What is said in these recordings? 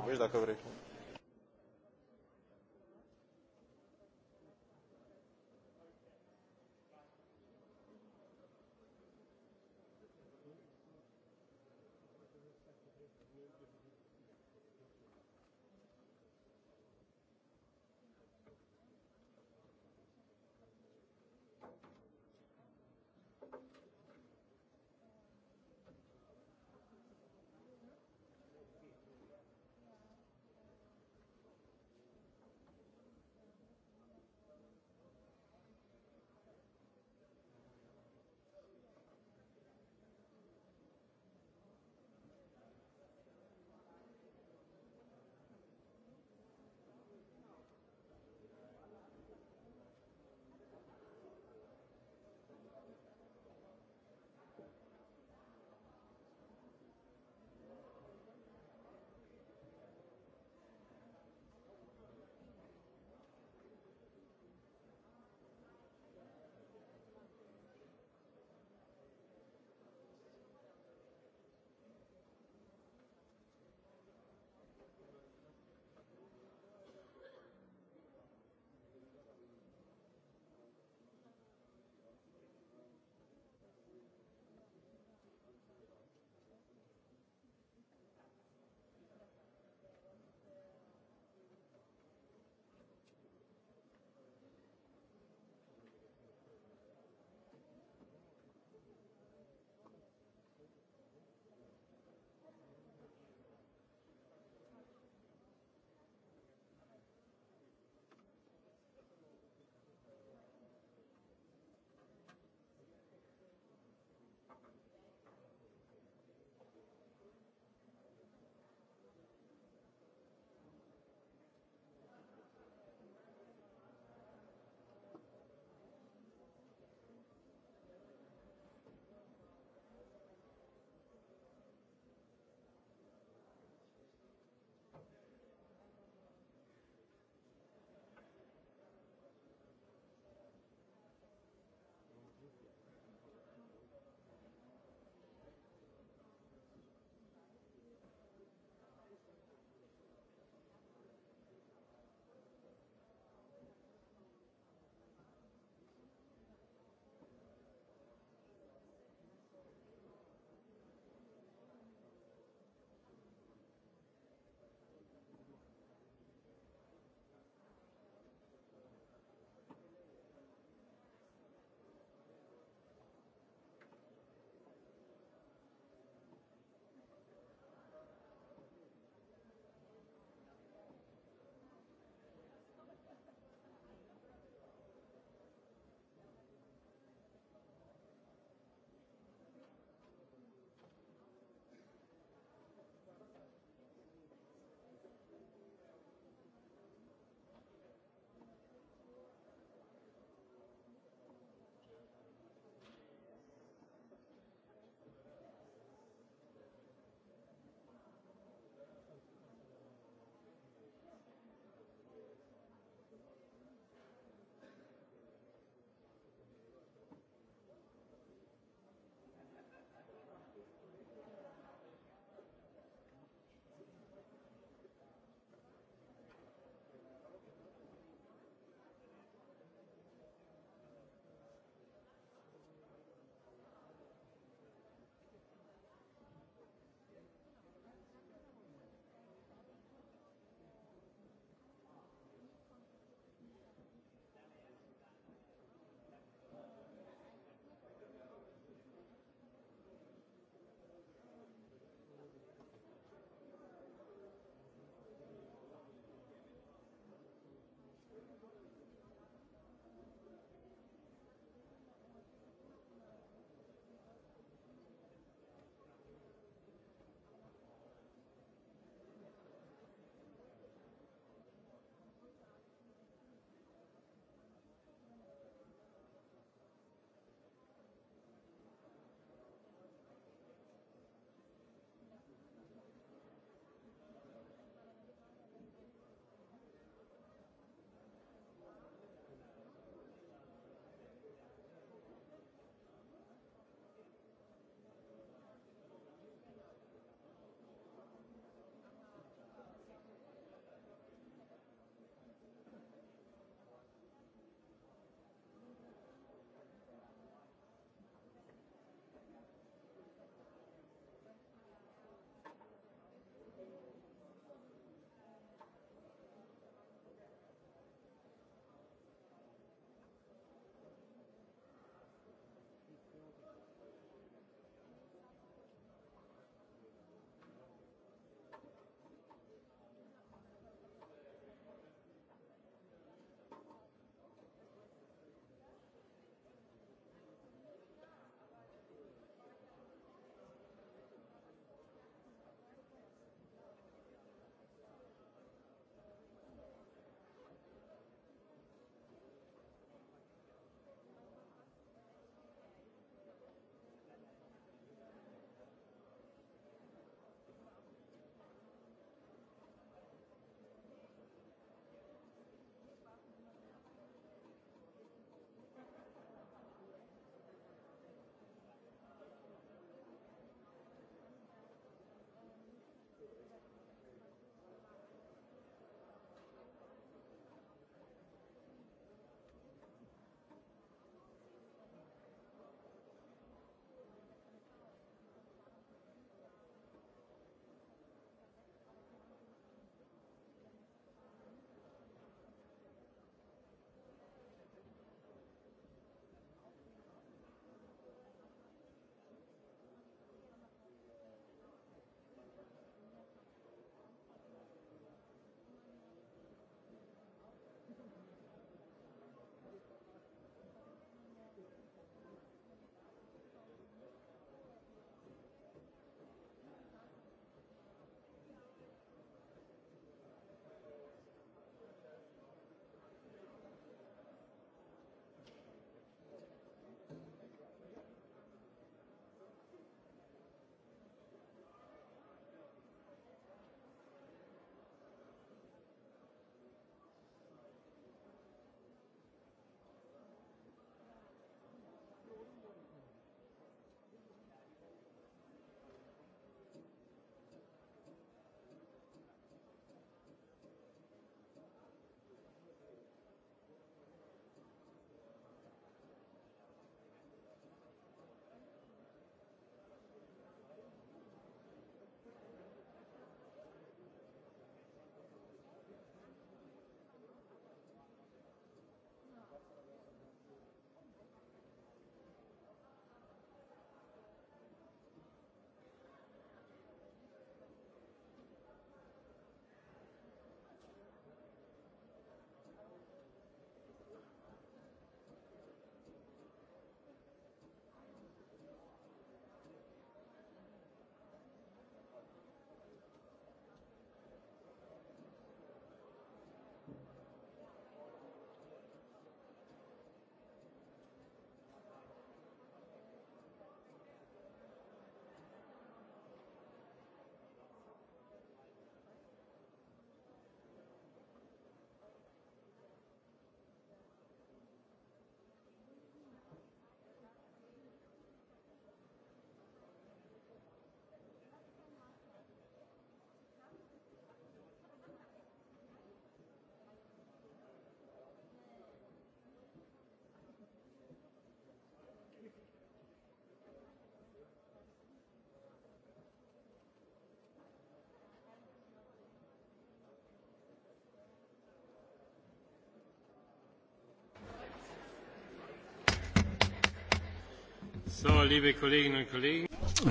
Vorbești dacă vrei.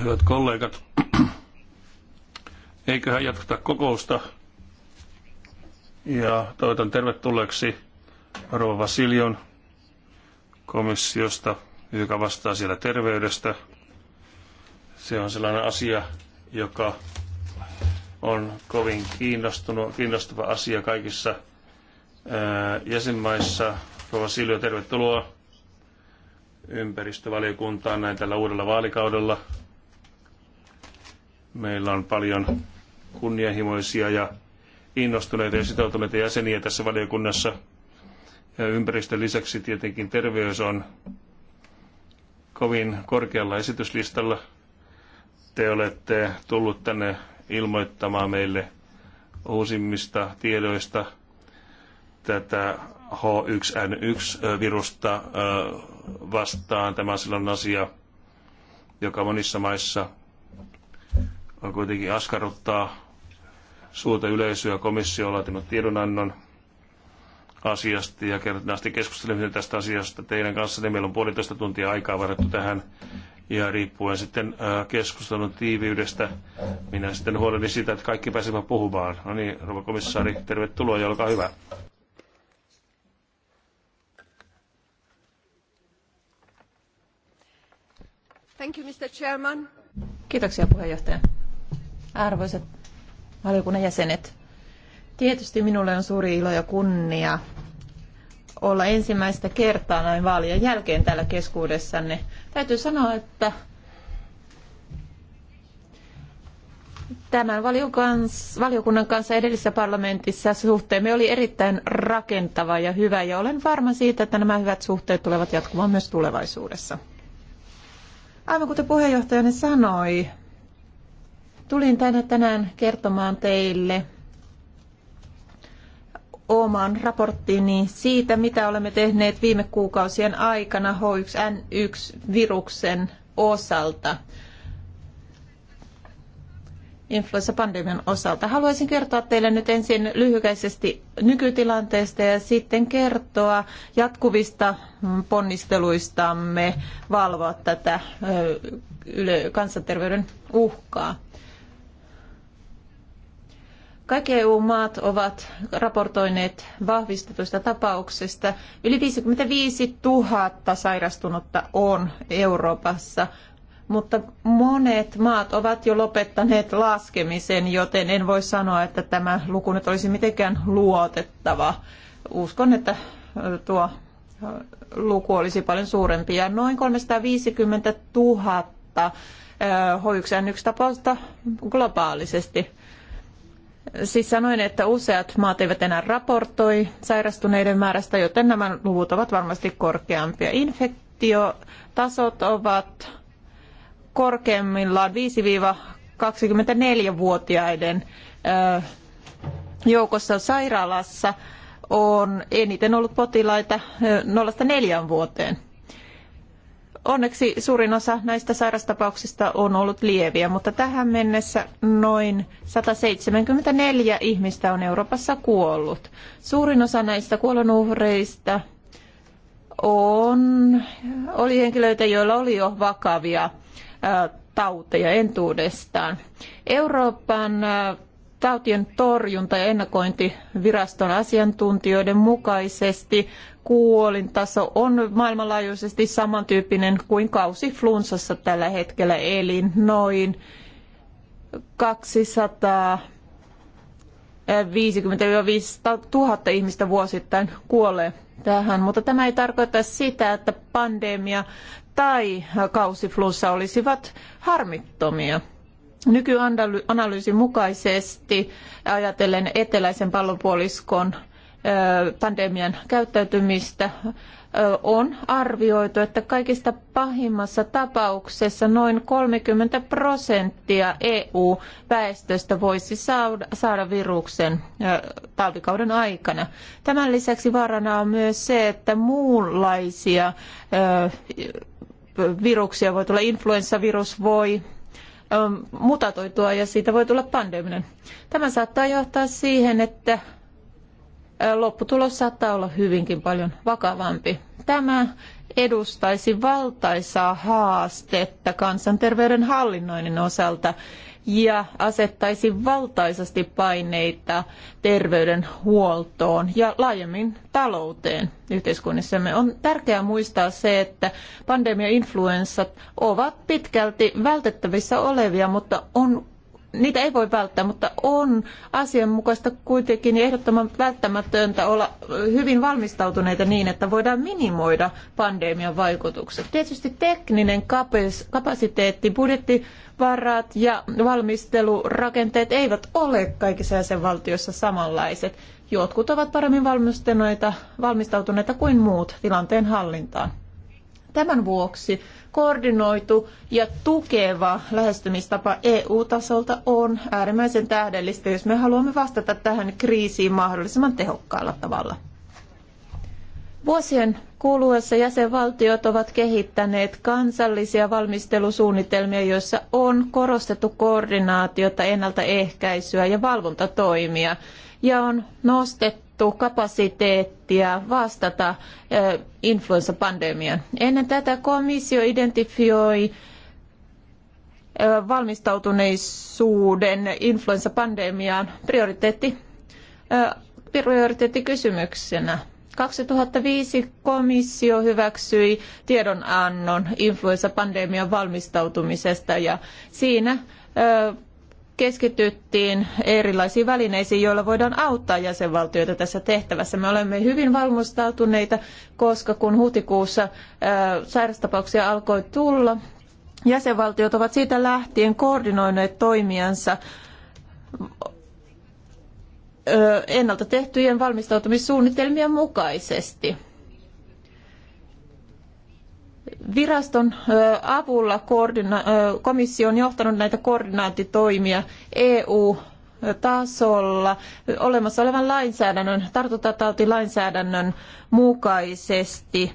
Hyvät kollegat, eiköhän jatketa kokousta. Ja toivotan tervetulleeksi Rova Vasilion komissiosta, joka vastaa siellä terveydestä. Se on sellainen asia, joka on kovin kiinnostunut, kiinnostava asia kaikissa ää, jäsenmaissa. Rova Siljo, tervetuloa ympäristövaliokuntaan näin tällä uudella vaalikaudella. Meillä on paljon kunnianhimoisia ja innostuneita ja sitoutuneita jäseniä tässä valiokunnassa. Ja ympäristön lisäksi tietenkin terveys on kovin korkealla esityslistalla. Te olette tullut tänne ilmoittamaan meille uusimmista tiedoista tätä H1N1-virusta vastaan. Tämä on silloin asia, joka monissa maissa on kuitenkin askarruttaa suurta yleisöä. Komissio on laatinut tiedonannon asiasta ja kertaasti keskustelemme tästä asiasta teidän kanssa. Niin meillä on puolitoista tuntia aikaa varattu tähän ja riippuen sitten keskustelun tiiviydestä, minä sitten huolehdin siitä, että kaikki pääsevät puhumaan. No niin, rouva komissaari, tervetuloa ja olkaa hyvä. Thank you, Mr. Chairman. Kiitoksia puheenjohtaja. Arvoisat valiokunnan jäsenet, tietysti minulle on suuri ilo ja kunnia olla ensimmäistä kertaa näin vaalien jälkeen täällä keskuudessanne. Täytyy sanoa, että tämän valiokunnan kanssa edellisessä parlamentissa suhteemme oli erittäin rakentava ja hyvä ja olen varma siitä, että nämä hyvät suhteet tulevat jatkumaan myös tulevaisuudessa. Aivan kuten puheenjohtajani sanoi, tulin tänne tänään kertomaan teille oman raporttini siitä, mitä olemme tehneet viime kuukausien aikana H1N1-viruksen osalta influenssapandemian osalta. Haluaisin kertoa teille nyt ensin lyhykäisesti nykytilanteesta ja sitten kertoa jatkuvista ponnisteluistamme valvoa tätä kansanterveyden uhkaa. Kaikki EU-maat ovat raportoineet vahvistetuista tapauksista. Yli 55 000 sairastunutta on Euroopassa mutta monet maat ovat jo lopettaneet laskemisen, joten en voi sanoa, että tämä luku nyt olisi mitenkään luotettava. Uskon, että tuo luku olisi paljon suurempi. Ja noin 350 000 H1N1 tapausta globaalisesti. Siis sanoin, että useat maat eivät enää raportoi sairastuneiden määrästä, joten nämä luvut ovat varmasti korkeampia. Infektiotasot ovat korkeimmillaan 5-24-vuotiaiden joukossa sairaalassa on eniten ollut potilaita 0-4 vuoteen. Onneksi suurin osa näistä sairastapauksista on ollut lieviä, mutta tähän mennessä noin 174 ihmistä on Euroopassa kuollut. Suurin osa näistä kuolonuhreista on, oli henkilöitä, joilla oli jo vakavia tauteja entuudestaan. Euroopan tautien torjunta- ja ennakointiviraston asiantuntijoiden mukaisesti kuolintaso on maailmanlaajuisesti samantyyppinen kuin kausiflunssassa tällä hetkellä, eli noin 200 50 000 ihmistä vuosittain kuolee tähän, mutta tämä ei tarkoita sitä, että pandemia tai kausiflussa olisivat harmittomia. Nykyanalyysin mukaisesti ajatellen eteläisen pallonpuoliskon pandemian käyttäytymistä on arvioitu, että kaikista pahimmassa tapauksessa noin 30 prosenttia EU-väestöstä voisi saada viruksen talvikauden aikana. Tämän lisäksi vaarana on myös se, että muunlaisia viruksia voi tulla, influenssavirus voi mutatoitua ja siitä voi tulla pandeminen. Tämä saattaa johtaa siihen, että lopputulos saattaa olla hyvinkin paljon vakavampi. Tämä edustaisi valtaisaa haastetta kansanterveyden hallinnoinnin osalta ja asettaisi valtaisasti paineita terveydenhuoltoon ja laajemmin talouteen yhteiskunnissamme. On tärkeää muistaa se, että pandemia-influenssat ovat pitkälti vältettävissä olevia, mutta on niitä ei voi välttää, mutta on asianmukaista kuitenkin ja ehdottoman välttämätöntä olla hyvin valmistautuneita niin, että voidaan minimoida pandemian vaikutukset. Tietysti tekninen kapasiteetti, budjettivarat ja valmistelurakenteet eivät ole kaikissa jäsenvaltioissa samanlaiset. Jotkut ovat paremmin valmistautuneita kuin muut tilanteen hallintaan. Tämän vuoksi koordinoitu ja tukeva lähestymistapa EU-tasolta on äärimmäisen tähdellistä, jos me haluamme vastata tähän kriisiin mahdollisimman tehokkaalla tavalla. Vuosien kuluessa jäsenvaltiot ovat kehittäneet kansallisia valmistelusuunnitelmia, joissa on korostettu koordinaatiota, ennaltaehkäisyä ja valvontatoimia ja on nostettu parannettu kapasiteettia vastata influenssapandemiaan. Ennen tätä komissio identifioi valmistautuneisuuden influenssapandemiaan prioriteetti, prioriteettikysymyksenä. 2005 komissio hyväksyi tiedonannon influenssapandemian valmistautumisesta ja siinä keskityttiin erilaisiin välineisiin, joilla voidaan auttaa jäsenvaltioita tässä tehtävässä. Me olemme hyvin valmistautuneita, koska kun huhtikuussa sairastapauksia alkoi tulla, jäsenvaltiot ovat siitä lähtien koordinoineet toimiansa ennalta tehtyjen valmistautumissuunnitelmien mukaisesti. Viraston avulla komissio on johtanut näitä koordinaatitoimia EU tasolla olemassa olevan lainsäädännön, tartuntatautilainsäädännön mukaisesti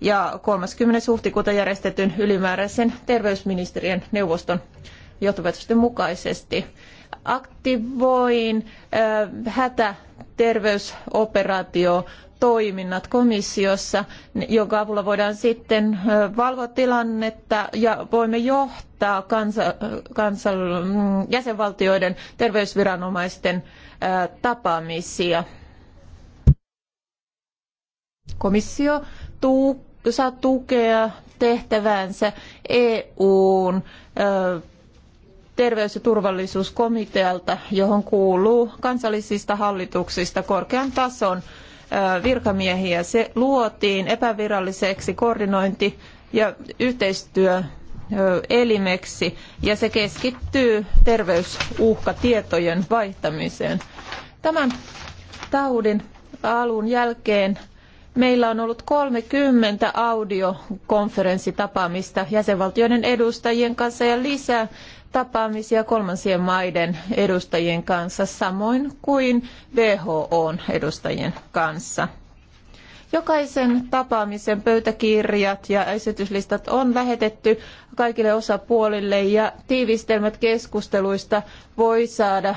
ja 30. huhtikuuta järjestetyn ylimääräisen terveysministerien neuvoston johtopäätösten mukaisesti. Aktivoin äh, hätäterveysoperaatio toiminnat komissiossa, jonka avulla voidaan sitten valvoa tilannetta ja voimme johtaa kansa, kansa, mm, jäsenvaltioiden terveysviranomaisten tapaamisia. Komissio tuu, saa tukea tehtäväänsä EUn terveys- ja turvallisuuskomitealta, johon kuuluu kansallisista hallituksista korkean tason virkamiehiä. Se luotiin epäviralliseksi koordinointi- ja yhteistyöelimeksi ja se keskittyy terveysuhkatietojen vaihtamiseen. Tämän taudin alun jälkeen meillä on ollut 30 audiokonferenssitapaamista jäsenvaltioiden edustajien kanssa ja lisää tapaamisia kolmansien maiden edustajien kanssa, samoin kuin WHOn edustajien kanssa. Jokaisen tapaamisen pöytäkirjat ja esityslistat on lähetetty kaikille osapuolille ja tiivistelmät keskusteluista voi saada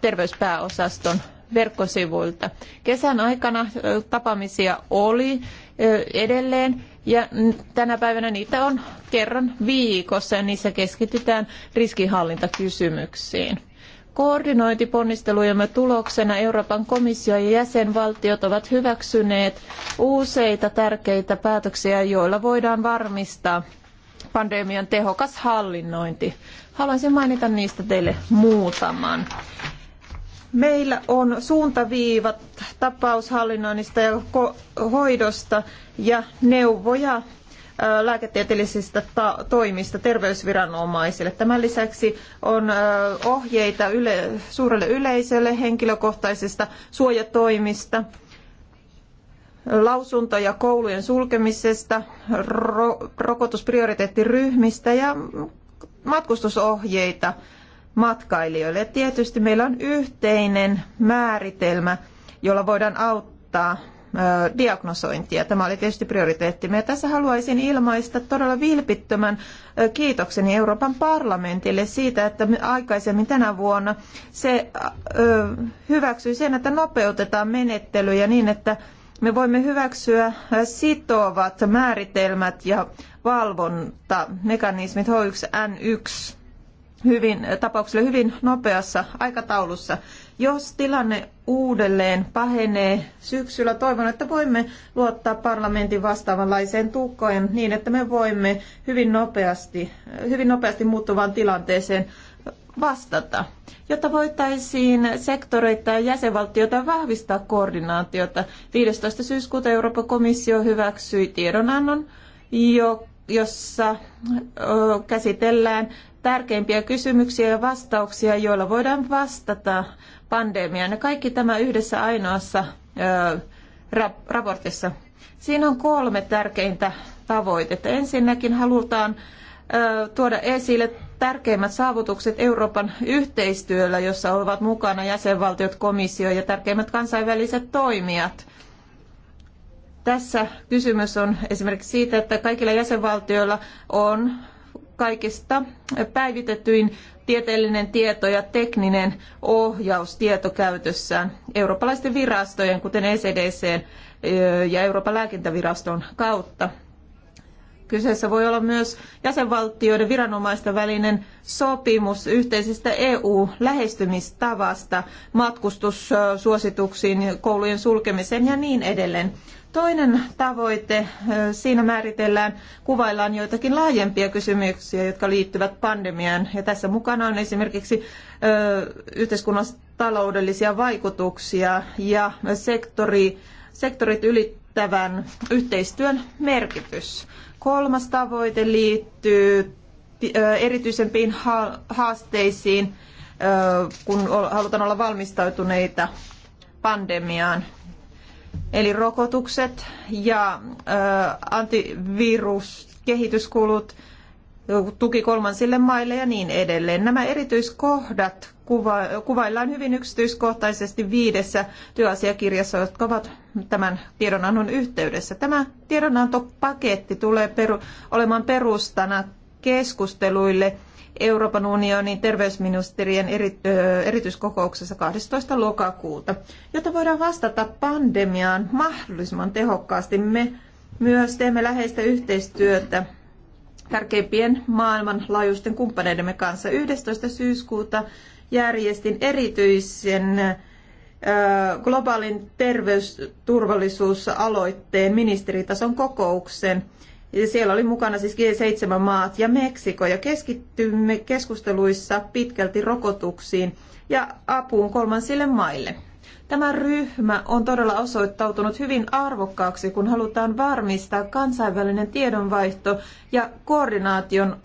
terveyspääosaston verkkosivuilta. Kesän aikana tapaamisia oli edelleen ja tänä päivänä niitä on kerran viikossa ja niissä keskitytään riskihallintakysymyksiin. Koordinointiponnistelujemme tuloksena Euroopan komissio ja jäsenvaltiot ovat hyväksyneet useita tärkeitä päätöksiä, joilla voidaan varmistaa pandemian tehokas hallinnointi. Haluaisin mainita niistä teille muutaman. Meillä on suuntaviivat tapaushallinnoinnista ja hoidosta ja neuvoja lääketieteellisistä toimista terveysviranomaisille. Tämän lisäksi on ohjeita yle- suurelle yleisölle henkilökohtaisista suojatoimista, lausuntoja koulujen sulkemisesta, ro- rokotusprioriteettiryhmistä ja matkustusohjeita matkailijoille. Tietysti meillä on yhteinen määritelmä, jolla voidaan auttaa diagnosointia. Tämä oli tietysti prioriteettimme. Ja tässä haluaisin ilmaista todella vilpittömän kiitokseni Euroopan parlamentille siitä, että aikaisemmin tänä vuonna se hyväksyi sen, että nopeutetaan menettelyjä niin, että me voimme hyväksyä sitovat määritelmät ja valvontamekanismit H1N1 hyvin, tapauksille hyvin nopeassa aikataulussa. Jos tilanne uudelleen pahenee syksyllä, toivon, että voimme luottaa parlamentin vastaavanlaiseen tukkoon niin, että me voimme hyvin nopeasti, hyvin nopeasti muuttuvaan tilanteeseen vastata, jotta voitaisiin sektoreita ja jäsenvaltioita vahvistaa koordinaatiota. 15. syyskuuta Euroopan komissio hyväksyi tiedonannon, jo jossa käsitellään tärkeimpiä kysymyksiä ja vastauksia, joilla voidaan vastata pandemiaan. Ja kaikki tämä yhdessä ainoassa raportissa. Siinä on kolme tärkeintä tavoitetta. Ensinnäkin halutaan tuoda esille tärkeimmät saavutukset Euroopan yhteistyöllä, jossa ovat mukana jäsenvaltiot, komissio ja tärkeimmät kansainväliset toimijat. Tässä kysymys on esimerkiksi siitä, että kaikilla jäsenvaltioilla on kaikista päivitetyin tieteellinen tieto ja tekninen ohjaus tietokäytössään eurooppalaisten virastojen, kuten ECDC ja Euroopan lääkintäviraston kautta. Kyseessä voi olla myös jäsenvaltioiden viranomaisten välinen sopimus yhteisestä EU-lähestymistavasta matkustussuosituksiin, koulujen sulkemiseen ja niin edelleen. Toinen tavoite, siinä määritellään, kuvaillaan joitakin laajempia kysymyksiä, jotka liittyvät pandemiaan. Ja tässä mukana on esimerkiksi yhteiskunnan taloudellisia vaikutuksia ja sektori, sektorit ylittävän yhteistyön merkitys. Kolmas tavoite liittyy erityisempiin haasteisiin, kun halutaan olla valmistautuneita pandemiaan. Eli rokotukset ja antiviruskehityskulut, tuki kolmansille maille ja niin edelleen. Nämä erityiskohdat kuva- kuvaillaan hyvin yksityiskohtaisesti viidessä työasiakirjassa, jotka ovat tämän tiedonannon yhteydessä. Tämä tiedonantopaketti tulee peru- olemaan perustana keskusteluille – Euroopan unionin terveysministerien eri, erityiskokouksessa 12. lokakuuta. Jotta voidaan vastata pandemiaan mahdollisimman tehokkaasti, me myös teemme läheistä yhteistyötä tärkeimpien maailmanlaajuisten kumppaneidemme kanssa. 11. syyskuuta järjestin erityisen globaalin terveysturvallisuusaloitteen ministeritason kokouksen – siellä oli mukana siis G7-maat ja Meksiko ja keskittymme keskusteluissa pitkälti rokotuksiin ja apuun kolmansille maille. Tämä ryhmä on todella osoittautunut hyvin arvokkaaksi, kun halutaan varmistaa kansainvälinen tiedonvaihto ja koordinaation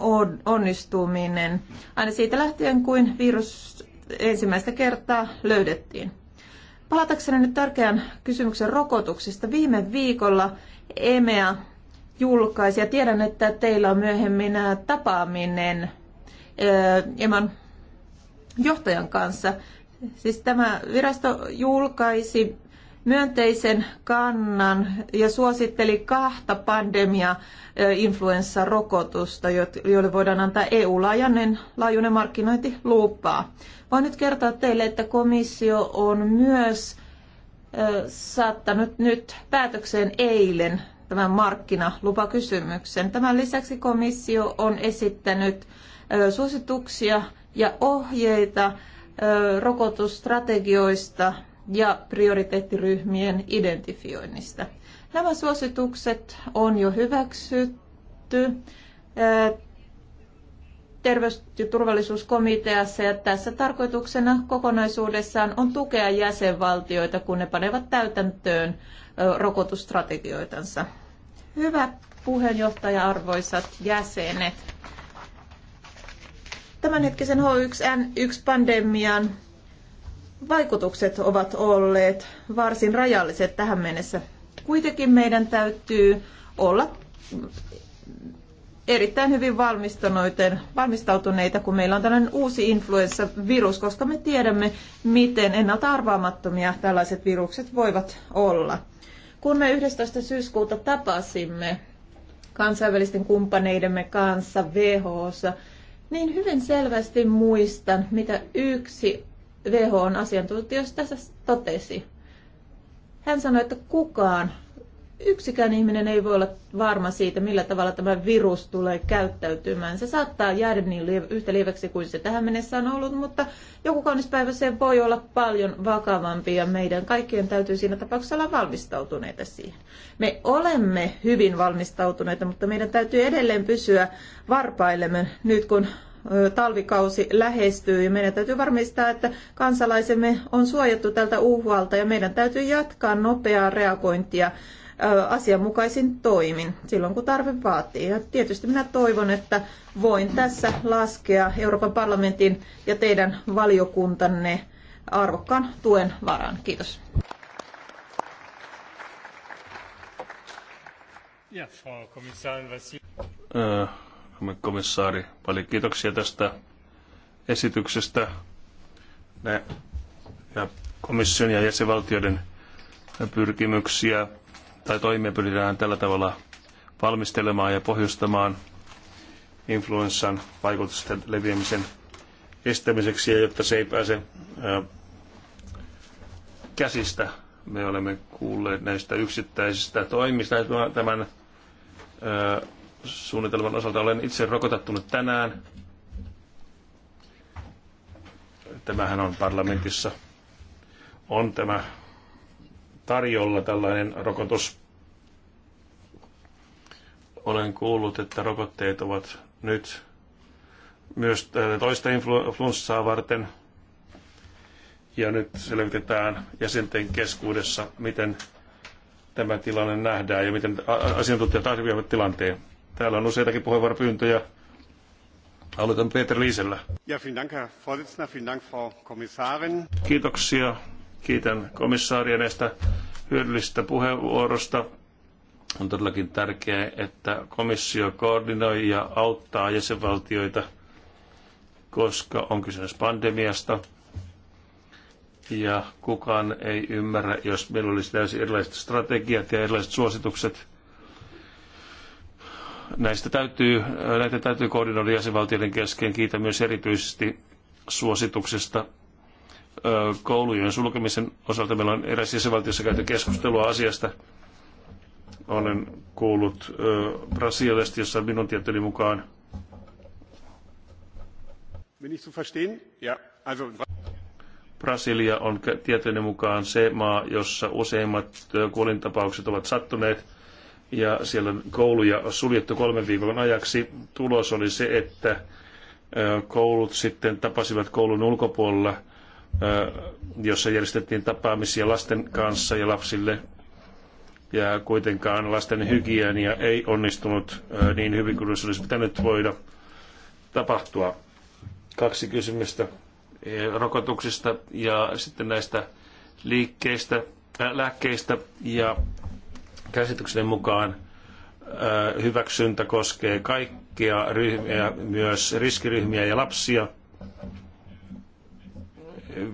onnistuminen aina siitä lähtien, kuin virus ensimmäistä kertaa löydettiin. Palatakseni nyt tärkeän kysymyksen rokotuksista. Viime viikolla EMEA julkaisi. Ja tiedän, että teillä on myöhemmin tapaaminen Eman johtajan kanssa. Siis tämä virasto julkaisi myönteisen kannan ja suositteli kahta pandemia influenssarokotusta, joille voidaan antaa EU-laajainen laajuinen lupaa. Voin nyt kertoa teille, että komissio on myös saattanut nyt päätökseen eilen tämän markkinalupakysymyksen. Tämän lisäksi komissio on esittänyt suosituksia ja ohjeita rokotusstrategioista ja prioriteettiryhmien identifioinnista. Nämä suositukset on jo hyväksytty terveys- ja turvallisuuskomiteassa ja tässä tarkoituksena kokonaisuudessaan on tukea jäsenvaltioita, kun ne panevat täytäntöön rokotusstrategioitansa. Hyvä puheenjohtaja, arvoisat jäsenet. Tämänhetkisen H1N1-pandemian vaikutukset ovat olleet varsin rajalliset tähän mennessä. Kuitenkin meidän täytyy olla erittäin hyvin valmistautuneita, kun meillä on tällainen uusi influenssavirus, koska me tiedämme, miten ennalta arvaamattomia tällaiset virukset voivat olla. Kun me 11. syyskuuta tapasimme kansainvälisten kumppaneidemme kanssa WHOssa, niin hyvin selvästi muistan, mitä yksi who asiantuntijoista tässä totesi. Hän sanoi, että kukaan yksikään ihminen ei voi olla varma siitä, millä tavalla tämä virus tulee käyttäytymään. Se saattaa jäädä niin yhtä lieväksi kuin se tähän mennessä on ollut, mutta joku kaunis päivä se voi olla paljon vakavampi ja meidän kaikkien täytyy siinä tapauksessa olla valmistautuneita siihen. Me olemme hyvin valmistautuneita, mutta meidän täytyy edelleen pysyä varpaillemme nyt kun talvikausi lähestyy ja meidän täytyy varmistaa, että kansalaisemme on suojattu tältä uhualta ja meidän täytyy jatkaa nopeaa reagointia asianmukaisin toimin silloin, kun tarve vaatii. Ja tietysti minä toivon, että voin tässä laskea Euroopan parlamentin ja teidän valiokuntanne arvokkaan tuen varaan. Kiitos. komissaari, paljon kiitoksia tästä esityksestä. ja komission ja jäsenvaltioiden pyrkimyksiä tai toimia pyritään tällä tavalla valmistelemaan ja pohjustamaan influenssan vaikutusten leviämisen estämiseksi ja jotta se ei pääse käsistä. Me olemme kuulleet näistä yksittäisistä toimista tämän suunnitelman osalta. Olen itse rokotattunut tänään. Tämähän on parlamentissa on tämä tarjolla tällainen rokotus. Olen kuullut, että rokotteet ovat nyt myös toista influenssaa varten. Ja nyt selvitetään jäsenten keskuudessa, miten tämä tilanne nähdään ja miten asiantuntijat arvioivat tilanteen. Täällä on useitakin puheenvuoropyyntöjä. Aloitan Peter Liisellä. Ja, vielen Dank, Herr Vorsitzender, vielen Dank, Frau Kommissarin. Kiitoksia Kiitän komissaaria näistä hyödyllisistä puheenvuorosta. On todellakin tärkeää, että komissio koordinoi ja auttaa jäsenvaltioita, koska on kyse pandemiasta. Ja kukaan ei ymmärrä, jos meillä olisi täysin erilaiset strategiat ja erilaiset suositukset. Näistä täytyy, näitä täytyy koordinoida jäsenvaltioiden kesken. Kiitän myös erityisesti suosituksesta koulujen sulkemisen osalta meillä on eräs jäsenvaltiossa käyty keskustelua asiasta. Olen kuullut Brasiliasta, jossa minun tietoni mukaan Brasilia on tietojen mukaan se maa, jossa useimmat kuolintapaukset ovat sattuneet ja siellä on kouluja suljettu kolmen viikon ajaksi. Tulos oli se, että koulut sitten tapasivat koulun ulkopuolella – jossa järjestettiin tapaamisia lasten kanssa ja lapsille. Ja kuitenkaan lasten hygienia ei onnistunut niin hyvin kuin olisi pitänyt voida tapahtua. Kaksi kysymystä e, rokotuksista ja sitten näistä liikkeistä, äh, lääkkeistä ja käsitykseni mukaan äh, hyväksyntä koskee kaikkia ryhmiä, myös riskiryhmiä ja lapsia.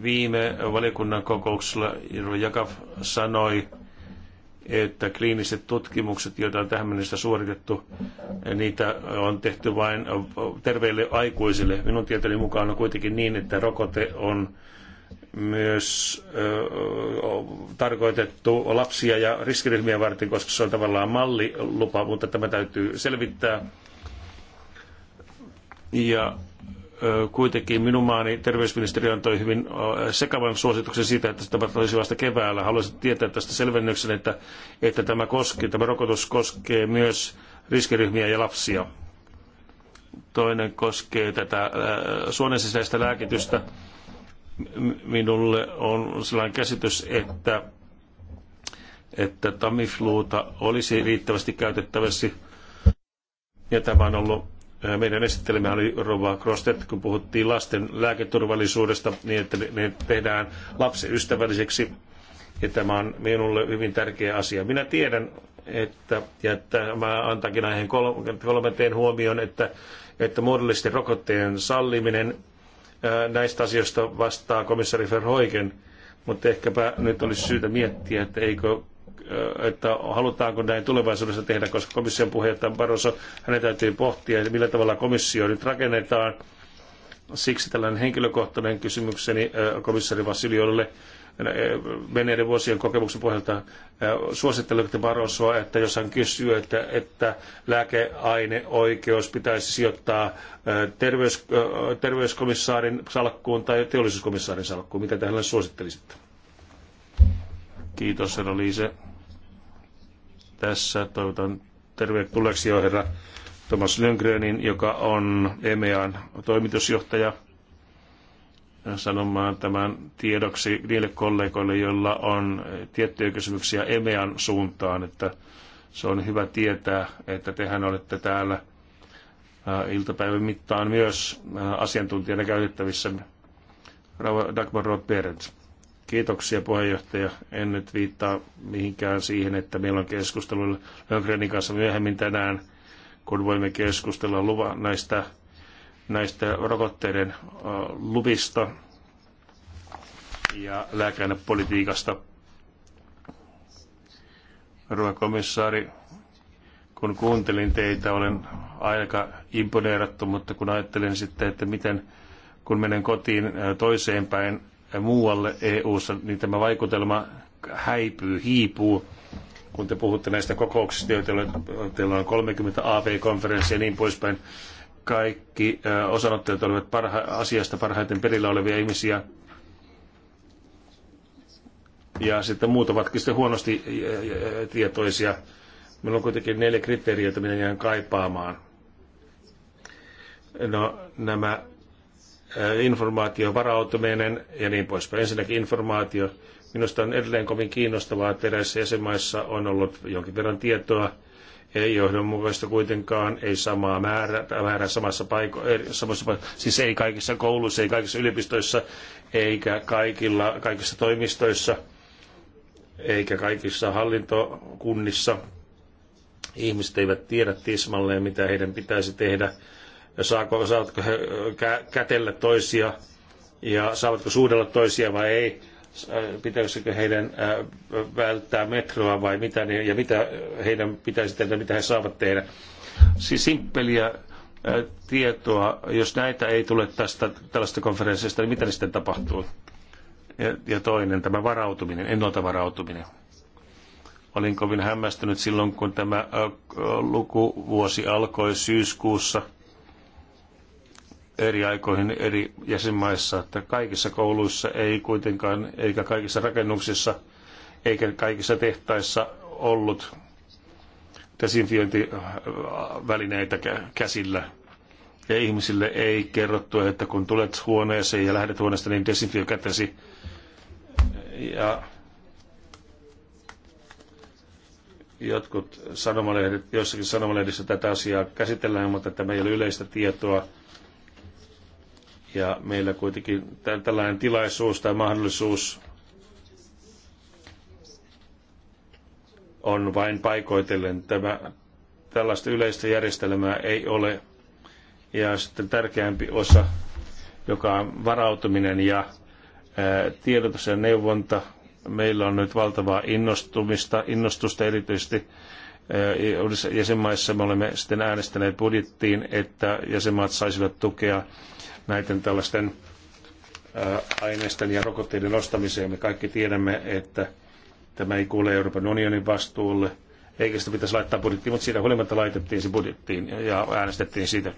Viime valiokunnan kokouksella Jakab sanoi, että kliiniset tutkimukset, joita on tähän mennessä suoritettu, niitä on tehty vain terveille aikuisille. Minun tietäni mukaan on kuitenkin niin, että rokote on myös ö, tarkoitettu lapsia ja riskiryhmiä varten, koska se on tavallaan mallilupa, mutta tämä täytyy selvittää. Ja kuitenkin minun maani terveysministeri antoi hyvin sekavan suosituksen siitä, että se tapahtuisi vasta keväällä. Haluaisin tietää tästä selvennyksen, että, että tämä, koski, tämä rokotus koskee myös riskiryhmiä ja lapsia. Toinen koskee tätä suonen sisäistä lääkitystä. Minulle on sellainen käsitys, että, että Tamifluuta olisi riittävästi käytettävästi ja tämä on ollut Äh, meidän esittelemään oli Rova Krostet, kun puhuttiin lasten lääketurvallisuudesta, niin että ne tehdään lapsiystävälliseksi. Ja tämä on minulle hyvin tärkeä asia. Minä tiedän, että, ja tämä antakin aiheen kolmanteen huomioon, että, että muodollisten rokotteen salliminen äh, näistä asioista vastaa komissari Verhoiken, mutta ehkäpä nyt olisi syytä miettiä, että eikö että halutaanko näin tulevaisuudessa tehdä, koska komission puheenjohtaja Barroso, hänen täytyy pohtia, millä tavalla komissio nyt rakennetaan. Siksi tällainen henkilökohtainen kysymykseni komissari Vassiliolle menneiden vuosien kokemuksen pohjalta suosittelette Barrosoa, että jos hän kysyy, että, että lääkeaineoikeus pitäisi sijoittaa terveys, terveyskomissaarin salkkuun tai teollisuuskomissaarin salkkuun, mitä tähän suosittelisitte? Kiitos, herra Liise tässä toivotan tervetulleeksi jo herra Thomas Lundgrenin, joka on EMEAn toimitusjohtaja, sanomaan tämän tiedoksi niille kollegoille, joilla on tiettyjä kysymyksiä EMEAn suuntaan, että se on hyvä tietää, että tehän olette täällä äh, iltapäivän mittaan myös äh, asiantuntijana käytettävissä. Dagmar Roth-Berendt. Kiitoksia puheenjohtaja. En nyt viittaa mihinkään siihen, että meillä on keskustelu Lönkrenin kanssa myöhemmin tänään, kun voimme keskustella luva näistä, näistä rokotteiden luvista ja lääkänepolitiikasta. Rouva komissaari, kun kuuntelin teitä, olen aika imponeerattu, mutta kun ajattelin sitten, että miten kun menen kotiin toiseen päin muualle EU-ssa, niin tämä vaikutelma häipyy, hiipuu. Kun te puhutte näistä kokouksista, joita teillä on 30 AV-konferenssia ja niin poispäin, kaikki osanottajat olivat parha- asiasta parhaiten perillä olevia ihmisiä. Ja sitten muut ovatkin sitten huonosti tietoisia. Meillä on kuitenkin neljä kriteeriä, joita minä jään kaipaamaan. No, nämä Äh, informaatio, varautuminen ja niin poispäin. Ensinnäkin informaatio. Minusta on edelleen kovin kiinnostavaa, että eräissä jäsenmaissa on ollut jonkin verran tietoa, ei johdonmukaista kuitenkaan, ei samaa määrää, määrää samassa paiko, er, samassa paiko, siis ei kaikissa kouluissa, ei kaikissa yliopistoissa, eikä kaikilla, kaikissa toimistoissa, eikä kaikissa hallintokunnissa. Ihmiset eivät tiedä tismalleen, mitä heidän pitäisi tehdä saako, saatko he kätellä toisia ja saavatko suudella toisia vai ei, äh, pitäisikö heidän äh, välttää metroa vai mitä, ne, ja mitä heidän pitäisi tehdä, mitä he saavat tehdä. Siis simppeliä äh, tietoa, jos näitä ei tule tästä tällaista konferenssista, niin mitä ne sitten tapahtuu? Ja, ja toinen, tämä varautuminen, ennalta varautuminen olin kovin hämmästynyt silloin, kun tämä lukuvuosi alkoi syyskuussa eri aikoihin eri jäsenmaissa, että kaikissa kouluissa ei kuitenkaan, eikä kaikissa rakennuksissa, eikä kaikissa tehtaissa ollut desinfiointivälineitä käsillä. Ja ihmisille ei kerrottu, että kun tulet huoneeseen ja lähdet huoneesta, niin desinfioi kätesi. Ja jotkut sanomalehdet, joissakin sanomalehdissä tätä asiaa käsitellään, mutta tämä ei ole yleistä tietoa ja meillä kuitenkin tällainen tilaisuus tai mahdollisuus on vain paikoitellen. Tämä, tällaista yleistä järjestelmää ei ole. Ja sitten tärkeämpi osa, joka on varautuminen ja tiedotus ja neuvonta. Meillä on nyt valtavaa innostumista, innostusta erityisesti jäsenmaissa. Me olemme sitten äänestäneet budjettiin, että jäsenmaat saisivat tukea näiden tällaisten aineisten ja rokotteiden ostamiseen. Me kaikki tiedämme, että tämä ei kuule Euroopan unionin vastuulle, eikä sitä pitäisi laittaa budjettiin, mutta siitä huolimatta laitettiin se budjettiin ja äänestettiin siitä.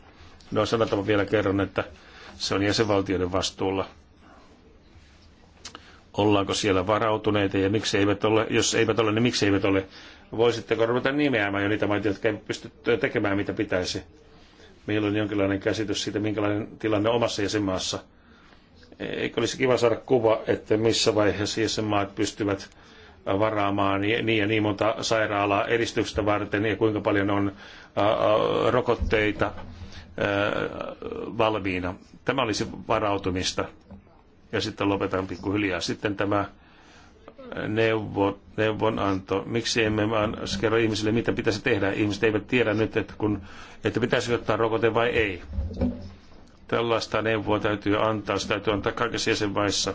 No sanotaan vielä kerran, että se on jäsenvaltioiden vastuulla. Ollaanko siellä varautuneita ja miksi eivät ole, jos eivät ole, niin miksi eivät ole. Voisitteko ruveta nimeämään jo niitä maita, jotka eivät pysty tekemään mitä pitäisi? meillä on jonkinlainen käsitys siitä, minkälainen tilanne omassa jäsenmaassa. Eikö olisi kiva saada kuva, että missä vaiheessa jäsenmaat pystyvät varaamaan niin ja niin monta sairaalaa edistyksestä varten ja kuinka paljon on rokotteita valmiina. Tämä olisi varautumista. Ja sitten lopetan pikkuhiljaa. Sitten tämä neuvo, neuvonanto. Miksi emme vaan kerro ihmisille, mitä pitäisi tehdä? Ihmiset eivät tiedä nyt, että, kun, että pitäisi ottaa rokote vai ei. Tällaista neuvoa täytyy antaa, se täytyy antaa kaikissa jäsenmaissa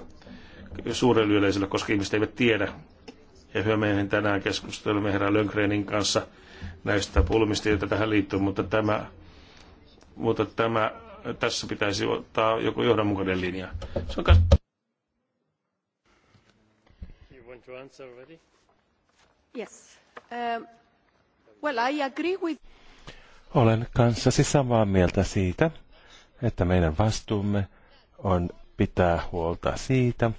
suurelle yleisölle, koska ihmiset eivät tiedä. Ja hyvä meidän tänään keskustelemme herra Lönkrenin kanssa näistä pulmista, joita tähän liittyy, mutta tämä, mutta tämä tässä pitäisi ottaa joku johdonmukainen linja. Se on to answer already? Yes. Um, well, I agree with... Olen kanssasi samaa mieltä siitä, että meidän vastuumme on pitää huolta siitä,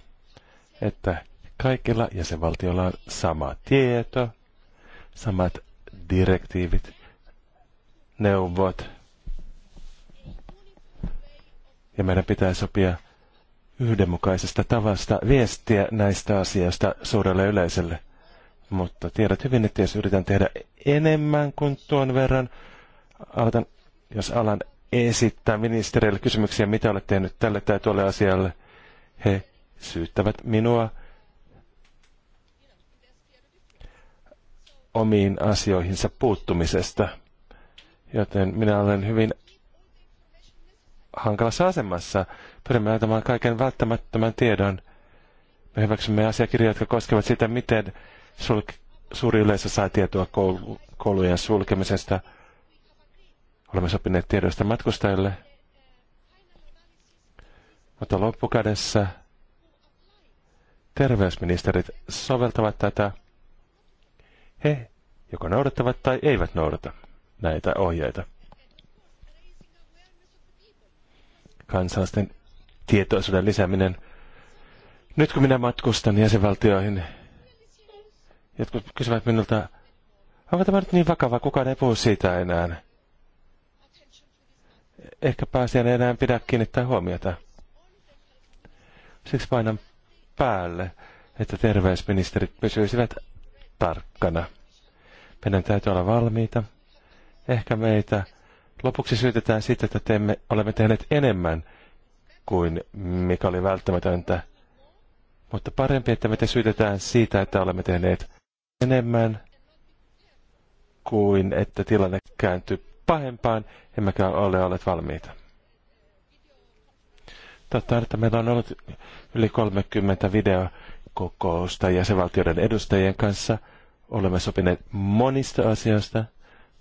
että kaikilla jäsenvaltioilla on sama tieto, samat direktiivit, neuvot. Ja meidän pitää sopia yhdenmukaisesta tavasta viestiä näistä asioista suurelle yleisölle. Mutta tiedät hyvin, että jos yritän tehdä enemmän kuin tuon verran, aloitan, jos alan esittää ministerille kysymyksiä, mitä olet tehnyt tälle tai tuolle asialle, he syyttävät minua omiin asioihinsa puuttumisesta. Joten minä olen hyvin hankalassa asemassa Pyrimme antamaan kaiken välttämättömän tiedon. Me hyväksymme asiakirjoja, jotka koskevat sitä, miten sulk- suuri yleisö saa tietoa koulu- koulujen sulkemisesta. Olemme sopineet tiedoista matkustajille. Mutta loppukädessä terveysministerit soveltavat tätä. He joko noudattavat tai eivät noudata näitä ohjeita. Kansallisten tietoisuuden lisääminen. Nyt kun minä matkustan jäsenvaltioihin, jotkut kysyvät minulta, onko tämä nyt niin vakava, kukaan ei puhu siitä enää. Ehkä pääsiä ei enää pidä kiinnittää huomiota. Siksi painan päälle, että terveysministerit pysyisivät tarkkana. Meidän täytyy olla valmiita. Ehkä meitä lopuksi syytetään siitä, että teemme, olemme tehneet enemmän – kuin mikä oli välttämätöntä. Mutta parempi, että meitä syytetään siitä, että olemme tehneet enemmän kuin että tilanne kääntyy pahempaan, emmekä ole olleet valmiita. Totta että meillä on ollut yli 30 videokokousta jäsenvaltioiden edustajien kanssa. Olemme sopineet monista asioista,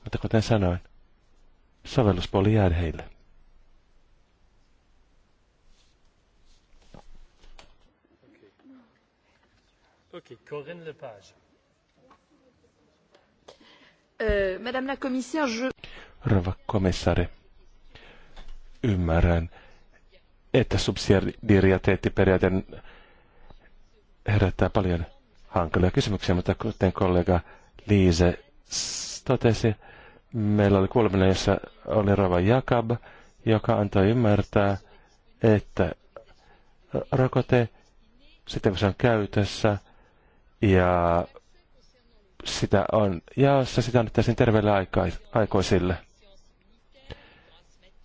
mutta kuten sanoin, sovelluspuoli jää heille. Okay, Corinne euh, Madame la ymmärrän, että subsidiariteettiperiaate herättää paljon hankalia kysymyksiä, mutta kuten kollega Liise totesi, meillä oli kuuleminen, jossa oli Rova Jakab, joka antoi ymmärtää, että rokote, sitten kun se on käytössä, ja sitä on jaossa, sitä annettaisiin terveille aika, aikoisille.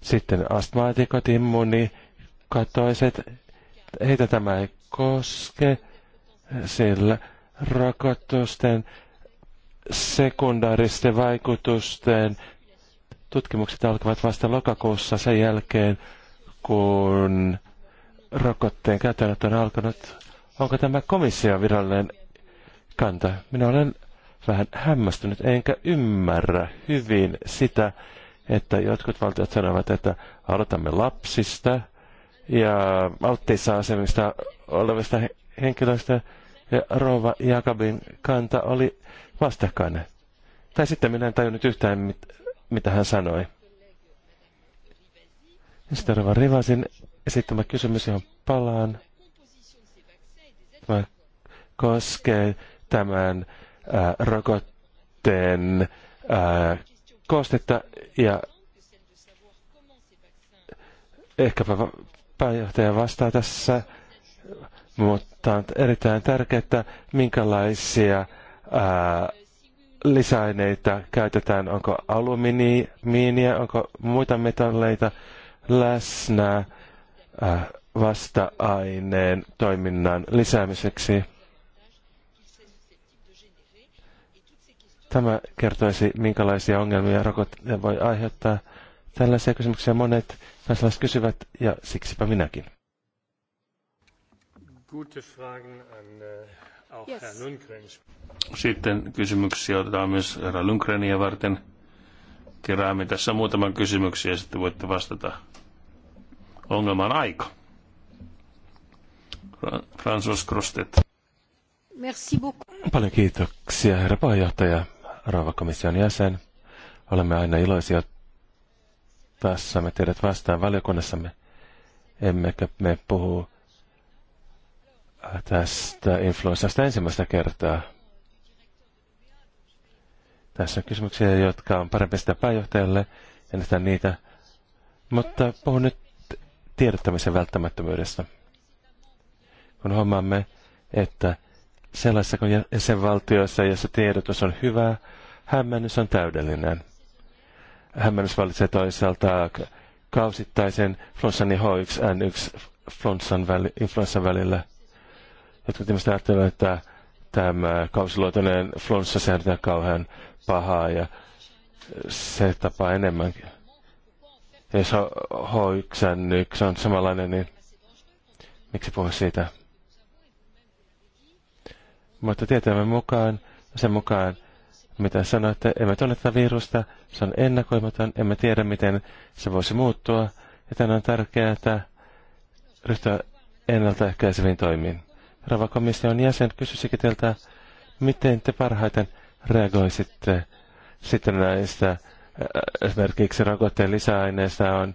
Sitten astmaatikot, immunikatoiset, katoiset, heitä tämä ei koske, sillä rokotusten sekundaaristen vaikutusten tutkimukset alkavat vasta lokakuussa sen jälkeen, kun rokotteen käytännöt on alkanut. Onko tämä komission virallinen kanta. Minä olen vähän hämmästynyt, enkä ymmärrä hyvin sitä, että jotkut valtiot sanovat, että aloitamme lapsista ja alttiissa asemista olevista henkilöistä, ja Rova Jakabin kanta oli vastakkainen. Tai sitten minä en tajunnut yhtään, mit, mitä hän sanoi. Sitten Rova Rivasin esittämä kysymys, johon palaan, koskee tämän äh, rokotteen äh, koostetta ja ehkäpä pääjohtaja vastaa tässä, mutta on erittäin tärkeää, minkälaisia äh, lisäaineita käytetään, onko alumiinia, onko muita metalleita läsnä äh, vasta-aineen toiminnan lisäämiseksi. Tämä kertoisi, minkälaisia ongelmia rokotteet voi aiheuttaa. Tällaisia kysymyksiä monet kansalaiset kysyvät, ja siksipä minäkin. Äh, sitten kysymyksiä otetaan myös herra Lundgrenia varten. Keräämme tässä muutaman kysymyksen ja sitten voitte vastata. Ongelman aika. François Crostet. Paljon kiitoksia, herra puheenjohtaja rouva komission jäsen. Olemme aina iloisia tässä me teidät vastaan valiokunnassamme. Emmekä me puhu äh, tästä influenssasta ensimmäistä kertaa. Tässä on kysymyksiä, jotka on parempi sitä pääjohtajalle, ennestään niitä. Mutta puhun nyt tiedottamisen välttämättömyydestä. Kun huomaamme, että sellaisissa kuin jäsenvaltioissa, jossa tiedotus on hyvä, hämmennys on täydellinen. Hämmennys valitsee toisaalta kausittaisen flunssan ja H1N1 flunssan väli, influenssan välillä. Jotkut ihmiset ajattelevat, että tämä kausiluotoinen flunssa säädetään kauhean pahaa ja se tapaa enemmänkin. Ja jos H1N1 on samanlainen, niin miksi puhua siitä? Mutta tietämme mukaan, sen mukaan, mitä sanoitte, emme tunne tätä virusta, se on ennakoimaton, emme tiedä, miten se voisi muuttua, ja tänään on tärkeää ryhtyä ennaltaehkäiseviin toimiin. Rava komission jäsen kysyisikin teiltä, miten te parhaiten reagoisitte sitten näistä esimerkiksi rokotteen lisäaineista on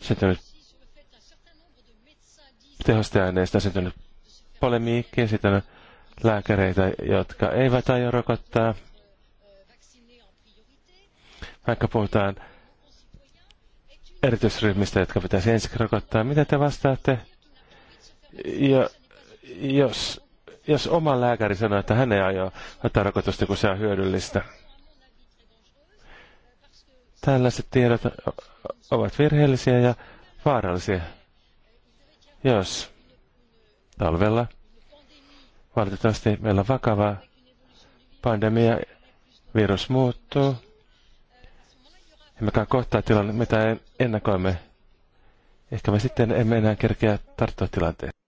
syntynyt tehosteaineista on syntynyt polemiikki, sitten on lääkäreitä, jotka eivät aio rokottaa. Vaikka puhutaan erityisryhmistä, jotka pitäisi ensin rokottaa. Mitä te vastaatte? Ja jos, jos oma lääkäri sanoo, että hän ei aio ottaa rokotusta, kun se on hyödyllistä. Tällaiset tiedot ovat virheellisiä ja vaarallisia. Jos talvella Valitettavasti meillä on vakava pandemia, virus muuttuu. Emmekä kohtaa tilanne, mitä ennakoimme. Ehkä me sitten emme enää kerkeä tarttua tilanteeseen.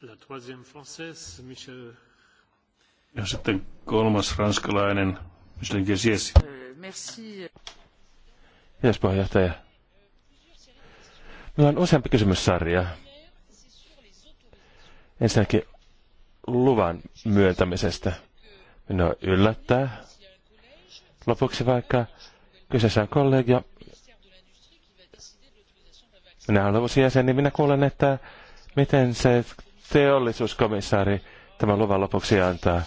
La troisième française, Michel. Ja sitten kolmas ranskalainen, Michel Gessiesi. Euh, merci. Yes, puheenjohtaja. Meillä on useampi kysymyssarja. Ensinnäkin luvan myöntämisestä. Minua yllättää. Lopuksi vaikka kyseessä on kollegia. Minä olen uusi jäsen, niin minä kuulen, että miten se teollisuuskomissaari tämän luvan lopuksi antaa.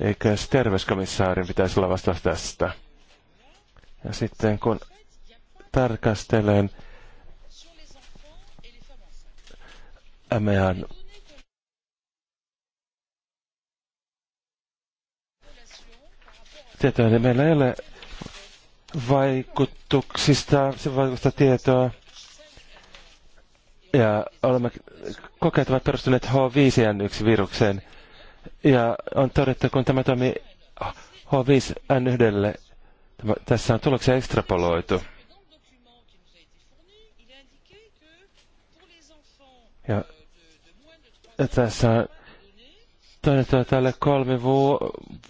Eikö terveyskomissaarin pitäisi olla vastaus tästä? Ja sitten kun tarkastelen mehän tietoa, niin meillä ei ole vaikutuksista, se vaikuttaa tietoa. Ja olemme, kokeet ovat perustuneet H5N1-virukseen. Ja on todettu, kun tämä toimii H5N1, tässä on tuloksia ekstrapoloitu. Ja tässä on tälle kolme vu-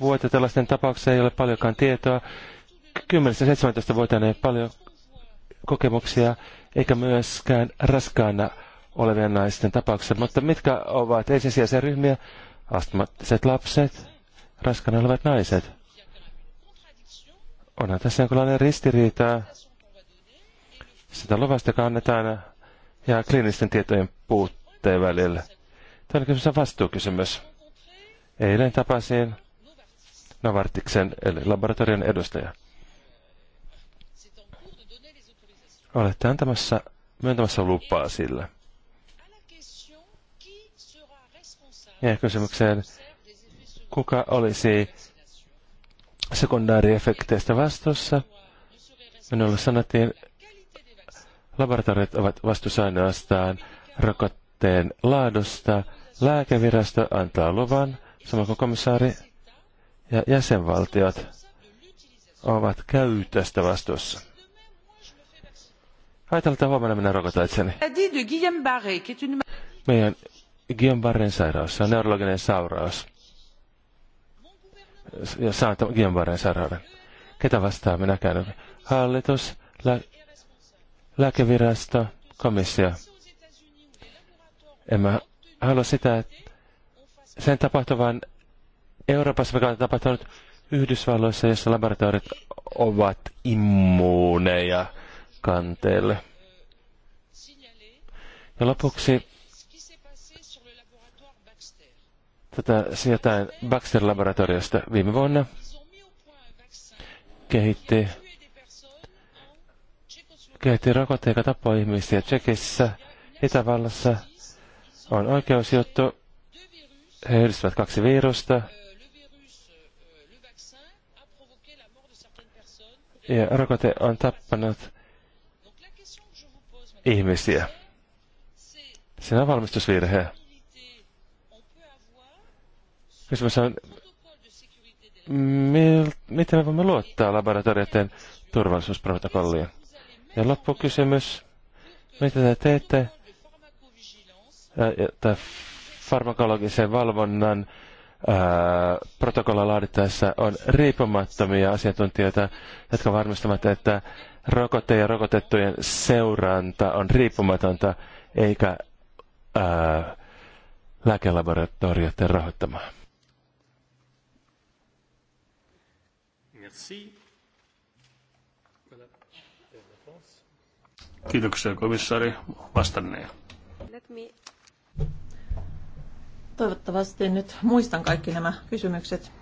vuotta. Tällaisten tapauksessa ei ole paljonkaan tietoa. 10 17 vuotta ei paljon kokemuksia, eikä myöskään raskaana olevien naisten tapauksessa. Mutta mitkä ovat ensisijaisia ryhmiä? Astmattiset lapset, raskaana olevat naiset. Onhan tässä jonkinlainen ristiriita sitä luvasta, kannetaan ja kliinisten tietojen puutteen välillä. Täällä kysymys vastuukysymys. Eilen tapasin Novartiksen eli laboratorion edustaja. Olette antamassa, myöntämässä lupaa sille. Ja kysymykseen, kuka olisi sekundaariefekteistä vastuussa? Minulle sanottiin, laboratoriot ovat vastuussa ainoastaan rokotteen laadusta Lääkevirasto antaa luvan, samoin kuin komissaari ja jäsenvaltiot ovat käytöstä vastuussa. Ajatellaan, että huomenna minä rokotan itseni. Meidän Guillaume barren sairaus, se on neurologinen sairaus. Ja saan Guillaume barren sairauden. Ketä vastaa minä käyn? Hallitus, lä- lääkevirasto, komissio. En mä halua sitä, että sen tapahtuvan Euroopassa, mikä on tapahtunut Yhdysvalloissa, jossa laboratoriot ovat immuuneja kanteelle. Ja lopuksi tätä jotain Baxter-laboratoriosta viime vuonna kehitti, kehitti rokotte, joka tappoi ihmisiä Tsekissä, Itävallassa – on oikeusjuttu. He yhdistivät kaksi virusta. Ja rokote on tappanut ihmisiä. Se on valmistusvirhe. Kysymys on, mil, miten me voimme luottaa laboratorioiden turvallisuusprotokolliin? Ja loppukysymys, mitä te teette, että farmakologisen valvonnan protokolla laadittaessa on riippumattomia asiantuntijoita, jotka varmistavat, että rokote ja rokotettujen seuranta on riippumatonta eikä ää, lääkelaboratorioiden rahoittamaa. Kiitoksia komissaari vastanneen. Toivottavasti nyt muistan kaikki nämä kysymykset.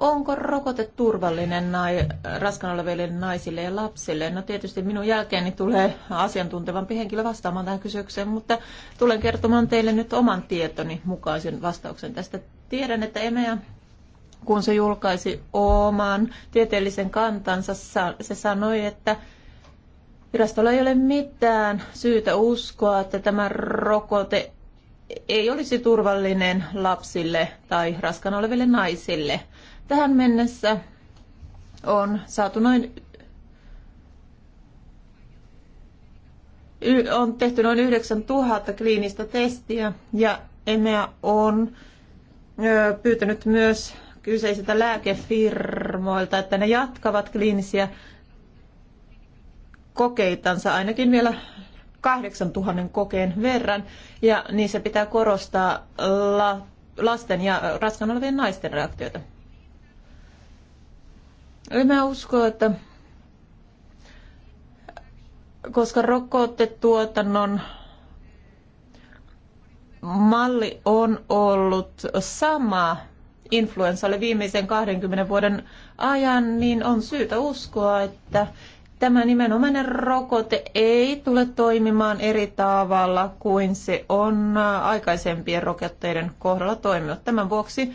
onko rokote turvallinen nai, raskan oleville naisille ja lapsille? No tietysti minun jälkeeni tulee asiantuntevampi henkilö vastaamaan tähän kysymykseen, mutta tulen kertomaan teille nyt oman tietoni mukaisen vastauksen tästä. Tiedän, että EMEA, kun se julkaisi oman tieteellisen kantansa, se sanoi, että Virastolla ei ole mitään syytä uskoa, että tämä rokote ei olisi turvallinen lapsille tai raskan oleville naisille. Tähän mennessä on saatu noin on tehty noin 9000 kliinistä testiä ja EMEA on pyytänyt myös kyseisiltä lääkefirmoilta, että ne jatkavat kliinisiä kokeitansa ainakin vielä 8000 kokeen verran, ja niissä pitää korostaa la, lasten ja raskan olevien naisten reaktioita. Mä uskon, että koska rokotetuotannon malli on ollut sama influenssalle viimeisen 20 vuoden ajan, niin on syytä uskoa, että tämä nimenomainen rokote ei tule toimimaan eri tavalla kuin se on aikaisempien rokotteiden kohdalla toiminut. Tämän vuoksi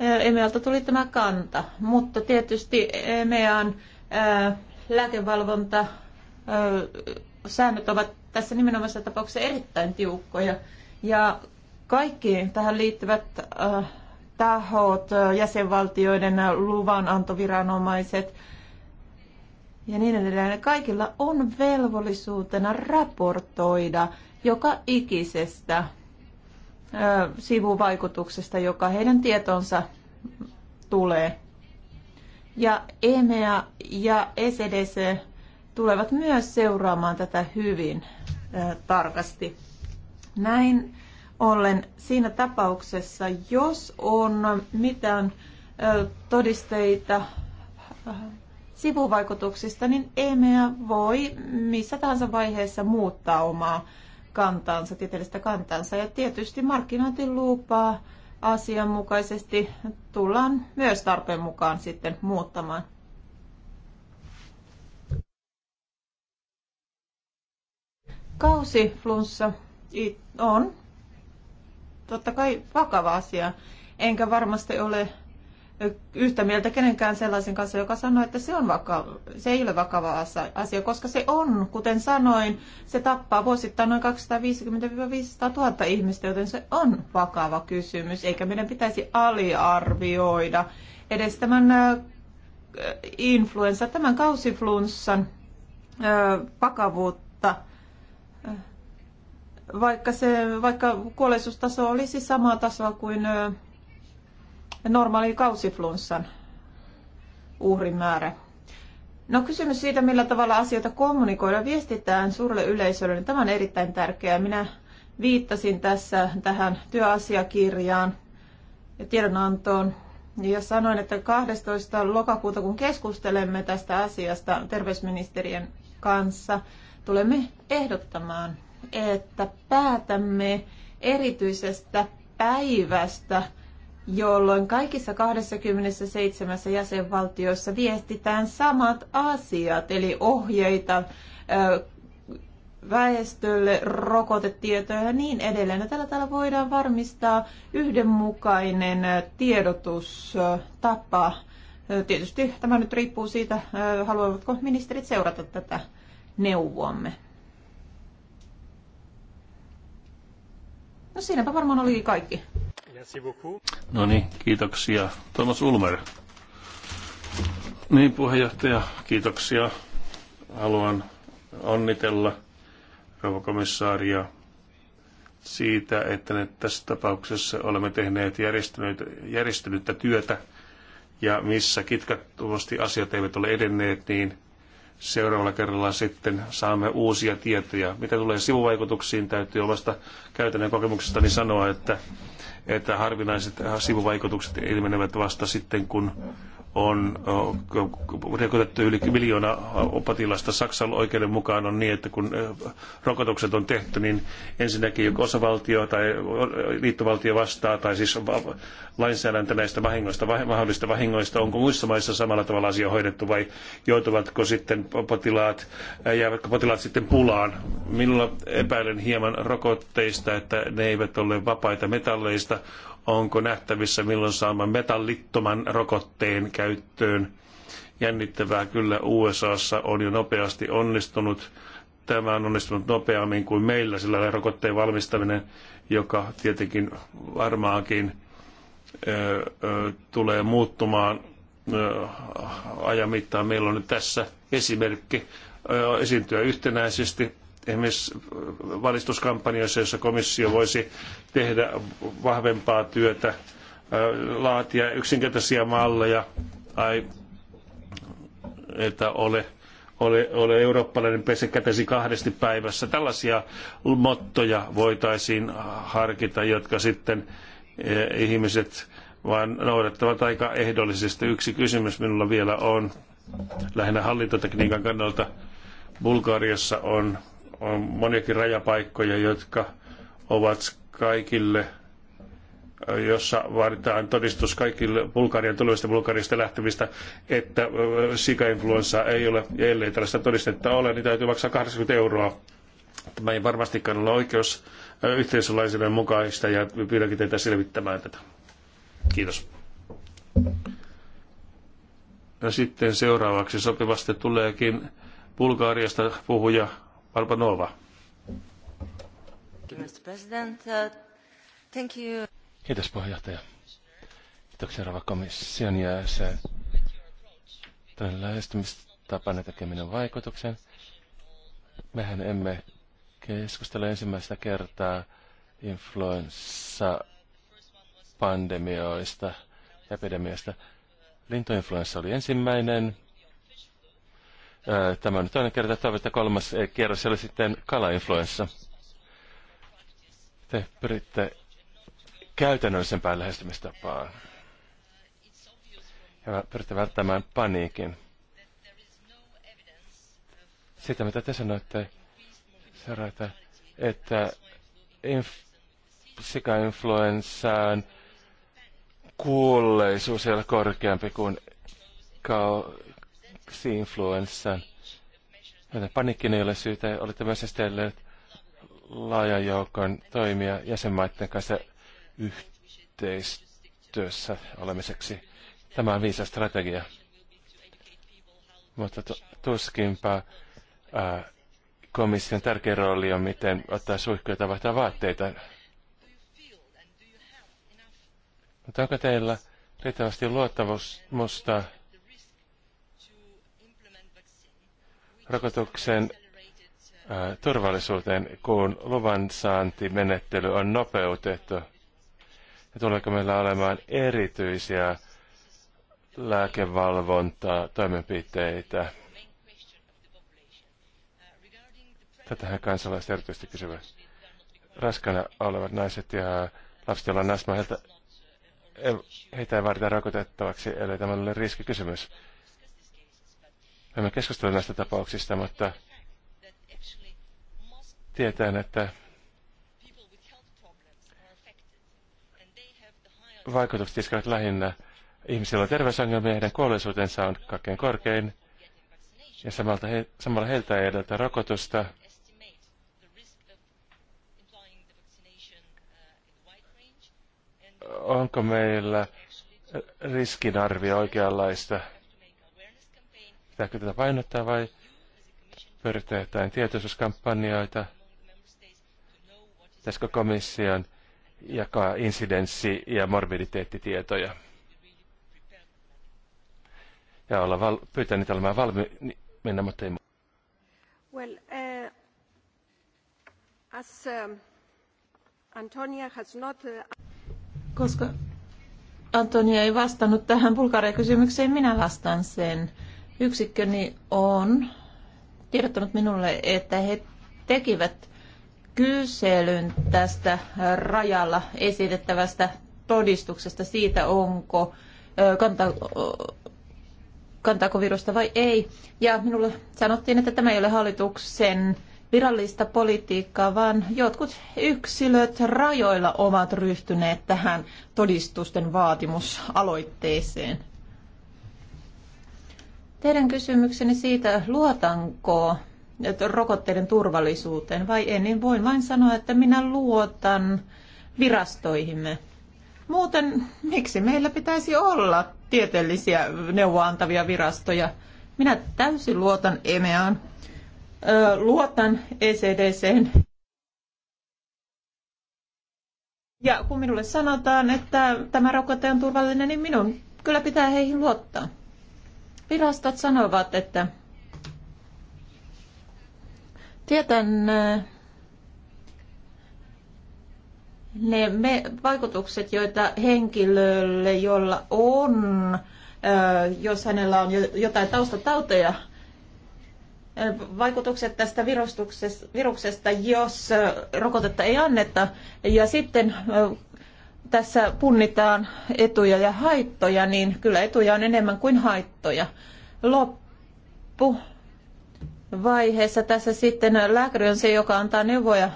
EMEALta tuli tämä kanta, mutta tietysti EMEAN lääkevalvonta säännöt ovat tässä nimenomaisessa tapauksessa erittäin tiukkoja ja kaikki tähän liittyvät tahot, jäsenvaltioiden luvanantoviranomaiset, ja niin edelleen. Kaikilla on velvollisuutena raportoida joka ikisestä ö, sivuvaikutuksesta, joka heidän tietonsa tulee. Ja EMEA ja ECDC tulevat myös seuraamaan tätä hyvin ö, tarkasti. Näin ollen siinä tapauksessa, jos on mitään ö, todisteita sivuvaikutuksista, niin EMEA voi missä tahansa vaiheessa muuttaa omaa kantaansa, tieteellistä kantaansa. Ja tietysti markkinointilupaa asianmukaisesti tullaan myös tarpeen mukaan sitten muuttamaan. Kausiflunssa on totta kai vakava asia, enkä varmasti ole yhtä mieltä kenenkään sellaisen kanssa, joka sanoo, että se, on vakava, se ei ole vakava asia, koska se on, kuten sanoin, se tappaa vuosittain noin 250-500 000 ihmistä, joten se on vakava kysymys, eikä meidän pitäisi aliarvioida edes tämän äh, influenssa, tämän kausiflunssan äh, vakavuutta äh, vaikka, se, vaikka kuolleisuustaso olisi samaa tasoa kuin normaali kausiflunssan uhrimäärä. No kysymys siitä, millä tavalla asioita kommunikoidaan, viestitään suurelle yleisölle, niin tämä on erittäin tärkeää. Minä viittasin tässä tähän työasiakirjaan ja tiedonantoon, ja sanoin, että 12. lokakuuta, kun keskustelemme tästä asiasta terveysministeriön kanssa, tulemme ehdottamaan, että päätämme erityisestä päivästä jolloin kaikissa 27 jäsenvaltioissa viestitään samat asiat, eli ohjeita väestölle, rokotetietoja ja niin edelleen. Ja tällä tavalla voidaan varmistaa yhdenmukainen tiedotustapa. Tietysti tämä nyt riippuu siitä, haluavatko ministerit seurata tätä neuvoamme. No siinäpä varmaan oli kaikki. Merci beaucoup. No niin, kiitoksia. Thomas Ulmer. Niin, puheenjohtaja, kiitoksia. Haluan onnitella komissaaria siitä, että nyt tässä tapauksessa olemme tehneet järjestynyttä työtä ja missä kitkattomasti asiat eivät ole edenneet, niin seuraavalla kerralla sitten saamme uusia tietoja. Mitä tulee sivuvaikutuksiin, täytyy omasta käytännön kokemuksestani sanoa, että, että harvinaiset sivuvaikutukset ilmenevät vasta sitten, kun on rokotettu yli miljoona potilasta. Saksan oikeuden mukaan on niin, että kun rokotukset on tehty, niin ensinnäkin joko osavaltio tai liittovaltio vastaa, tai siis lainsäädäntö näistä vahingoista, mahdollisista vahingoista, onko muissa maissa samalla tavalla asia hoidettu vai joutuvatko sitten potilaat, jäävätkö potilaat sitten pulaan. Minulla epäilen hieman rokotteista, että ne eivät ole vapaita metalleista onko nähtävissä milloin saamme metallittoman rokotteen käyttöön. Jännittävää kyllä USAssa on jo nopeasti onnistunut. Tämä on onnistunut nopeammin kuin meillä, sillä rokotteen valmistaminen, joka tietenkin varmaankin ö, ö, tulee muuttumaan ö, ajan mittaan. Meillä on nyt tässä esimerkki ö, esiintyä yhtenäisesti esimerkiksi valistuskampanjoissa, joissa komissio voisi tehdä vahvempaa työtä, laatia yksinkertaisia malleja, ai, että ole, ole, ole eurooppalainen pese kätesi kahdesti päivässä. Tällaisia mottoja voitaisiin harkita, jotka sitten ihmiset vaan noudattavat aika ehdollisesti. Yksi kysymys minulla vielä on lähinnä hallintotekniikan kannalta. Bulgariassa on on moniakin rajapaikkoja, jotka ovat kaikille, jossa vaaditaan todistus kaikille Bulgarian tulevista Bulgariasta lähtevistä, että sikainfluenssaa ei ole, ja ellei tällaista todistetta ole, niin täytyy maksaa 80 euroa. Tämä ei varmastikaan ole oikeus yhteisölaisuuden mukaista, ja pyydänkin teitä selvittämään tätä. Kiitos. Ja sitten seuraavaksi sopivasti tuleekin Bulgaariasta puhuja Albanova. Uh, Kiitos puheenjohtaja. Kiitoksia rouva komission jäsen. Tämän lähestymistapana tekeminen vaikutuksen. Mehän emme keskustele ensimmäistä kertaa influenssapandemioista ja epidemioista. Lintuinfluenssa oli ensimmäinen, Äh, tämä on toinen kerta, toivon, että kolmas äh, kierros oli sitten kalainfluenssa. Te pyritte käytännöllisempään lähestymistapaan. Ja pyritte välttämään paniikin. Sitä, mitä te sanoitte, seuraata, että inf- sikainfluenssaan kuolleisuus ei ole korkeampi kuin kau- influenssan. Panikkin ei ole syytä. Olette myös esitelleet laajan joukon toimia jäsenmaiden kanssa yhteistyössä olemiseksi. Tämä on viisa strategia. Mutta tuskinpa ää, komission tärkeä rooli on, miten ottaa suihkuja tai vaihtaa vaatteita. Mutta onko teillä riittävästi luottamusta rokotuksen turvallisuuteen, kun luvan saantimenettely on nopeutettu? Ja tuleeko meillä olemaan erityisiä lääkevalvontaa, toimenpiteitä? Tätähän kansalaiset erityisesti kysyvät. Raskana olevat naiset ja lapset, joilla on asma, heitä ei vaadita rokotettavaksi, eli tämä oli riskikysymys emme keskustele näistä tapauksista, mutta tietään, että vaikutukset iskevät lähinnä ihmisillä on terveysongelmia, heidän kuolleisuutensa on kaikkein korkein, ja samalta he, samalla heiltä ei edeltä rokotusta. Onko meillä riskinarvio oikeanlaista? Pitääkö tätä painottaa vai pyörittää jotain tietoisuuskampanjoita? Pitäisikö komission jakaa insidenssi- ja morbiditeettitietoja? Ja olla val- pyytää niitä olemaan mennä, mutta ei Well, uh, as um, Antonia has not... Uh... Koska Antonia ei vastannut tähän Bulgarian kysymykseen minä vastaan sen yksikköni on tiedottanut minulle, että he tekivät kyselyn tästä rajalla esitettävästä todistuksesta siitä, onko kanta, kantaako virusta vai ei. Ja minulle sanottiin, että tämä ei ole hallituksen virallista politiikkaa, vaan jotkut yksilöt rajoilla ovat ryhtyneet tähän todistusten vaatimusaloitteeseen. Teidän kysymykseni siitä, luotanko rokotteiden turvallisuuteen vai en, niin voin vain sanoa, että minä luotan virastoihimme. Muuten miksi meillä pitäisi olla tieteellisiä neuvoantavia virastoja? Minä täysin luotan EMEAan, luotan ECDCen. Ja kun minulle sanotaan, että tämä rokote on turvallinen, niin minun kyllä pitää heihin luottaa. Virastot sanovat, että tietän äh, ne me vaikutukset, joita henkilölle, jolla on, äh, jos hänellä on jotain taustatauteja, äh, vaikutukset tästä viruksesta, jos rokotetta ei anneta. Ja sitten tässä punnitaan etuja ja haittoja, niin kyllä etuja on enemmän kuin haittoja. Loppu vaiheessa tässä sitten lääkäri on se, joka antaa neuvoja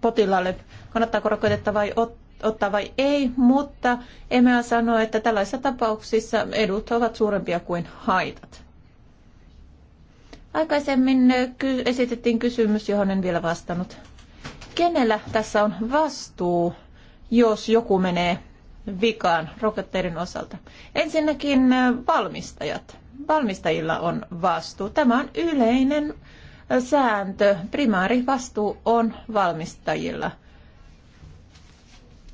potilaalle, kannattaako rokotetta vai ottaa vai ei, mutta EMEA sanoo, että tällaisissa tapauksissa edut ovat suurempia kuin haitat. Aikaisemmin esitettiin kysymys, johon en vielä vastannut. Kenellä tässä on vastuu jos joku menee vikaan rokotteiden osalta? Ensinnäkin äh, valmistajat. Valmistajilla on vastuu. Tämä on yleinen äh, sääntö. Primaari vastuu on valmistajilla.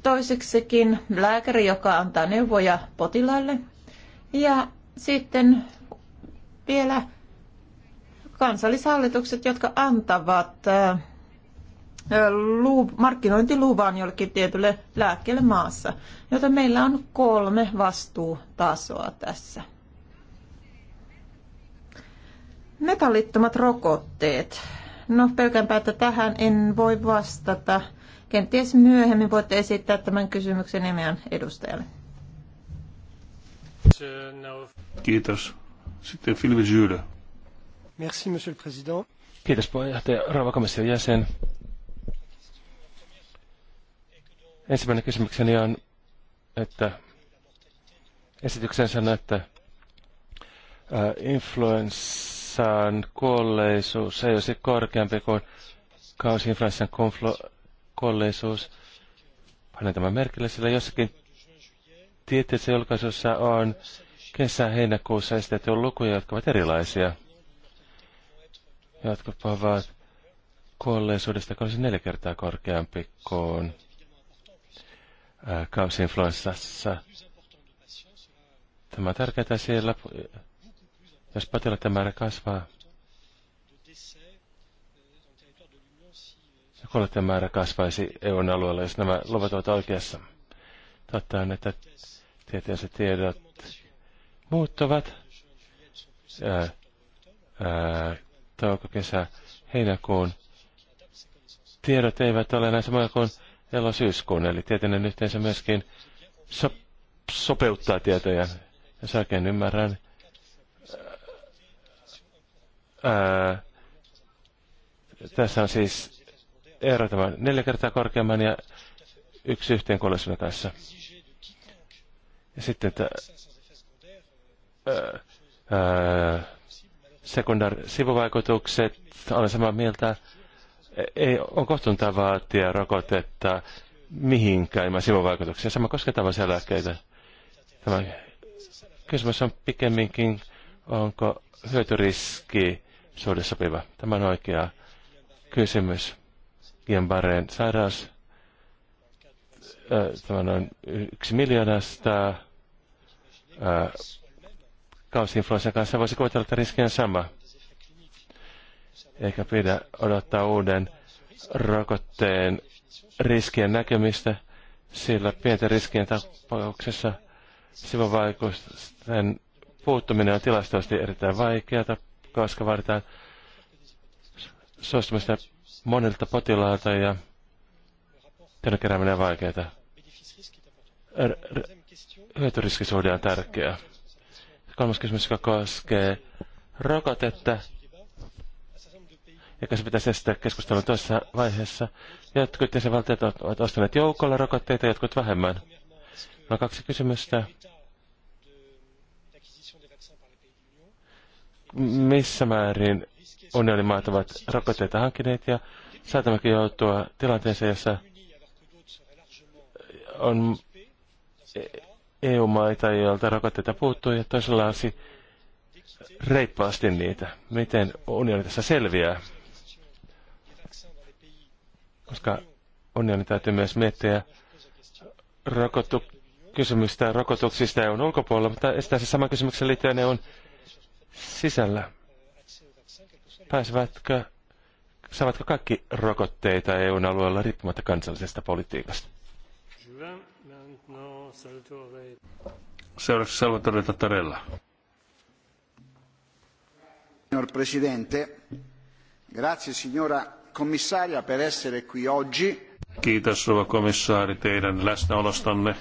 Toiseksikin lääkäri, joka antaa neuvoja potilaille. Ja sitten vielä kansallishallitukset, jotka antavat äh, markkinointiluvan jollekin tietylle lääkkeelle maassa. Joten meillä on kolme vastuutasoa tässä. Metallittomat rokotteet. No pelkäänpä, että tähän en voi vastata. Kenties myöhemmin voitte esittää tämän kysymyksen nimeän edustajalle. Kiitos. Sitten Philippe Jyylä. Merci, monsieur le président. Kiitos puheenjohtaja, rouva komission jäsen. Ensimmäinen kysymykseni on, että esityksen sanoo, että influenssaan kuolleisuus ei olisi korkeampi kuin kausinfluenssan kuolleisuus. Panen tämän merkille, sillä jossakin tieteellisessä julkaisussa on kesä-heinäkuussa esitetty lukuja, jotka ovat erilaisia, jotka ovat kuolleisuudesta, kun olisi neljä kertaa korkeampi kuin Äh, kausinfluenssassa. Tämä on tärkeää siellä, jos potilaiden määrä kasvaa. Ja kuolleiden määrä kasvaisi EUn alueella, jos nämä luvat ovat oikeassa. Totta on, että tieteelliset tiedot muuttuvat. Äh, äh, toukokesä, heinäkuun tiedot eivät ole näin samoja kuin elosyyskuun, eli tieteellinen yhteensä myöskin so- sopeuttaa tietoja. Jos oikein ymmärrän, ää, tässä on siis ero tämän neljä kertaa korkeamman ja yksi yhteen kuolleisuuden kanssa. Ja sitten ää, sekundar sivuvaikutukset, olen samaa mieltä ei on kohtuunta vaatia rokotetta mihinkään ilman sivuvaikutuksia. Sama koskee tavallisia lääkkeitä. Tämä kysymys on pikemminkin, onko hyötyriski suhde sopiva. Tämä on oikea kysymys. guillain sairaus. Tämä on yksi miljoonasta. Kausinfluenssan kanssa voisi kuvitella, että riski on sama eikä pidä odottaa uuden rokotteen riskien näkemistä, sillä pienten riskien tapauksessa sivuvaikutusten puuttuminen on tilastollisesti erittäin vaikeaa, koska vaaditaan suostumista monilta potilaalta ja tämän kerääminen on vaikeaa. Hyötyriskisuhde on tärkeä. Kolmas kysymys, joka koskee rokotetta eikä se pitäisi estää keskustelun toisessa vaiheessa. Jotkut jäsenvaltiot ovat ostaneet joukolla rokotteita, jotkut vähemmän. No kaksi kysymystä. Missä määrin unionimaat ovat rokotteita hankkineet ja saatammekin joutua tilanteeseen, jossa on EU-maita, joilta rokotteita puuttuu ja toisella on reippaasti niitä. Miten unioni tässä selviää? koska unionin täytyy myös miettiä rokotu, kysymystä rokotuksista EUn ulkopuolella, mutta estää se sama kysymyksen liittyen EUn sisällä. Pääsevätkö, saavatko kaikki rokotteita EUn alueella riippumatta kansallisesta politiikasta? Seuraavaksi Salvatore Tattarella. Signor Presidente, grazie signora commissaria per essere qui oggi. Kiitos rouva komissaari teidän läsnäolostanne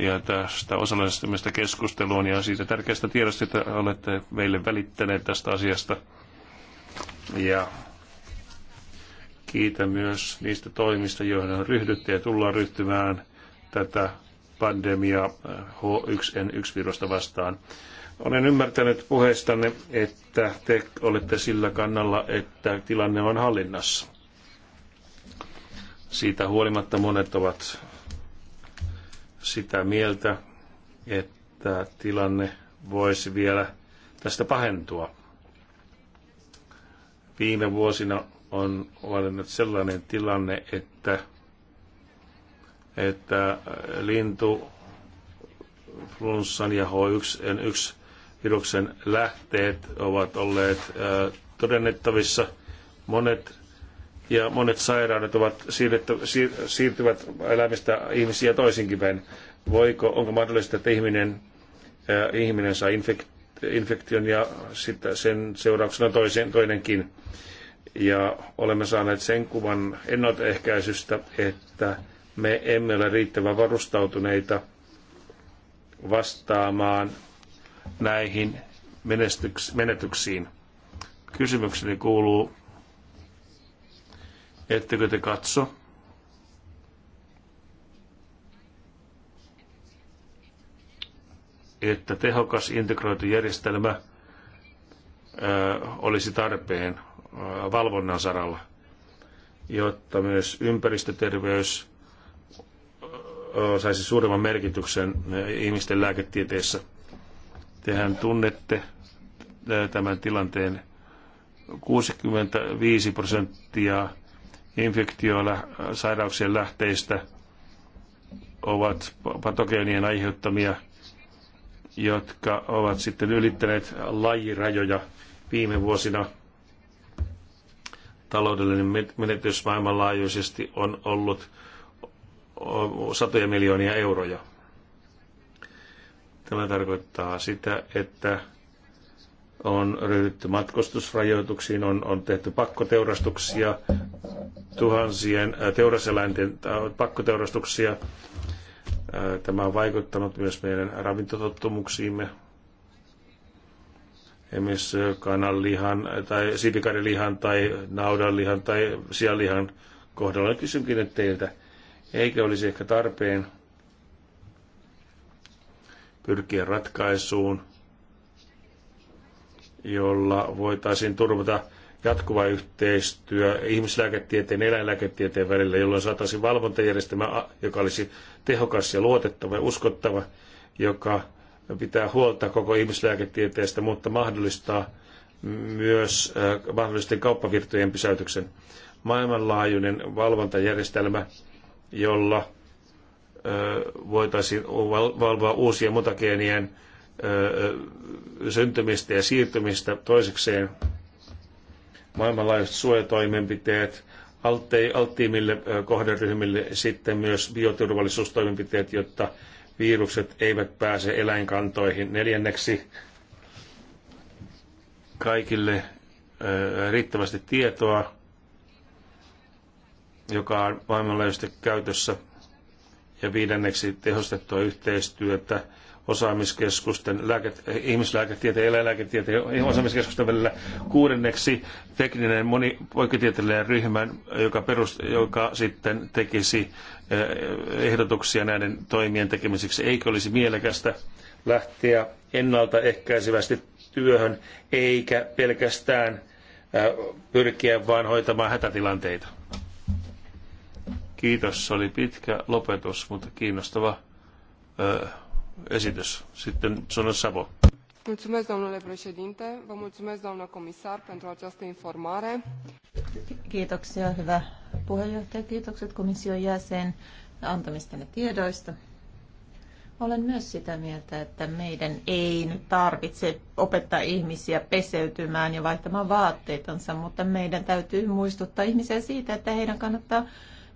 ja tästä osallistumista keskusteluun ja siitä tärkeästä tiedosta, jota olette meille välittäneet tästä asiasta. Ja kiitän myös niistä toimista, joihin on ryhdytty ja tullaan ryhtymään tätä pandemiaa H1N1-virusta vastaan. Olen ymmärtänyt puheistanne, että te olette sillä kannalla, että tilanne on hallinnassa. Siitä huolimatta monet ovat sitä mieltä, että tilanne voisi vielä tästä pahentua. Viime vuosina on valinnut sellainen tilanne, että, että lintu flunssan ja H1N1 viruksen lähteet ovat olleet todennettavissa. Monet ja monet sairaudet ovat siirtyvät elämistä ihmisiä toisinkin päin. Voiko, onko mahdollista, että ihminen, äh, ihminen saa infek, infektion ja sitten sen seurauksena toisen, toinenkin. Ja olemme saaneet sen kuvan ennaltaehkäisystä, että me emme ole riittävän varustautuneita vastaamaan näihin menetyksiin. Kysymykseni kuuluu, ettekö te katso, että tehokas integroitu järjestelmä olisi tarpeen valvonnan saralla, jotta myös ympäristöterveys saisi suuremman merkityksen ihmisten lääketieteessä – Tehän tunnette äh, tämän tilanteen 65 prosenttia infektioilla sairauksien lähteistä ovat patogeenien aiheuttamia, jotka ovat sitten ylittäneet lajirajoja viime vuosina. Taloudellinen menetys maailmanlaajuisesti on ollut satoja miljoonia euroja. Tämä tarkoittaa sitä, että on ryhdytty matkustusrajoituksiin, on, on tehty pakkoteurastuksia, tuhansien äh, teuraseläinten pakkoteurastuksia. Äh, tämä on vaikuttanut myös meidän ravintotottumuksiimme. Esimerkiksi kananlihan äh, tai siipikarilihan tai naudanlihan tai sianlihan kohdalla kysynkin teiltä, eikö olisi ehkä tarpeen pyrkiä ratkaisuun, jolla voitaisiin turvata jatkuva yhteistyö ihmislääketieteen ja eläinlääketieteen välillä, jolloin saataisiin valvontajärjestelmä, joka olisi tehokas ja luotettava ja uskottava, joka pitää huolta koko ihmislääketieteestä, mutta mahdollistaa myös äh, mahdollisten kauppavirtojen pysäytyksen. Maailmanlaajuinen valvontajärjestelmä, jolla voitaisiin valvoa uusien mutageenien syntymistä ja siirtymistä. Toisekseen maailmanlaajuiset suojatoimenpiteet alttiimille kohderyhmille sitten myös bioturvallisuustoimenpiteet, jotta virukset eivät pääse eläinkantoihin. Neljänneksi kaikille riittävästi tietoa, joka on maailmanlaajuisesti käytössä – ja viidenneksi tehostettua yhteistyötä osaamiskeskusten, lääke, ihmislääketieteen ja eläinlääketieteen osaamiskeskusten välillä. Kuudenneksi tekninen moni poikkitieteellinen ryhmä, joka, perust, joka sitten tekisi eh, ehdotuksia näiden toimien tekemiseksi. Eikö olisi mielekästä lähteä ennaltaehkäisevästi työhön, eikä pelkästään eh, pyrkiä vain hoitamaan hätätilanteita? Kiitos, se oli pitkä lopetus, mutta kiinnostava ö, esitys. Sitten Sona Savo. Mulțumesc, domnule președinte, vă mulțumesc, doamnă comisar, pentru această informare. Kiitoksia, hyvä puheenjohtaja. Kiitokset komission jäsen antamistanne tiedoista. Olen myös sitä mieltä, että meidän ei nyt tarvitse opettaa ihmisiä peseytymään ja vaihtamaan vaatteitansa, mutta meidän täytyy muistuttaa ihmisiä siitä, että heidän kannattaa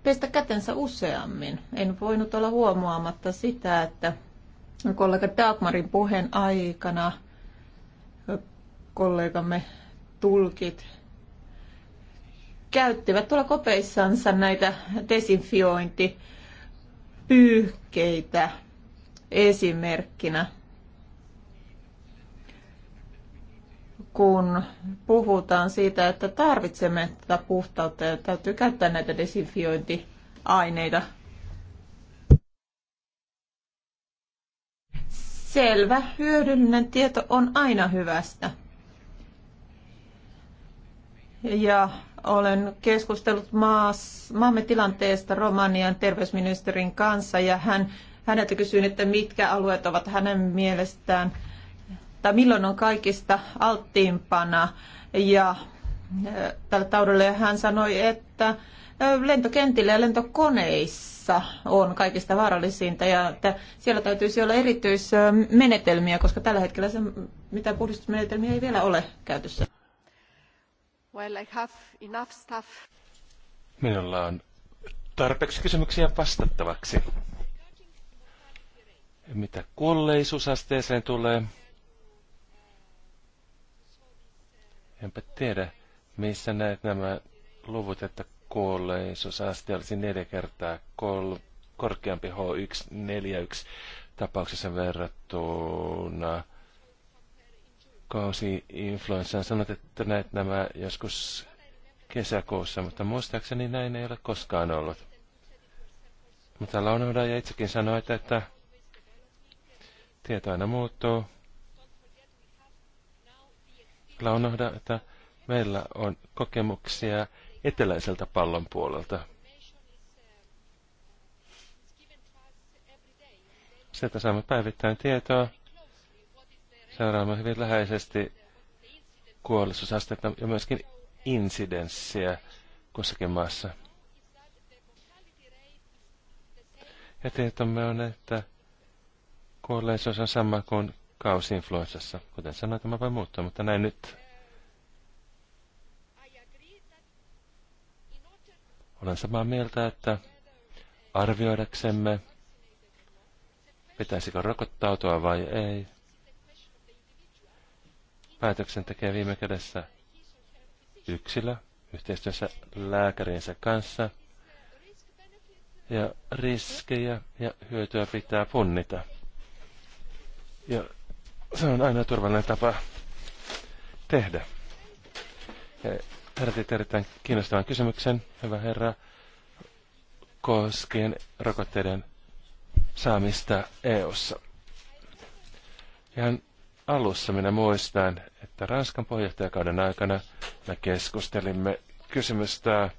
pestä kätensä useammin. En voinut olla huomaamatta sitä, että kollega Dagmarin puheen aikana kollegamme tulkit käyttivät tuolla kopeissansa näitä desinfiointipyyhkeitä esimerkkinä. kun puhutaan siitä, että tarvitsemme tätä puhtautta ja täytyy käyttää näitä desinfiointiaineita. Selvä, hyödyllinen tieto on aina hyvästä. Ja olen keskustellut maas, maamme tilanteesta Romanian terveysministerin kanssa ja hän, häneltä kysyin, että mitkä alueet ovat hänen mielestään – että milloin on kaikista alttiimpana ja tällä taudille hän sanoi, että lentokentillä ja lentokoneissa on kaikista vaarallisinta ja että siellä täytyisi olla erityismenetelmiä, koska tällä hetkellä se, mitä puhdistusmenetelmiä ei vielä ole käytössä. Well, I have enough stuff. Minulla on tarpeeksi kysymyksiä vastattavaksi. Mitä kuolleisuusasteeseen tulee, Enpä tiedä, missä näet nämä luvut, että kuolleisuusaste olisi neljä kertaa kol- korkeampi H141 tapauksessa verrattuna kausi-influenssaan. Sanot, että näet nämä joskus kesäkuussa, mutta muistaakseni näin ei ole koskaan ollut. Mutta Launoda ja itsekin sanoit, että, että tieto aina muuttuu kyllä unohda, että meillä on kokemuksia eteläiseltä pallon puolelta. Sieltä saamme päivittäin tietoa. Seuraamme hyvin läheisesti kuollisuusasteita ja myöskin insidenssiä kussakin maassa. Ja tietomme on, että kuolleisuus on sama kuin kausinfluenssassa. Kuten sanoin, tämä voi muuttua, mutta näin nyt. Olen samaa mieltä, että arvioidaksemme, pitäisikö rokottautua vai ei, päätöksen tekee viime kädessä yksilö yhteistyössä lääkärinsä kanssa. Ja riskejä ja hyötyä pitää punnita. Ja se on aina turvallinen tapa tehdä. Herätit erittäin kiinnostavan kysymyksen, hyvä herra, koskien rokotteiden saamista EU-ssa. Ihan alussa minä muistan, että Ranskan puheenjohtajakauden aikana me keskustelimme kysymystä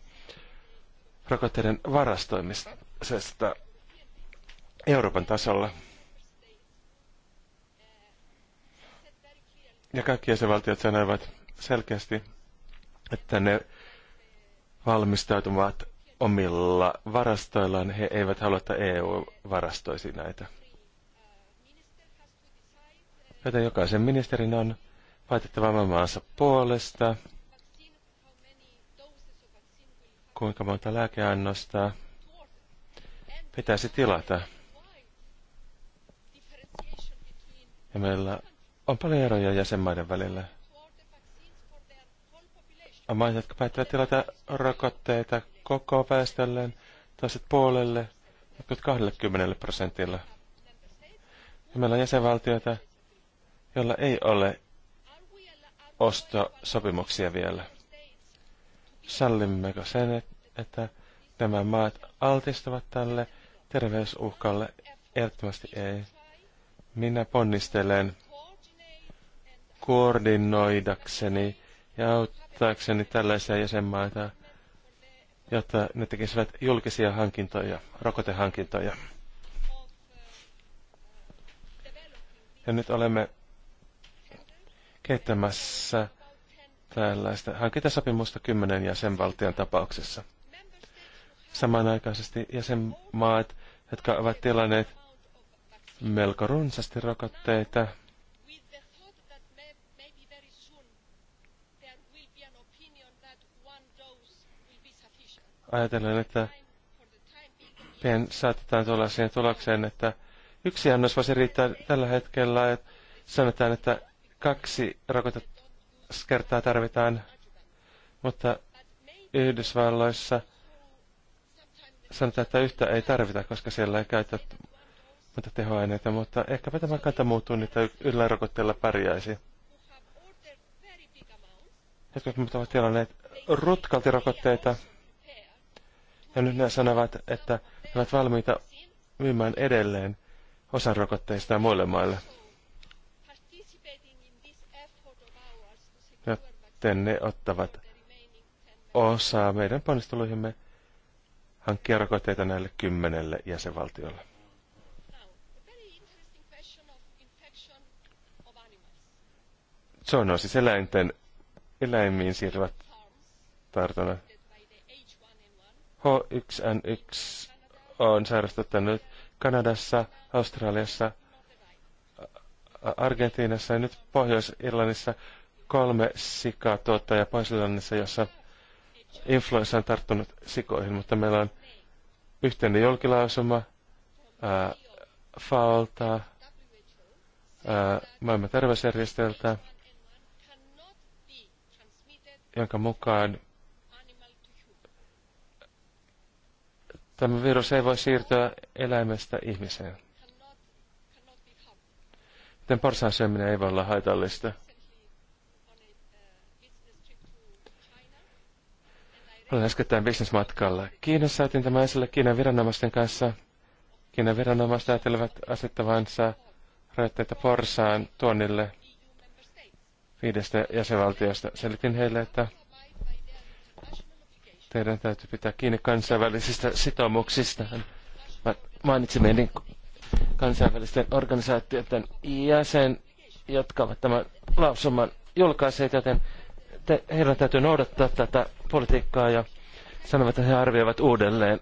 rokotteiden varastoimisesta Euroopan tasolla – Ja kaikki jäsenvaltiot sanoivat selkeästi, että ne valmistautuvat omilla varastoillaan. He eivät halua, että EU varastoisi näitä. Joten jokaisen ministerin on päätettävä maansa puolesta, kuinka monta lääkeannosta pitäisi tilata. Ja meillä on paljon eroja jäsenmaiden välillä. Maat, jotka päättävät tilata rokotteita koko väestölleen, toiset puolelle, jotkut 20 prosentilla. Ja meillä on jäsenvaltioita, joilla ei ole ostosopimuksia vielä. Sallimmeko sen, että nämä maat altistavat tälle terveysuhkalle? Ehdottomasti ei. Minä ponnistelen koordinoidakseni ja auttaakseni tällaisia jäsenmaita, jotta ne tekisivät julkisia hankintoja, rokotehankintoja. Ja nyt olemme kehittämässä tällaista hankintasopimusta kymmenen jäsenvaltion tapauksessa. Samanaikaisesti jäsenmaat, jotka ovat tilanneet melko runsaasti rokotteita, ajatellen, että pian saatetaan siihen tulokseen, että yksi annos voisi riittää tällä hetkellä, että sanotaan, että kaksi rokotuskertaa tarvitaan, mutta Yhdysvalloissa sanotaan, että yhtä ei tarvita, koska siellä ei käytä mutta tehoaineita, mutta ehkäpä tämä kanta muuttuu, niin yllä rokotteella pärjäisi. Jotkut ovat tilanneet rutkalti rokotteita, ja nyt nämä sanovat, että ne ovat valmiita myymään edelleen osa rokotteista muille maille. Ja ne ottavat osaa meidän ponnisteluihimme hankkia rokotteita näille kymmenelle jäsenvaltiolle. Se on siis eläinten, eläimiin siirtyvät tartunnat. H1N1 on sairastuttanut Kanadassa, Australiassa, Argentiinassa ja nyt Pohjois-Irlannissa kolme sikaa ja Pohjois-Irlannissa, jossa influenssa on tarttunut sikoihin, mutta meillä on yhteinen julkilausuma ää, FAOlta, ää, maailman terveysjärjestöltä, jonka mukaan Tämä virus ei voi siirtyä eläimestä ihmiseen. Joten porsaan syöminen ei voi olla haitallista. Olen äskettäin bisnesmatkalla. Kiinassa otin tämä esille Kiinan viranomaisten kanssa. Kiinan viranomaiset ajattelevat asettavansa rajoitteita porsaan tuonnille viidestä jäsenvaltiosta. Selitin heille, että Teidän täytyy pitää kiinni kansainvälisistä sitoumuksista. Mainitsemieni niin kansainvälisten organisaatioiden jäsen, jotka ovat tämän lausuman julkaiseet, joten te, heidän täytyy noudattaa tätä politiikkaa ja sanovat, että he arvioivat uudelleen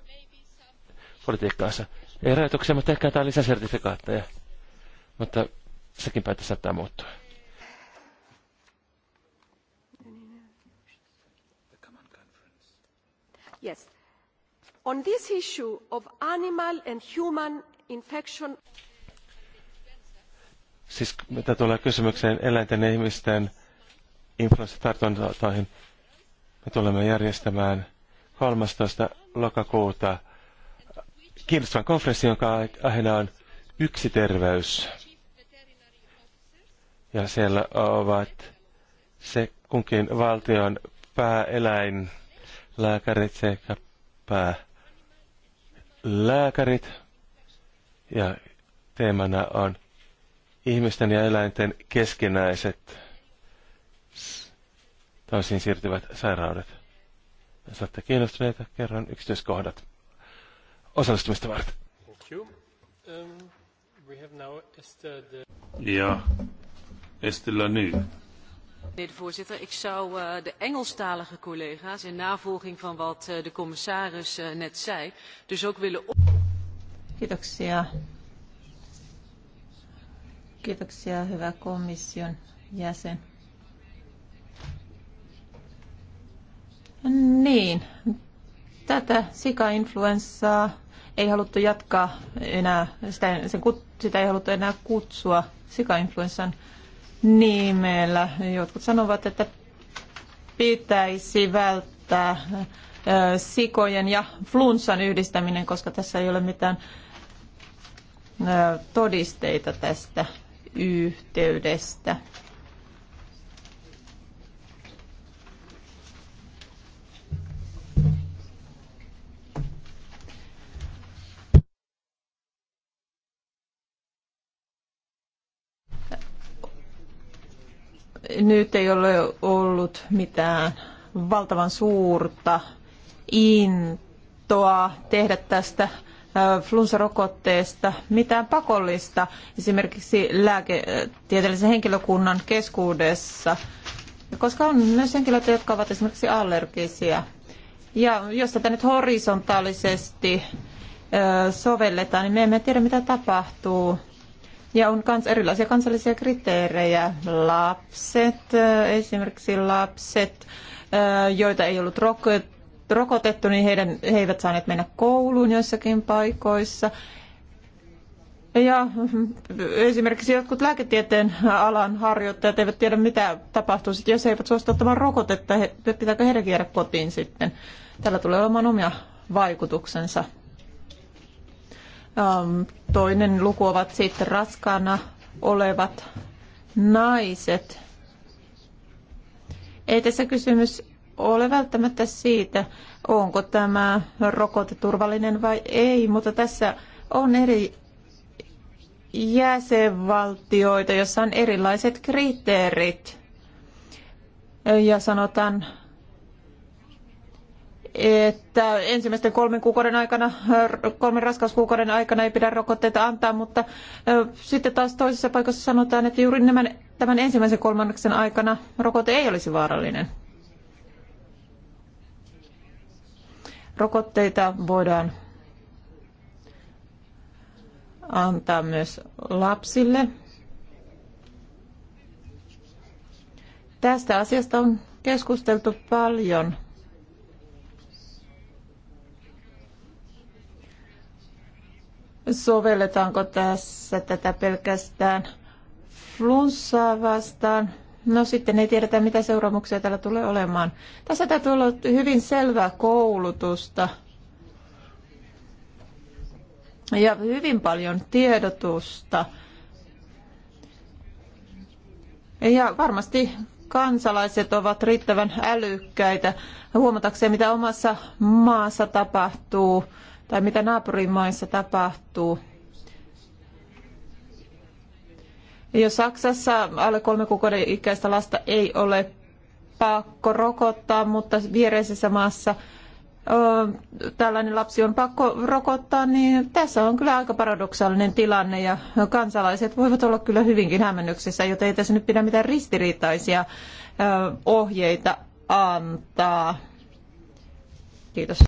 politiikkaansa. Ei rajoituksia, mutta ehkä jotain lisäsertifikaatteja. Mutta sekin päätös saattaa muuttua. Yes. On this issue of animal and human infection... Siis mitä tulee kysymykseen eläinten ja ihmisten influenssatartuntoihin, me tulemme järjestämään 13. lokakuuta kiinnostavan konferenssin, jonka aiheena on yksi terveys. Ja siellä ovat se kunkin valtion pääeläin lääkärit sekä päälääkärit. Ja teemana on ihmisten ja eläinten keskinäiset toisiin siirtyvät sairaudet. Jos olette kiinnostuneita, kerron yksityiskohdat osallistumista varten. Um, ja Estellä nyt. Meneer de voorzitter, ik zou uh, de Engelstalige collega's in navolging van wat uh, de commissaris uh, net zei, dus ook willen... Kiitoksia. Kiitoksia, hyvä komission jäsen. Niin, tätä sikainfluenssaa ei haluttu jatkaa enää, sitä, sen, sitä ei haluttu enää kutsua sikainfluenssan nimellä. Niin, jotkut sanovat, että pitäisi välttää sikojen ja flunssan yhdistäminen, koska tässä ei ole mitään todisteita tästä yhteydestä. nyt ei ole ollut mitään valtavan suurta intoa tehdä tästä flunssarokotteesta mitään pakollista esimerkiksi lääketieteellisen henkilökunnan keskuudessa, koska on myös henkilöitä, jotka ovat esimerkiksi allergisia. Ja jos tätä nyt horisontaalisesti sovelletaan, niin me emme tiedä mitä tapahtuu. Ja on myös erilaisia kansallisia kriteerejä. Lapset, äh, esimerkiksi lapset, äh, joita ei ollut rokotettu, niin heidän, he eivät saaneet mennä kouluun joissakin paikoissa. Ja esimerkiksi jotkut lääketieteen alan harjoittajat eivät tiedä, mitä tapahtuu sit, jos he eivät suostu ottamaan rokotetta, he, pitääkö heidän jäädä kotiin sitten. Tällä tulee olemaan omia vaikutuksensa. Ähm, toinen luku ovat sitten raskaana olevat naiset. Ei tässä kysymys ole välttämättä siitä, onko tämä rokote turvallinen vai ei, mutta tässä on eri jäsenvaltioita, jossa on erilaiset kriteerit. Ja sanotaan että ensimmäisten kolmen kuukauden aikana, kolmen raskauskuukauden aikana ei pidä rokotteita antaa, mutta sitten taas toisessa paikassa sanotaan, että juuri tämän ensimmäisen kolmanneksen aikana rokote ei olisi vaarallinen. Rokotteita voidaan antaa myös lapsille. Tästä asiasta on keskusteltu paljon sovelletaanko tässä tätä pelkästään flunssaa vastaan. No sitten ei tiedetä, mitä seuraamuksia täällä tulee olemaan. Tässä täytyy olla hyvin selvää koulutusta ja hyvin paljon tiedotusta. Ja varmasti kansalaiset ovat riittävän älykkäitä huomatakseen, mitä omassa maassa tapahtuu tai mitä naapurimaissa tapahtuu. Jos Saksassa alle kolme kuukauden ikäistä lasta ei ole pakko rokottaa, mutta viereisessä maassa tällainen lapsi on pakko rokottaa, niin tässä on kyllä aika paradoksaalinen tilanne ja kansalaiset voivat olla kyllä hyvinkin hämmennyksessä, joten ei tässä nyt pidä mitään ristiriitaisia ohjeita antaa. Kiitos.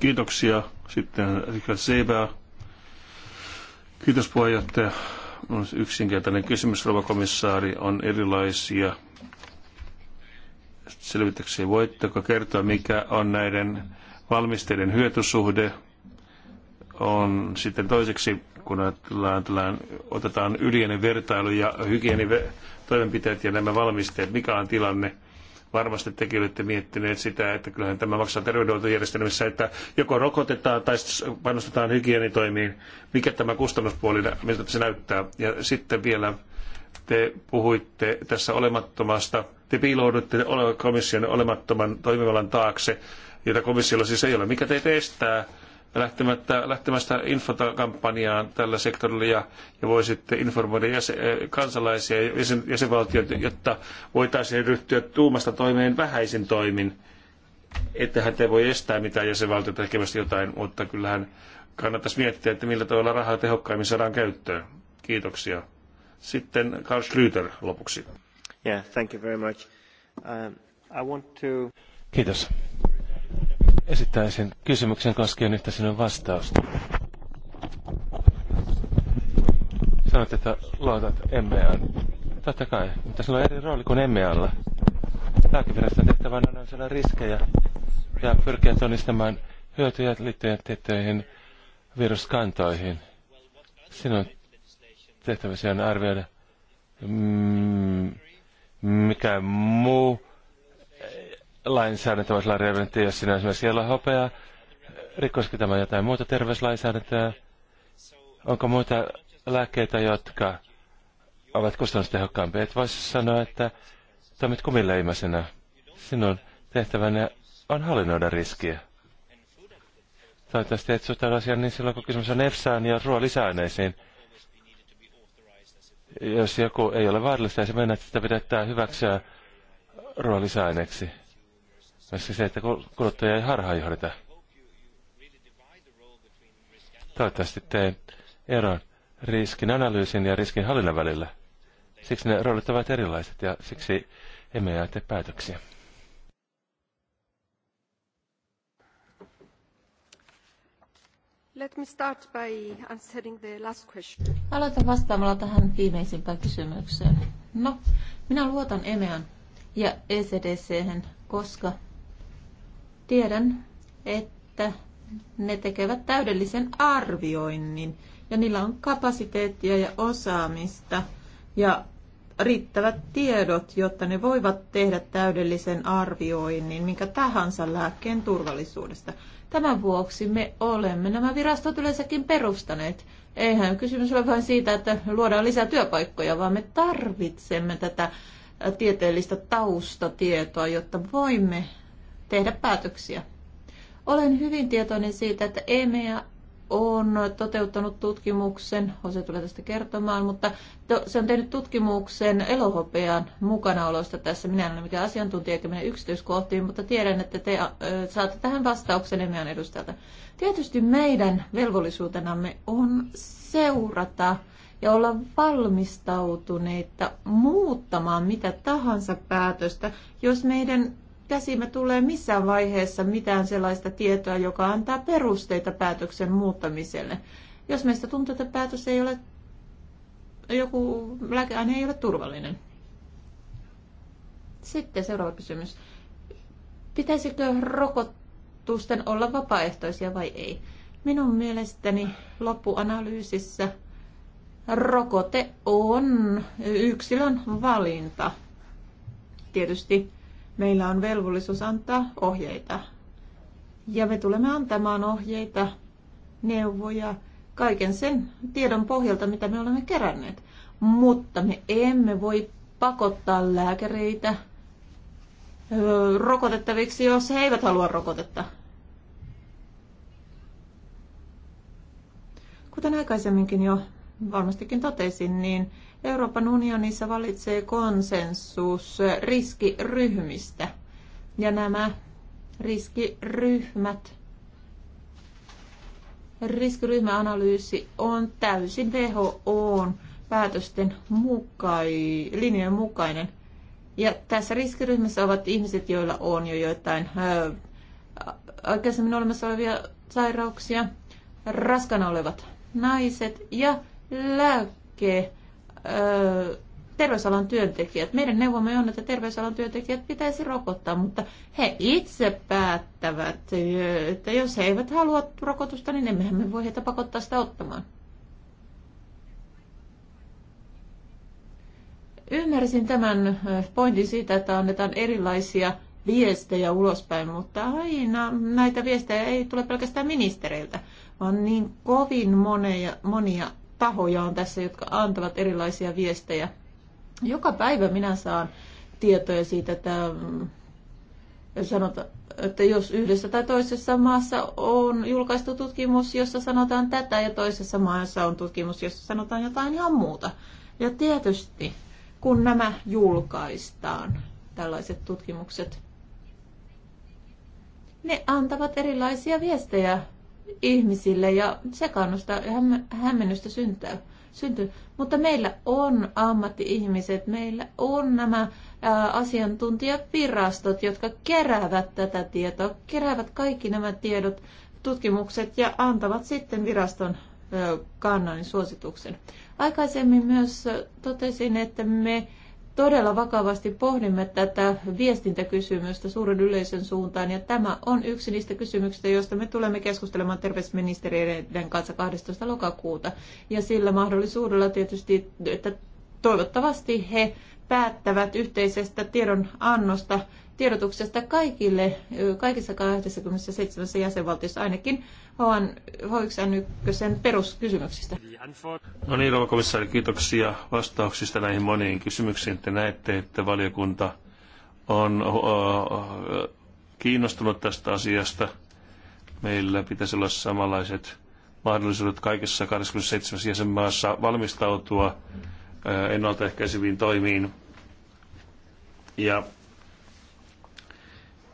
Kiitoksia. Sitten Richard Seebää. Kiitos puheenjohtaja. on yksinkertainen kysymys, rouva komissaari. On erilaisia selvityksiä. Voitteko kertoa, mikä on näiden valmisteiden hyötysuhde? On sitten toiseksi, kun ajatellaan, otetaan yleinen vertailu ja hygienitoimenpiteet ja nämä valmisteet, mikä on tilanne – varmasti tekin olette miettineet sitä, että kyllähän tämä maksaa terveydenhuoltojärjestelmissä, että joko rokotetaan tai panostetaan hygienitoimiin, mikä tämä kustannuspuoli, miltä se näyttää. Ja sitten vielä te puhuitte tässä olemattomasta, te piiloudutte komission olemattoman toimivallan taakse, jota komissiolla siis ei ole. Mikä teitä estää lähtemättä, lähtemästä infokampanjaan tällä sektorilla ja, ja voisitte informoida jäsen, eh, kansalaisia ja jäsen, jäsenvaltioita, jotta voitaisiin ryhtyä tuumasta toimeen vähäisin toimin. Ettehän te voi estää mitään jäsenvaltiota tekemästä jotain, mutta kyllähän kannattaisi miettiä, että millä tavalla rahaa tehokkaimmin saadaan käyttöön. Kiitoksia. Sitten Karl Schlüter lopuksi. Yeah, thank you very much. Um, I want to... Kiitos. Esittäisin kysymyksen koskien yhtä sinun vastausta. Sanoit, että luotat MEAn. Totta kai, mutta sinulla on eri rooli kuin MEAlla. Lääkeviraston tehtävänä on analysoida riskejä ja pyrkiä tunnistamaan hyötyjä liittyen tiettyihin viruskantoihin. Sinun tehtäväsi on arvioida, mm, mikä muu lainsäädäntövaisella reventti, jos sinä esimerkiksi siellä on hopea, rikkoisiko tämä jotain muuta terveyslainsäädäntöä? Onko muita lääkkeitä, jotka ovat kustannustehokkaampia? Et voisi sanoa, että toimit kumileimäisenä. Sinun tehtävänä on hallinnoida riskiä. Toivottavasti et suhtaudu asiaan niin silloin, kun kysymys on EFSAan ja ruoalisäaineisiin. Jos joku ei ole vaarallista, ja se mennä, että sitä pidetään hyväksyä ruoalisäaineeksi. Myöskin siis se, että kuluttaja ei harhaanjohdeta. Toivottavasti teen eron riskin analyysin ja riskin hallinnan välillä. Siksi ne roolit ovat erilaiset ja siksi emme jää tee päätöksiä. Let me start by answering the last question. Aloitan vastaamalla tähän viimeisimpään kysymykseen. No, minä luotan EMEAn ja ECDC, koska Tiedän, että ne tekevät täydellisen arvioinnin ja niillä on kapasiteettia ja osaamista ja riittävät tiedot, jotta ne voivat tehdä täydellisen arvioinnin minkä tahansa lääkkeen turvallisuudesta. Tämän vuoksi me olemme nämä virastot yleensäkin perustaneet. Eihän kysymys ole vain siitä, että luodaan lisää työpaikkoja, vaan me tarvitsemme tätä tieteellistä taustatietoa, jotta voimme tehdä päätöksiä. Olen hyvin tietoinen siitä, että EMEA on toteuttanut tutkimuksen, Jose tulee tästä kertomaan, mutta se on tehnyt tutkimuksen elohopean mukanaolosta tässä. Minä en ole mikään asiantuntija eikä mene yksityiskohtiin, mutta tiedän, että te äh, saatte tähän vastauksen EMEAn edustajalta. Tietysti meidän velvollisuutenamme on seurata ja olla valmistautuneita muuttamaan mitä tahansa päätöstä, jos meidän käsimme tulee missään vaiheessa mitään sellaista tietoa, joka antaa perusteita päätöksen muuttamiselle. Jos meistä tuntuu, että päätös ei ole, joku lääkeaine ei ole turvallinen. Sitten seuraava kysymys. Pitäisikö rokotusten olla vapaaehtoisia vai ei? Minun mielestäni loppuanalyysissä rokote on yksilön valinta. Tietysti Meillä on velvollisuus antaa ohjeita. Ja me tulemme antamaan ohjeita, neuvoja, kaiken sen tiedon pohjalta, mitä me olemme keränneet. Mutta me emme voi pakottaa lääkäreitä rokotettaviksi, jos he eivät halua rokotetta. Kuten aikaisemminkin jo varmastikin totesin, niin Euroopan unionissa valitsee konsensus riskiryhmistä. Ja nämä riskiryhmät, riskiryhmäanalyysi on täysin WHOn päätösten mukai, linjojen mukainen. Ja tässä riskiryhmässä ovat ihmiset, joilla on jo joitain ö, aikaisemmin olemassa olevia sairauksia, raskana olevat naiset ja lääkkeet terveysalan työntekijät. Meidän neuvomme on, että terveysalan työntekijät pitäisi rokottaa, mutta he itse päättävät, että jos he eivät halua rokotusta, niin emmehän me voi heitä pakottaa sitä ottamaan. Ymmärsin tämän pointin siitä, että annetaan erilaisia viestejä ulospäin, mutta aina näitä viestejä ei tule pelkästään ministereiltä, vaan niin kovin monia, monia tahoja on tässä, jotka antavat erilaisia viestejä. Joka päivä minä saan tietoja siitä, että, mm, sanota, että jos yhdessä tai toisessa maassa on julkaistu tutkimus, jossa sanotaan tätä, ja toisessa maassa on tutkimus, jossa sanotaan jotain ihan muuta. Ja tietysti, kun nämä julkaistaan, tällaiset tutkimukset, ne antavat erilaisia viestejä ihmisille ja sekaannusta ja hämmennystä syntyy. syntyy. Mutta meillä on ammatti-ihmiset, meillä on nämä ää, asiantuntijavirastot, jotka keräävät tätä tietoa, keräävät kaikki nämä tiedot, tutkimukset ja antavat sitten viraston kannan suosituksen. Aikaisemmin myös totesin, että me todella vakavasti pohdimme tätä viestintäkysymystä suuren yleisön suuntaan, ja tämä on yksi niistä kysymyksistä, joista me tulemme keskustelemaan terveysministeriöiden kanssa 12. lokakuuta. Ja sillä mahdollisuudella tietysti, että toivottavasti he päättävät yhteisestä tiedonannosta tiedotuksesta kaikille, kaikissa 27 jäsenvaltiossa ainakin h 1 n peruskysymyksistä. No niin, rouva komissaari, kiitoksia vastauksista näihin moniin kysymyksiin. Te näette, että valiokunta on kiinnostunut tästä asiasta. Meillä pitäisi olla samanlaiset mahdollisuudet kaikessa 27 jäsenmaassa valmistautua ennaltaehkäiseviin toimiin. Ja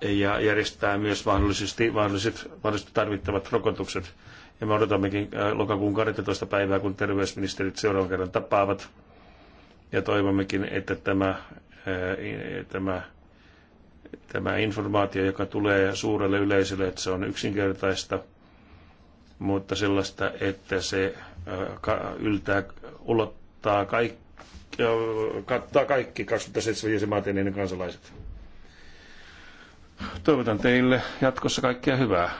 ja järjestää myös mahdollisesti, mahdolliset, mahdollisesti tarvittavat rokotukset. Ja me odotammekin äh, lokakuun 12. päivää, kun terveysministerit seuraavan kerran tapaavat. Ja toivommekin, että tämä, äh, tämä, tämä informaatio, joka tulee suurelle yleisölle, että se on yksinkertaista, mutta sellaista, että se äh, yltää, ulottaa kaikki, kattaa kaikki 27 jäsenmaat ja kansalaiset. Toivotan teille jatkossa kaikkea hyvää.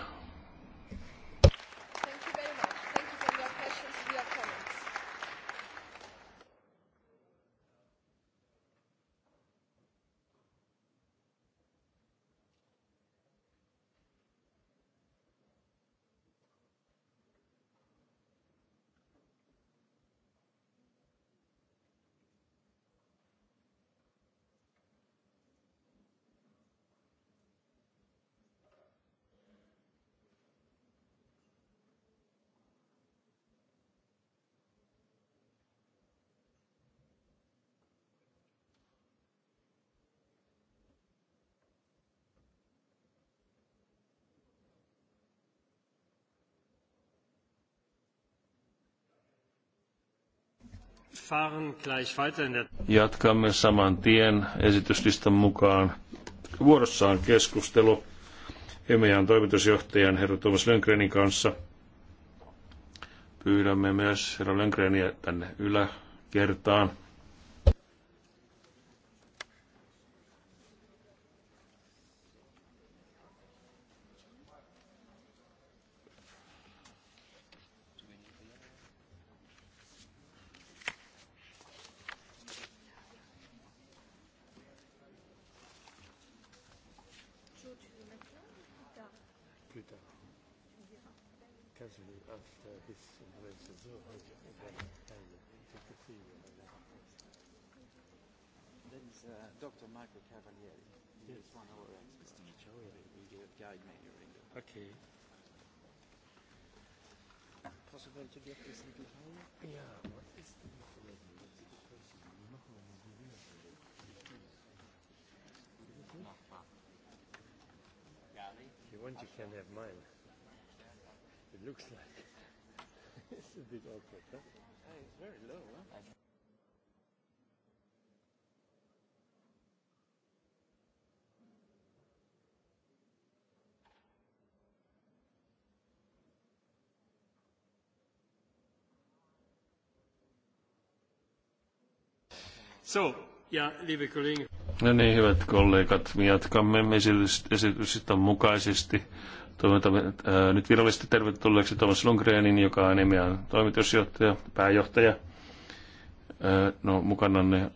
Jatkamme saman tien esityslistan mukaan. Vuorossa on keskustelu EMEAn toimitusjohtajan herra Thomas Lönkrenin kanssa. Pyydämme myös herra Lönkreniä tänne yläkertaan. looks like. it's a bit awkward, huh? Hey, it's very low, huh? I So, yeah, liebe Kollegen. No niin, hyvät kollegat, me jatkamme esitysten mukaisesti. Toivotamme äh, nyt virallisesti tervetulleeksi Thomas Lundgrenin, joka on EMEAn toimitusjohtaja, pääjohtaja. Äh, no, mukananne ää,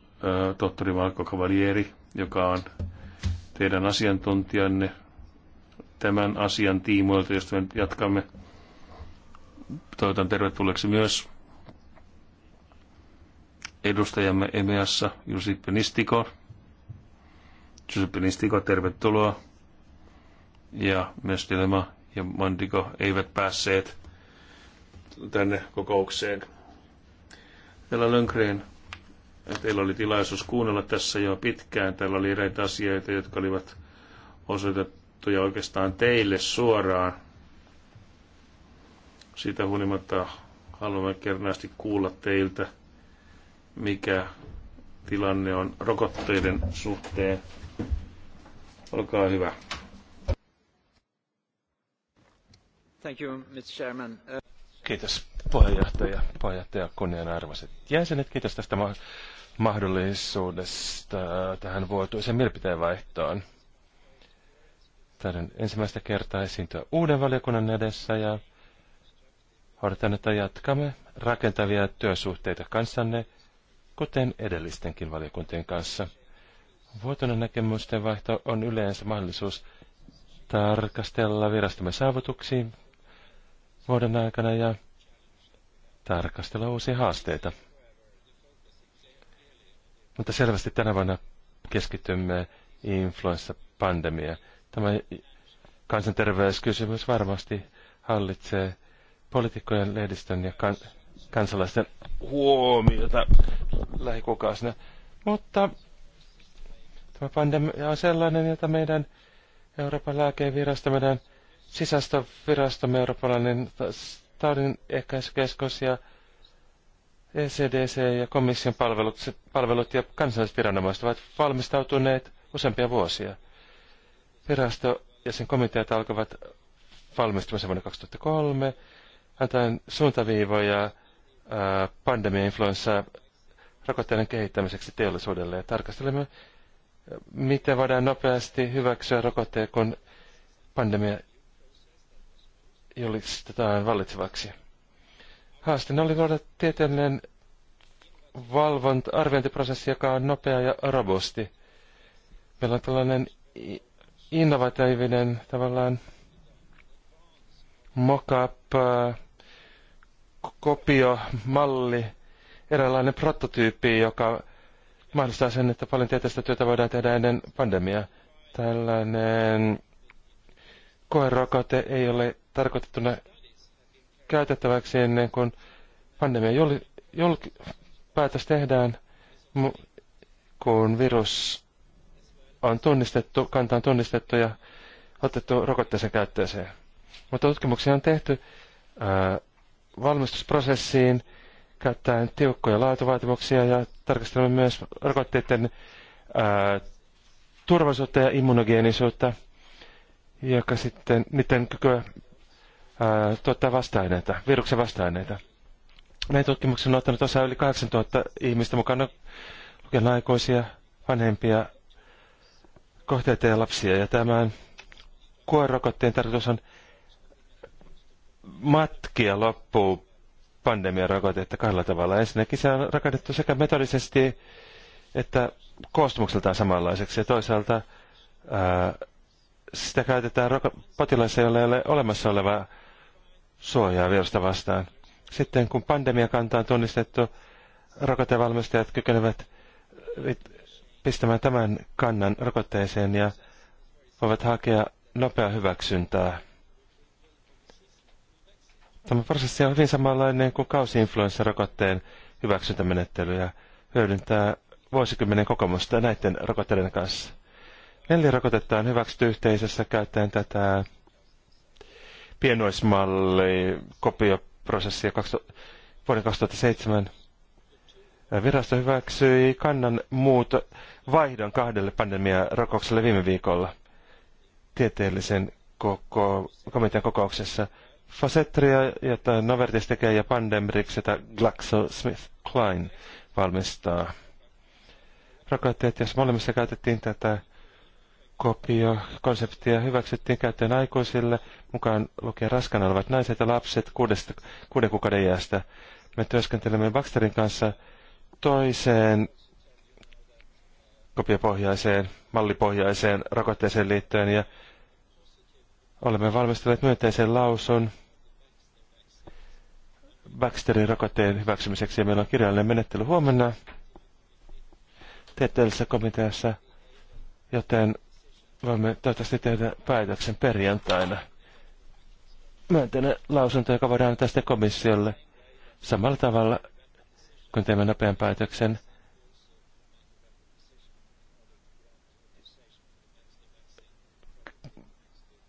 äh, tohtori Valko Cavalieri, joka on teidän asiantuntijanne tämän asian tiimoilta, josta me jatkamme. Toivotan tervetulleeksi myös edustajamme EMEassa Jusippe Nistikor. Giuseppe Nistiko, tervetuloa. Ja myös Dilema ja Mandiko eivät päässeet tänne kokoukseen. Tällä Lönkreen, teillä oli tilaisuus kuunnella tässä jo pitkään. Täällä oli eräitä asioita, jotka olivat osoitettuja oikeastaan teille suoraan. Siitä huolimatta haluamme kernaasti kuulla teiltä, mikä tilanne on rokotteiden suhteen Olkaa hyvä. Thank you, Mr. Chairman. Kiitos puheenjohtaja, puheenjohtaja kunnianarvoiset jäsenet. Kiitos tästä ma- mahdollisuudesta tähän vuotuisen mielipiteenvaihtoon. Taidan ensimmäistä kertaa esiintyä uuden valiokunnan edessä ja odotan, että jatkamme rakentavia työsuhteita kanssanne, kuten edellistenkin valiokuntien kanssa. Vuotoinen näkemysten vaihto on yleensä mahdollisuus tarkastella virastomme saavutuksia vuoden aikana ja tarkastella uusia haasteita. Mutta selvästi tänä vuonna keskitymme influenssapandemiaan. Tämä kansanterveyskysymys varmasti hallitsee poliitikkojen, lehdistön ja kan- kansalaisten huomiota lähikuukausina. Mutta Tämä pandemia on sellainen, jota meidän Euroopan lääkevirasto, meidän sisäistövirasto, eurooppalainen taudin ehkäisykeskus ja ECDC ja komission palvelut, palvelut ja viranomaiset ovat valmistautuneet useampia vuosia. Virasto ja sen komiteat alkavat valmistumisen vuonna 2003, antaen suuntaviivoja pandemia influenssaa rokotteiden kehittämiseksi teollisuudelle ja tarkastelemme miten voidaan nopeasti hyväksyä rokotteen, kun pandemia julistetaan vallitsevaksi. Haasteena oli luoda tieteellinen valvonta, arviointiprosessi, joka on nopea ja robusti. Meillä on tällainen innovatiivinen tavallaan mock-up, äh, kopio, malli, eräänlainen prototyyppi, joka mahdollistaa sen, että paljon tieteellistä työtä voidaan tehdä ennen pandemiaa. Tällainen koerokote ei ole tarkoitettuna käytettäväksi ennen kuin pandemia jol, jol, päätös tehdään, kun virus on tunnistettu, kanta on tunnistettu ja otettu rokotteeseen käyttöön. Mutta tutkimuksia on tehty ää, valmistusprosessiin käyttäen tiukkoja laatuvaatimuksia ja tarkastelemme myös rokotteiden ää, turvallisuutta ja immunogeenisuutta, joka sitten niiden kykyä ää, tuottaa vasta-aineita, viruksen vasta-aineita. Meidän tutkimuksen on ottanut osaa yli 8000 ihmistä mukana no, lukien aikuisia, vanhempia, kohteita ja lapsia. Ja tämän kuorokotteen tarkoitus on matkia loppuun pandemiarokotetta kahdella tavalla. Ensinnäkin se on rakennettu sekä metodisesti että koostumukseltaan samanlaiseksi ja toisaalta ää, sitä käytetään potilaissa, joilla ei ole olemassa olevaa suojaa virusta vastaan. Sitten kun pandemiakanta on tunnistettu, rokotevalmistajat kykenevät pistämään tämän kannan rokotteeseen ja voivat hakea nopeaa hyväksyntää Tämä prosessi on hyvin samanlainen kuin kausiinfluenssarokotteen hyväksyntämenettely ja hyödyntää vuosikymmenen kokemusta näiden rokotteiden kanssa. Neljä rokotetta on hyväksytty yhteisössä käyttäen tätä pienoismalli kopioprosessia vuoden 2007. Virasto hyväksyi kannan muut vaihdon kahdelle pandemiarokokselle viime viikolla tieteellisen koko, komitean kokouksessa – Fasetria, jota Novartis tekee, ja Pandemrix, jota GlaxoSmithKline valmistaa. Rokotteet, jos molemmissa käytettiin tätä kopiokonseptia, hyväksyttiin käyttöön aikuisille, mukaan lukien raskana olevat naiset ja lapset kuudesta, kuuden kuukauden iästä. Me työskentelemme Baxterin kanssa toiseen kopiopohjaiseen, mallipohjaiseen rokotteeseen liittyen, ja Olemme valmistelleet myönteisen lausun Baxterin rokotteen hyväksymiseksi ja meillä on kirjallinen menettely huomenna tieteellisessä komiteassa, joten voimme toivottavasti tehdä päätöksen perjantaina. Myönteinen lausunto, joka voidaan antaa sitten komissiolle samalla tavalla, kun teemme nopean päätöksen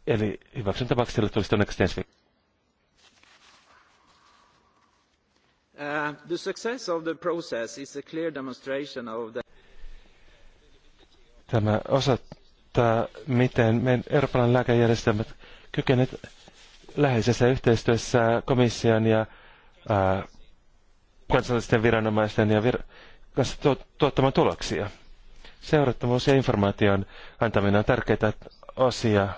Eli hyväksyn hyväksyntämaksille tulisi todennäköisesti ensi viikolla. Uh, the success of the process is a clear demonstration of the... Tämä osoittaa, miten meidän Euroopan lääkejärjestelmät kykenevät läheisessä yhteistyössä komission ja ää, uh, kansallisten viranomaisten ja vir- kanssa tu- tuottamaan tuloksia. Seurattomuus ja informaation antaminen on tärkeitä osia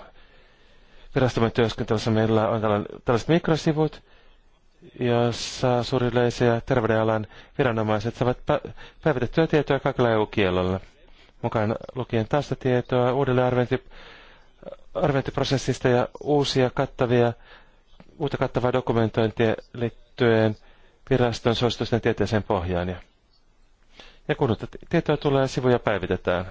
virastamme työskentelyssä meillä on tällaiset mikrosivut, jossa suurilleisiä ja terveydenalan viranomaiset saavat päivitettyä tietoa kaikilla EU-kielellä, mukaan lukien taustatietoa, uudelleenarviointi, arviointiprosessista ja uusia kattavia, uutta kattavaa dokumentointia liittyen viraston suositusten tieteeseen pohjaan. Ja, kun tietoa tulee, sivuja päivitetään.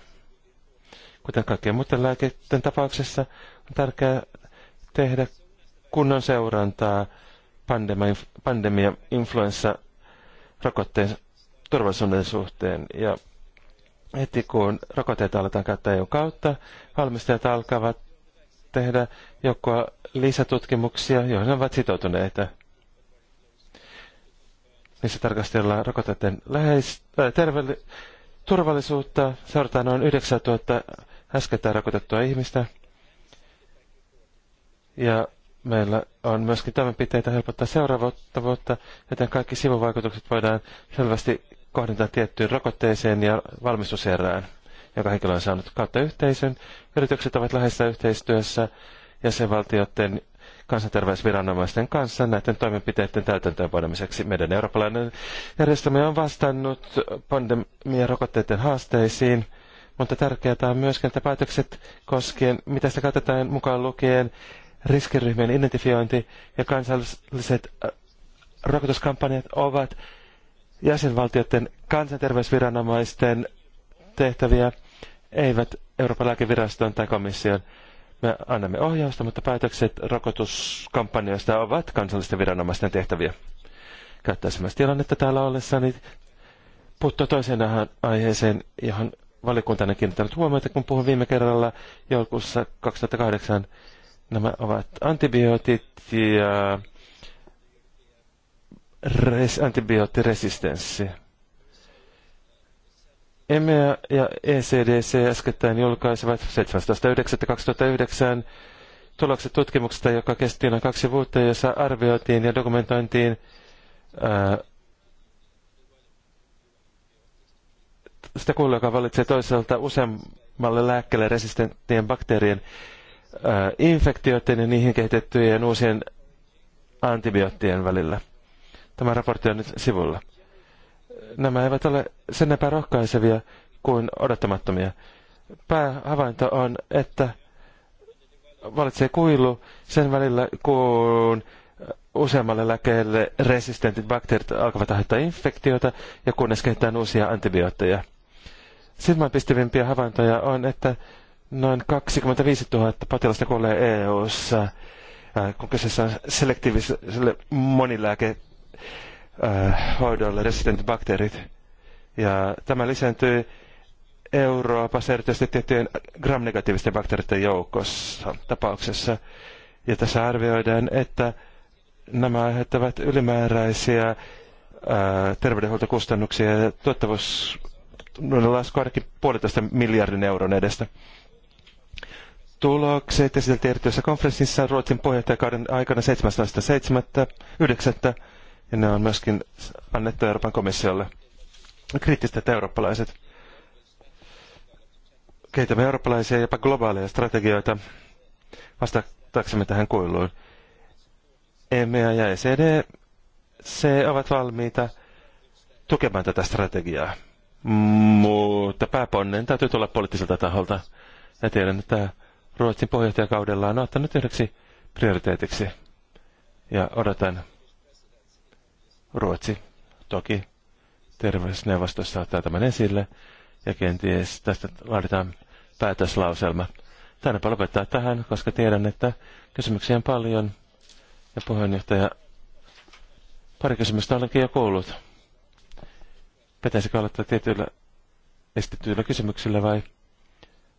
Kuten kaikkien muiden lääkeiden tapauksessa, on tärkeää tehdä kunnon seurantaa pandemia, pandemia influenssa rokotteen turvallisuuden suhteen. Ja heti kun rokotteita aletaan käyttää EUn kautta, valmistajat alkavat tehdä joko lisätutkimuksia, joihin ovat sitoutuneita. Niissä tarkastellaan rokotteiden läheis- äh, tai turvallisuutta, seurataan noin 9000 äskettäin rokotettua ihmistä – ja meillä on myöskin toimenpiteitä helpottaa seuraavuutta, vuotta, joten kaikki sivuvaikutukset voidaan selvästi kohdentaa tiettyyn rokotteeseen ja valmistuserään, joka henkilö on saanut kautta yhteisön. Yritykset ovat läheisessä yhteistyössä jäsenvaltioiden kansanterveysviranomaisten kanssa näiden toimenpiteiden täytäntöönpanemiseksi. Meidän eurooppalainen järjestelmä on vastannut pandemian rokotteiden haasteisiin, mutta tärkeää on myöskin, että päätökset koskien, mitä sitä käytetään mukaan lukien riskiryhmien identifiointi ja kansalliset rokotuskampanjat ovat jäsenvaltioiden kansanterveysviranomaisten tehtäviä, eivät Euroopan lääkeviraston tai komission. Me annamme ohjausta, mutta päätökset rokotuskampanjoista ovat kansallisten viranomaisten tehtäviä. Käyttäisimme tilannetta täällä ollessani niin puuttua toiseen aiheeseen, johon valiokunta on kiinnittänyt huomiota, kun puhun viime kerralla joulukuussa 2008 Nämä ovat antibiootit ja res, antibioottiresistenssi. EMEA ja ECDC äskettäin julkaisivat 17.9.2009 tulokset tutkimuksesta, joka kesti noin kaksi vuotta, jossa arvioitiin ja dokumentointiin ää, sitä kuulua, joka valitsee toisaalta useammalle lääkkeelle resistenttien bakteerien infektioiden ja niihin kehitettyjen uusien antibioottien välillä. Tämä raportti on nyt sivulla. Nämä eivät ole sen epärohkaisevia kuin odottamattomia. Päähavainto on, että valitsee kuilu sen välillä, kun useammalle lääkkeelle resistentit bakteerit alkavat aiheuttaa infektiota ja kunnes kehitetään uusia antibiootteja. Silmään havaintoja on, että Noin 25 000 potilasta kuolee EU-ssa, äh, kun kyseessä on selektiiviselle monilääkehoidolle äh, resistentit bakteerit. Ja tämä lisääntyy Euroopassa erityisesti tiettyjen gramnegatiivisten bakteereiden joukossa tapauksessa. Ja tässä arvioidaan, että nämä aiheuttavat ylimääräisiä ää, äh, terveydenhuoltokustannuksia ja tuottavuus lasku ainakin puolitoista miljardin euron edestä tulokset esiteltiin erityisessä konferenssissa Ruotsin puheenjohtajakauden aikana 17.7.9. ja ne on myöskin annettu Euroopan komissiolle. Kriittiset eurooppalaiset. Keitämme eurooppalaisia ja jopa globaaleja strategioita vastataksemme tähän kuiluun. EMEA ja ECD se ovat valmiita tukemaan tätä strategiaa. Mutta pääponnen täytyy tulla poliittiselta taholta. Ja tiedän, että Ruotsin puheenjohtajakaudella on ottanut yhdeksi prioriteetiksi. Ja odotan Ruotsi toki terveysneuvostossa ottaa tämän esille ja kenties tästä laaditaan päätöslauselma. Tänne lopettaa tähän, koska tiedän, että kysymyksiä on paljon ja puheenjohtaja pari kysymystä olenkin jo kuullut. Pitäisikö aloittaa tietyillä esitetyillä kysymyksillä vai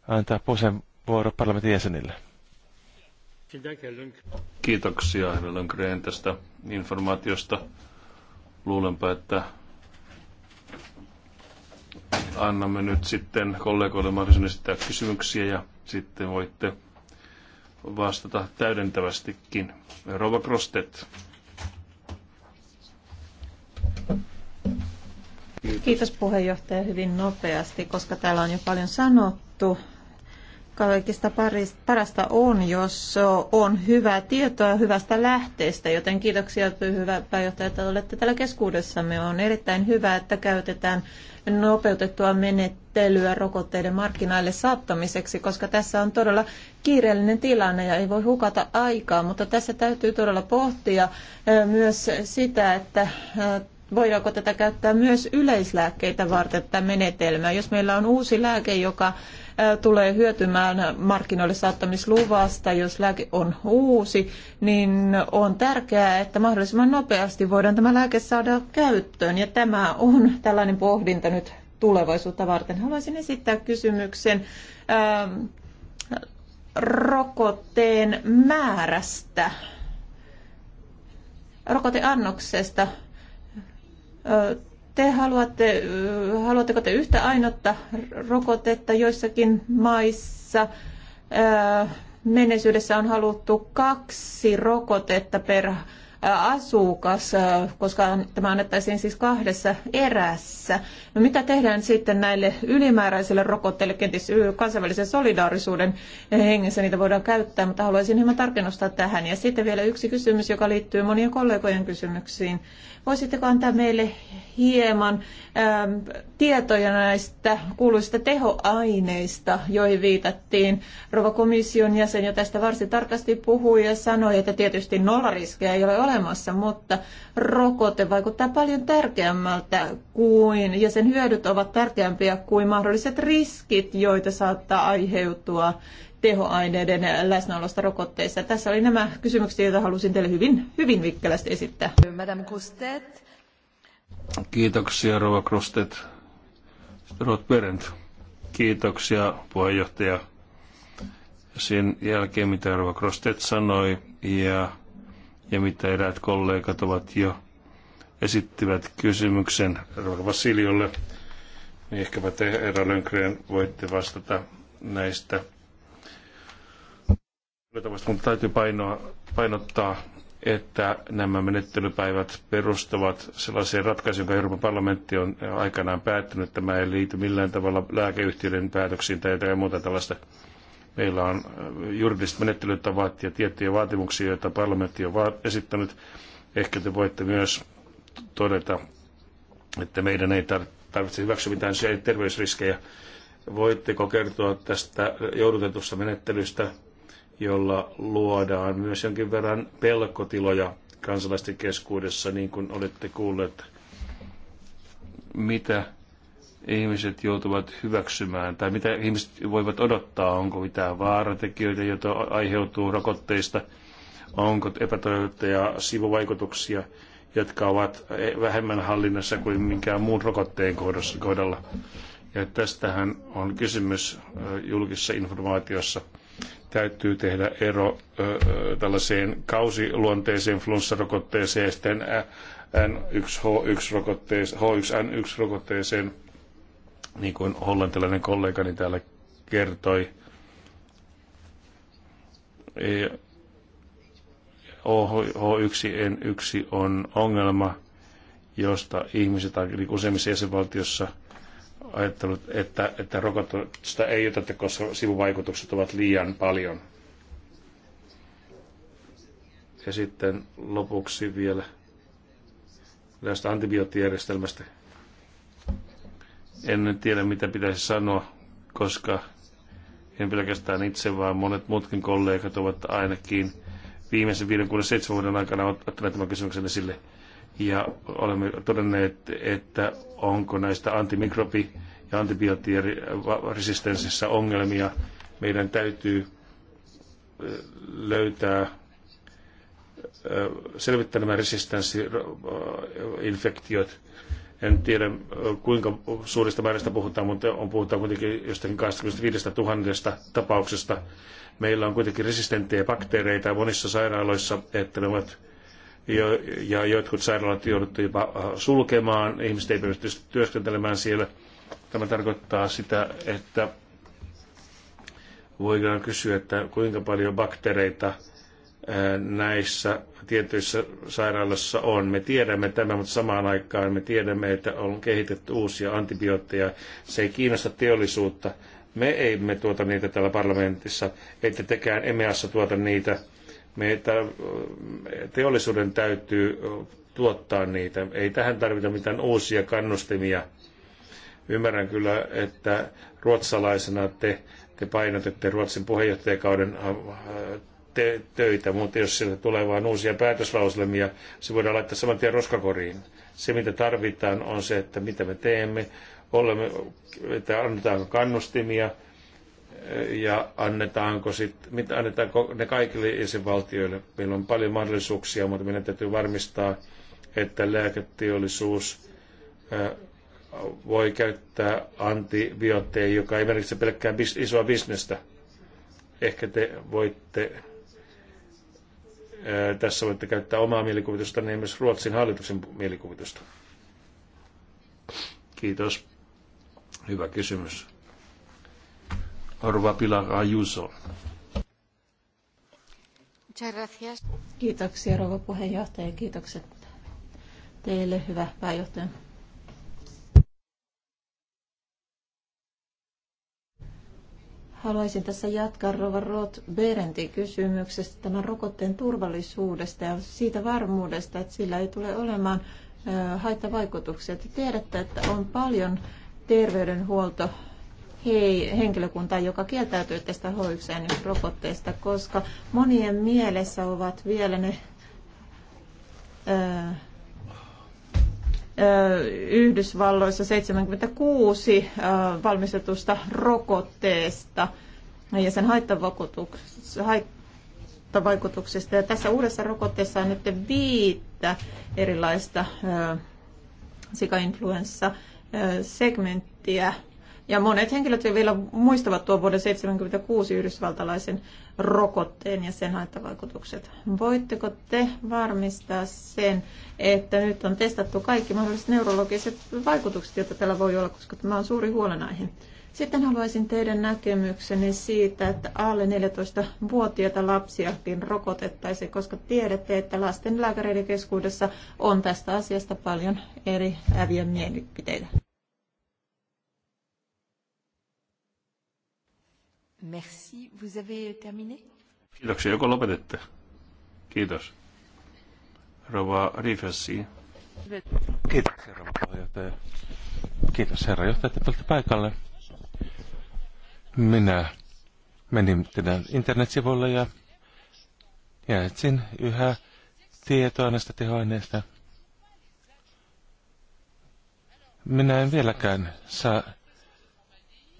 antaa pusen puheenvuoro parlamentin jäsenille. Kiitoksia herra Lönkreen tästä informaatiosta. Luulenpa, että annamme nyt sitten kollegoille mahdollisuuden esittää kysymyksiä ja sitten voitte vastata täydentävästikin. Rova Krostet. Kiitos. Kiitos puheenjohtaja hyvin nopeasti, koska täällä on jo paljon sanottu kaikista parasta on, jos on hyvää tietoa hyvästä lähteestä, joten kiitoksia hyvä pääjohtaja, että olette täällä keskuudessamme. On erittäin hyvä, että käytetään nopeutettua menettelyä rokotteiden markkinaille saattamiseksi, koska tässä on todella kiireellinen tilanne ja ei voi hukata aikaa, mutta tässä täytyy todella pohtia eh, myös sitä, että eh, voidaanko tätä käyttää myös yleislääkkeitä varten tätä menetelmää? Jos meillä on uusi lääke, joka tulee hyötymään markkinoille saattamisluvasta, jos lääke on uusi, niin on tärkeää, että mahdollisimman nopeasti voidaan tämä lääke saada käyttöön. Ja tämä on tällainen pohdinta nyt tulevaisuutta varten. Haluaisin esittää kysymyksen ähm, rokotteen määrästä, rokoteannoksesta te haluatte, haluatteko te yhtä ainotta rokotetta joissakin maissa? Menneisyydessä on haluttu kaksi rokotetta per asukas, äh, koska tämä annettaisiin siis kahdessa erässä. No mitä tehdään sitten näille ylimääräisille rokotteille, kenties kansainvälisen solidaarisuuden hengessä niitä voidaan käyttää, mutta haluaisin hieman tarkennusta tähän. Ja sitten vielä yksi kysymys, joka liittyy monien kollegojen kysymyksiin. Voisitteko antaa meille hieman Ähm, tietoja näistä kuuluisista tehoaineista, joihin viitattiin. Rova komission jäsen jo tästä varsin tarkasti puhui ja sanoi, että tietysti nollariskejä ei ole olemassa, mutta rokote vaikuttaa paljon tärkeämmältä kuin, ja sen hyödyt ovat tärkeämpiä kuin mahdolliset riskit, joita saattaa aiheutua tehoaineiden läsnäolosta rokotteissa. Tässä oli nämä kysymykset, joita halusin teille hyvin, hyvin vikkelästi esittää. Madame Kiitoksia, Rova Krustet. Rod Berent. Kiitoksia, puheenjohtaja. Sen jälkeen, mitä Rova Krustet sanoi ja, ja mitä eräät kollegat ovat jo esittivät kysymyksen Rova Vasiljolle, niin ehkäpä te, Eero Lönkren, voitte vastata näistä. Mutta täytyy painoa, painottaa että nämä menettelypäivät perustuvat sellaiseen ratkaisuun, jonka Euroopan parlamentti on aikanaan päättänyt. Tämä ei liity millään tavalla lääkeyhtiöiden päätöksiin tai jotain muuta tällaista. Meillä on äh, juridiset menettelytavat ja tiettyjä vaatimuksia, joita parlamentti on esittänyt. Ehkä te voitte myös todeta, että meidän ei tarvitse hyväksyä mitään terveysriskejä. Voitteko kertoa tästä joudutetusta menettelystä jolla luodaan myös jonkin verran pelkotiloja kansalaisten keskuudessa, niin kuin olette kuulleet, mitä ihmiset joutuvat hyväksymään tai mitä ihmiset voivat odottaa, onko mitään vaaratekijöitä, joita aiheutuu rokotteista, onko epätoivottuja sivuvaikutuksia, jotka ovat vähemmän hallinnassa kuin minkään muun rokotteen kohdalla. Ja tästähän on kysymys äh, julkisessa informaatiossa – täytyy tehdä ero tällaiseen kausiluonteiseen flunssarokotteeseen ja sitten N1H1-rokotteeseen, H1N1-rokotteeseen, niin kuin hollantilainen kollegani täällä kertoi. E, H1N1 on ongelma, josta ihmiset niin useimmissa jäsenvaltiossa – ajatellut, että, että rokotusta ei oteta, koska sivuvaikutukset ovat liian paljon. Ja sitten lopuksi vielä tästä antibioottijärjestelmästä. En nyt tiedä, mitä pitäisi sanoa, koska en pelkästään itse, vaan monet muutkin kollegat ovat ainakin viimeisen 5, 6, 7 vuoden aikana ottaneet tämän kysymyksen esille. Ja olemme todenneet, että onko näistä antimikrobi- ja antibioottiresistenssissä ongelmia. Meidän täytyy löytää, selvittää nämä resistenssiinfektiot. En tiedä, kuinka suurista määristä puhutaan, mutta on puhutaan kuitenkin jostakin 25 000 tapauksesta. Meillä on kuitenkin resistenttejä bakteereita monissa sairaaloissa, että ne ovat jo, ja jotkut sairaalat jouduttu jopa äh, sulkemaan, ihmiset ei pysty työskentelemään siellä. Tämä tarkoittaa sitä, että voidaan kysyä, että kuinka paljon bakteereita äh, näissä tietyissä sairaaloissa on. Me tiedämme tämän, mutta samaan aikaan me tiedämme, että on kehitetty uusia antibiootteja. Se ei kiinnosta teollisuutta. Me emme tuota niitä täällä parlamentissa, että tekään EMEassa tuota niitä meitä, teollisuuden täytyy tuottaa niitä. Ei tähän tarvita mitään uusia kannustimia. Ymmärrän kyllä, että ruotsalaisena te, te painotatte Ruotsin puheenjohtajakauden te, töitä, mutta jos sieltä tulee vain uusia päätöslauselmia, se voidaan laittaa saman tien roskakoriin. Se, mitä tarvitaan, on se, että mitä me teemme, olemme, että annetaanko kannustimia, ja annetaanko sit, mitä annetaanko ne kaikille jäsenvaltioille. Meillä on paljon mahdollisuuksia, mutta meidän täytyy varmistaa, että lääketeollisuus voi käyttää antibiootteja, joka ei merkitse pelkkää bis, isoa bisnestä. Ehkä te voitte, tässä voitte käyttää omaa mielikuvitusta, niin myös Ruotsin hallituksen mielikuvitusta. Kiitos. Hyvä kysymys. Orva Pilar Ayuso. Kiitoksia rouva puheenjohtaja. Kiitokset teille, hyvä pääjohtaja. Haluaisin tässä jatkaa rouva Roth Berentin kysymyksestä tämän rokotteen turvallisuudesta ja siitä varmuudesta, että sillä ei tule olemaan haittavaikutuksia. Te tiedätte, että on paljon terveydenhuolto hei, henkilökuntaa, joka kieltäytyy tästä h 1 n rokotteesta koska monien mielessä ovat vielä ne ö, Yhdysvalloissa 76 valmistetusta rokotteesta ja sen haittavaikutuksista. Ja tässä uudessa rokotteessa on nyt viittä erilaista sikainfluenssa segmenttiä ja monet henkilöt vielä muistavat tuon vuoden 1976 yhdysvaltalaisen rokotteen ja sen haittavaikutukset. Voitteko te varmistaa sen, että nyt on testattu kaikki mahdolliset neurologiset vaikutukset, joita tällä voi olla, koska tämä on suuri huolenaihe? Sitten haluaisin teidän näkemyksenne siitä, että alle 14-vuotiaita lapsiakin rokotettaisiin, koska tiedätte, että lasten lääkäreiden keskuudessa on tästä asiasta paljon eri häviä mielipiteitä. Merci. Vous avez terminé? Kiitoksia. Joko Kiitos. Rova Kiitos, herra puheenjohtaja. Kiitos, herra johtaja, että tulitte paikalle. Minä menin teidän internetsivuille ja, ja etsin yhä tietoa näistä tehoaineista. Minä en vieläkään saa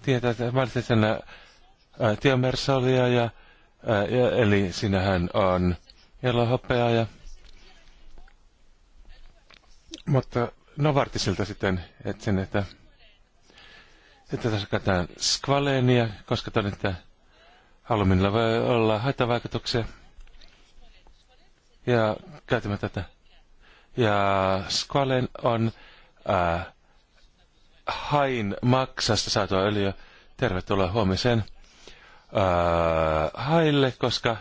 tietää, että mainitsin tiomersalia ja, ja eli sinähän on elohopea ja mutta Novartisilta sitten etsin, että, että tässä katsotaan skvaleenia, koska tämän, että alumiinilla voi olla haittavaikutuksia. Ja käytämme tätä. Ja skvaleen on ää, hain maksasta saatua öljyä. Tervetuloa huomiseen haille, koska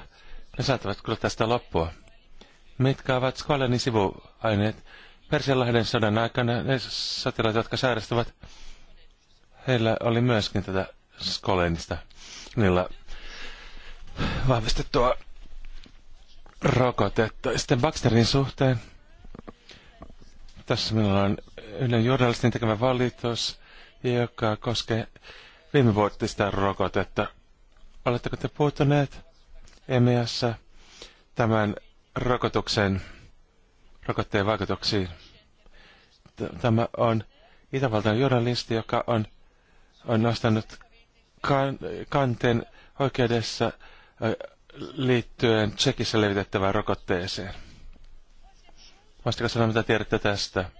ne saattavat kyllä tästä loppua. Mitkä ovat Skolenin sivuaineet? Persianlahden sodan aikana ne sotilaat, jotka sairastuvat, heillä oli myöskin tätä Skolenista. Niillä vahvistettua rokotetta. Sitten Baxterin suhteen. Tässä minulla on yhden journalistin tekemä valitus, joka koskee viime sitä rokotetta Oletteko te puuttuneet EMEassa tämän rokotuksen, rokotteen vaikutuksiin? Tämä on Itävaltain journalisti, joka on, on nostanut kan, kanteen oikeudessa liittyen Tsekissä levitettävään rokotteeseen. Voisitko sanoa, mitä tiedätte tästä?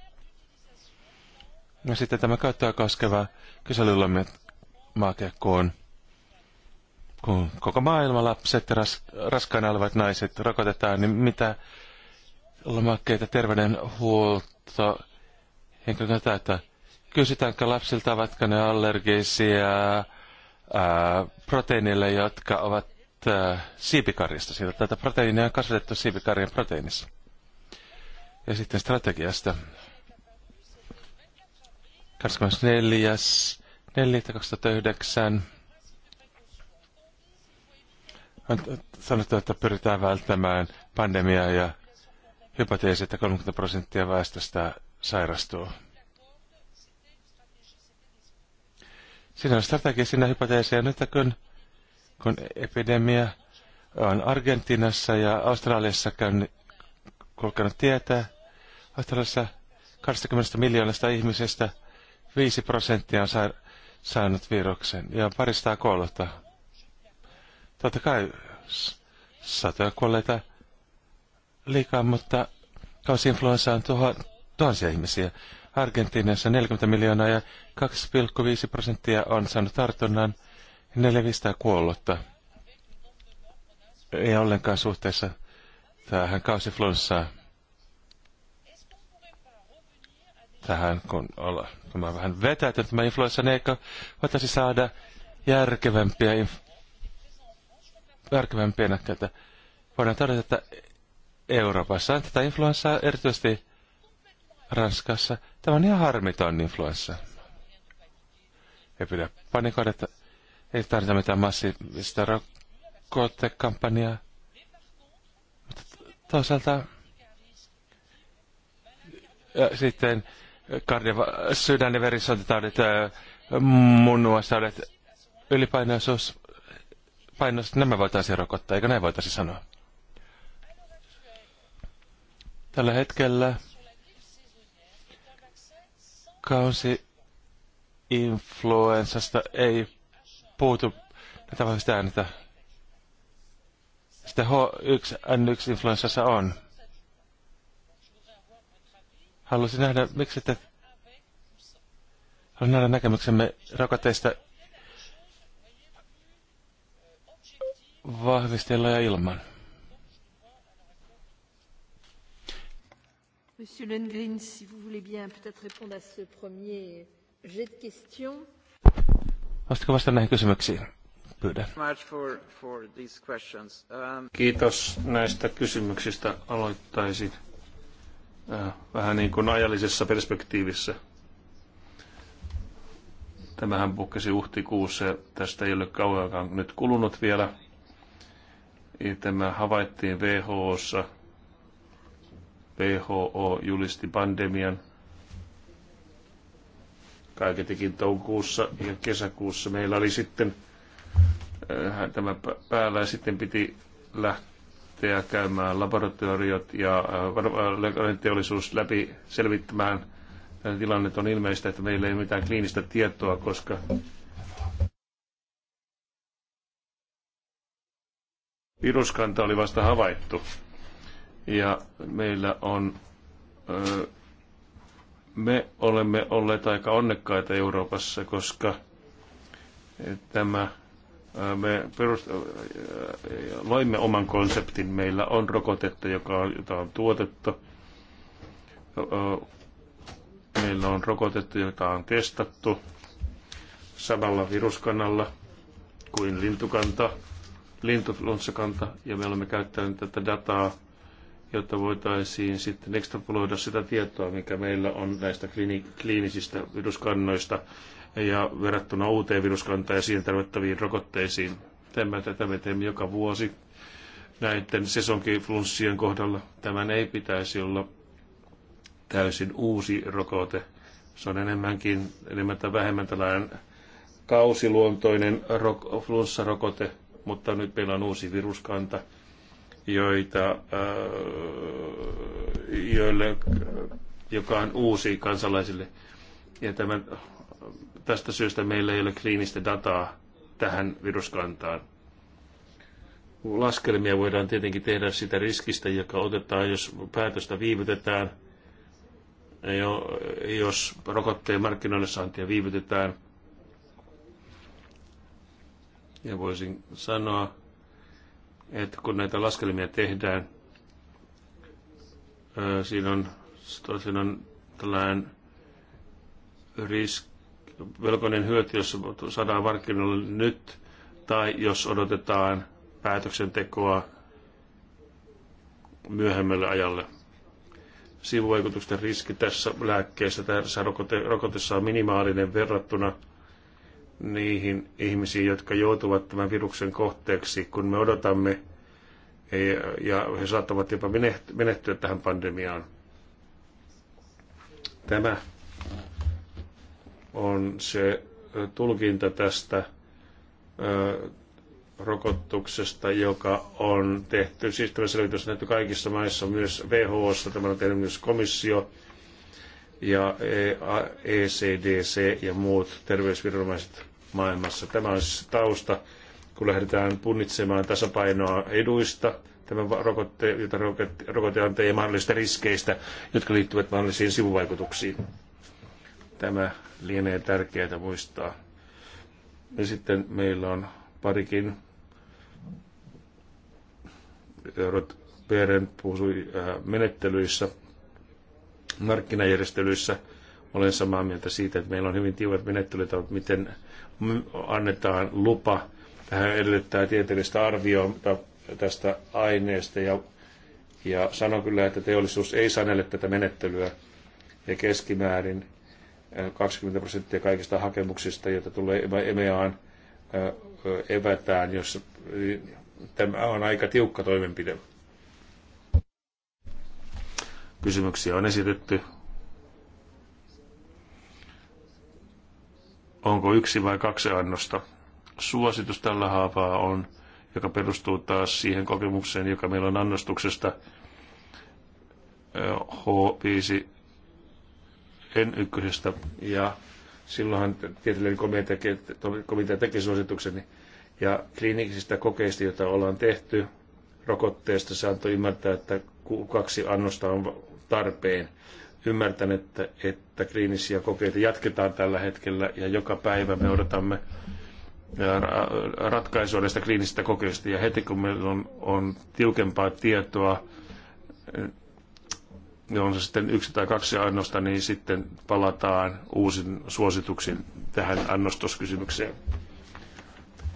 No sitten tämä käyttöä koskeva kyselylomia maakekoon kun koko maailma lapset ja ras, raskaana olevat naiset rokotetaan, niin mitä lomakkeita terveydenhuolto henkilökunta täyttää? Kysytäänkö lapsilta, ovatko ne allergisia ää, proteiinille, jotka ovat ää, siipikarjasta, sillä tätä proteiinia on kasvatettu siipikarjan proteiinissa. Ja sitten strategiasta. 24.4.2009 on sanottu, että pyritään välttämään pandemiaa ja hypoteesi, että 30 prosenttia väestöstä sairastuu. Siinä on strategia, siinä hypoteesi, ja nyt kun, kun epidemia on Argentiinassa ja Australiassa käynyt, kulkenut tietää, Australiassa 20 miljoonasta ihmisestä 5 prosenttia on saanut viruksen ja on paristaa kouluttaa. Totta kai satoja kuolleita liikaa, mutta kausinfluenssa on tuho, tuhansia ihmisiä. Argentiinassa 40 miljoonaa ja 2,5 prosenttia on saanut tartunnan 400 kuollutta. Ei ollenkaan suhteessa tähän kausiflunssaan. Tähän kun, olla, kun mä vähän vetäytän influenssa, niin eikö voitaisiin saada järkevämpiä järkevän pienekkäitä. Voidaan todeta, että Euroopassa on tätä influenssaa, erityisesti Ranskassa. Tämä on ihan harmiton influenssa. Ei pidä panikoida, että ei tarvita mitään massiivista rokotekampanjaa. Mutta toisaalta ja sitten kardiova, sydän- ja verisuonitaudit, äh, munuastaudet, ylipainoisuus painosta nämä voitaisiin rokottaa, eikä näin voitaisiin sanoa. Tällä hetkellä kausi influenssasta ei puutu näitä vahvista äänitä. Sitä H1N1-influenssassa on. Haluaisin nähdä, miksi te... Haluaisin nähdä näkemyksemme rokotteista Vahvistella ja ilman. Monsieur Lundgren, si vous voulez bien peut-être répondre à ce premier jet de questions. Voisitko vastata näihin kysymyksiin? Pyydän. Um, Kiitos näistä kysymyksistä. Aloittaisin äh, vähän niin kuin ajallisessa perspektiivissä. Tämähän pukkesi huhtikuussa ja tästä ei ole kauankaan nyt kulunut vielä tämä havaittiin WHOssa. WHO julisti pandemian kaiketikin toukokuussa ja kesäkuussa. Meillä oli sitten äh, tämä päällä ja sitten piti lähteä käymään laboratoriot ja äh, teollisuus läpi selvittämään Tätä äh, tilannetta on ilmeistä, että meillä ei ole mitään kliinistä tietoa, koska viruskanta oli vasta havaittu. Ja meillä on, me olemme olleet aika onnekkaita Euroopassa, koska e, tämä me perust, loimme oman konseptin. Meillä on rokotetta, joka on, jota on tuotettu. Meillä on rokotetta, jota on testattu samalla viruskannalla kuin lintukanta lintulunssakanta ja me olemme käyttäneet tätä dataa, jotta voitaisiin sitten ekstrapoloida sitä tietoa, mikä meillä on näistä kliinisistä viruskannoista ja verrattuna uuteen viruskantaan ja siihen tarvittaviin rokotteisiin. Tämä tätä me teemme joka vuosi näiden sesonkiflunssien kohdalla. Tämän ei pitäisi olla täysin uusi rokote. Se on enemmänkin, enemmän tai vähemmän tällainen kausiluontoinen rok, flunssarokote, mutta nyt meillä on uusi viruskanta, joita, äh, joille, äh, joka on uusi kansalaisille. Ja tämän, tästä syystä meillä ei ole kliinistä dataa tähän viruskantaan. Laskelmia voidaan tietenkin tehdä sitä riskistä, joka otetaan, jos päätöstä viivytetään, jos rokotteen markkinoille saantia viivytetään – ja voisin sanoa, että kun näitä laskelmia tehdään, siinä on, siinä on tällainen risk, velkoinen hyöty, jos saadaan markkinoille nyt, tai jos odotetaan päätöksentekoa myöhemmälle ajalle. Sivuvaikutusten riski tässä lääkkeessä, tässä rokote, rokotessa on minimaalinen verrattuna – niihin ihmisiin, jotka joutuvat tämän viruksen kohteeksi, kun me odotamme eh, ja he saattavat jopa menehtyä tähän pandemiaan. Tämä on se eh, tulkinta tästä eh, rokotuksesta, joka on tehty, siis tämä selvitys nähty kaikissa maissa, myös WHOssa, tämä on tehnyt myös komissio ja ECDC e ja muut terveysviranomaiset maailmassa. Tämä on siis tausta, kun lähdetään punnitsemaan tasapainoa eduista, tämän rokotte, jota rokote, ja mahdollisista riskeistä, jotka liittyvät mahdollisiin sivuvaikutuksiin. Tämä lienee tärkeää muistaa. Ja sitten meillä on parikin Rod Beren puhui äh, menettelyissä, markkinajärjestelyissä. Olen samaa mieltä siitä, että meillä on hyvin tiukat menettelytavat, miten annetaan lupa. Hän edellyttää tieteellistä arviota tästä aineesta ja, ja sanon kyllä, että teollisuus ei sanele tätä menettelyä ja keskimäärin 20 äh, prosenttia kaikista hakemuksista, joita tulee EMEAan, äh, evätään, jos äh, tämä on aika tiukka toimenpide. Kysymyksiä on esitetty onko yksi vai kaksi annosta. Suositus tällä haavaa on, joka perustuu taas siihen kokemukseen, joka meillä on annostuksesta H5 N1. Ja silloinhan tieteellinen komitea teki suosituksen. Niin- ja kliinisistä kokeista, joita ollaan tehty, rokotteesta se antoi ymmärtää, että kaksi annosta on tarpeen ymmärtän, että, että kliinisiä kokeita jatketaan tällä hetkellä ja joka päivä me odotamme ratkaisua näistä kliinisistä kokeista. Ja heti kun meillä on, on tiukempaa tietoa, on se sitten yksi tai kaksi annosta, niin sitten palataan uusin suosituksin tähän annostuskysymykseen.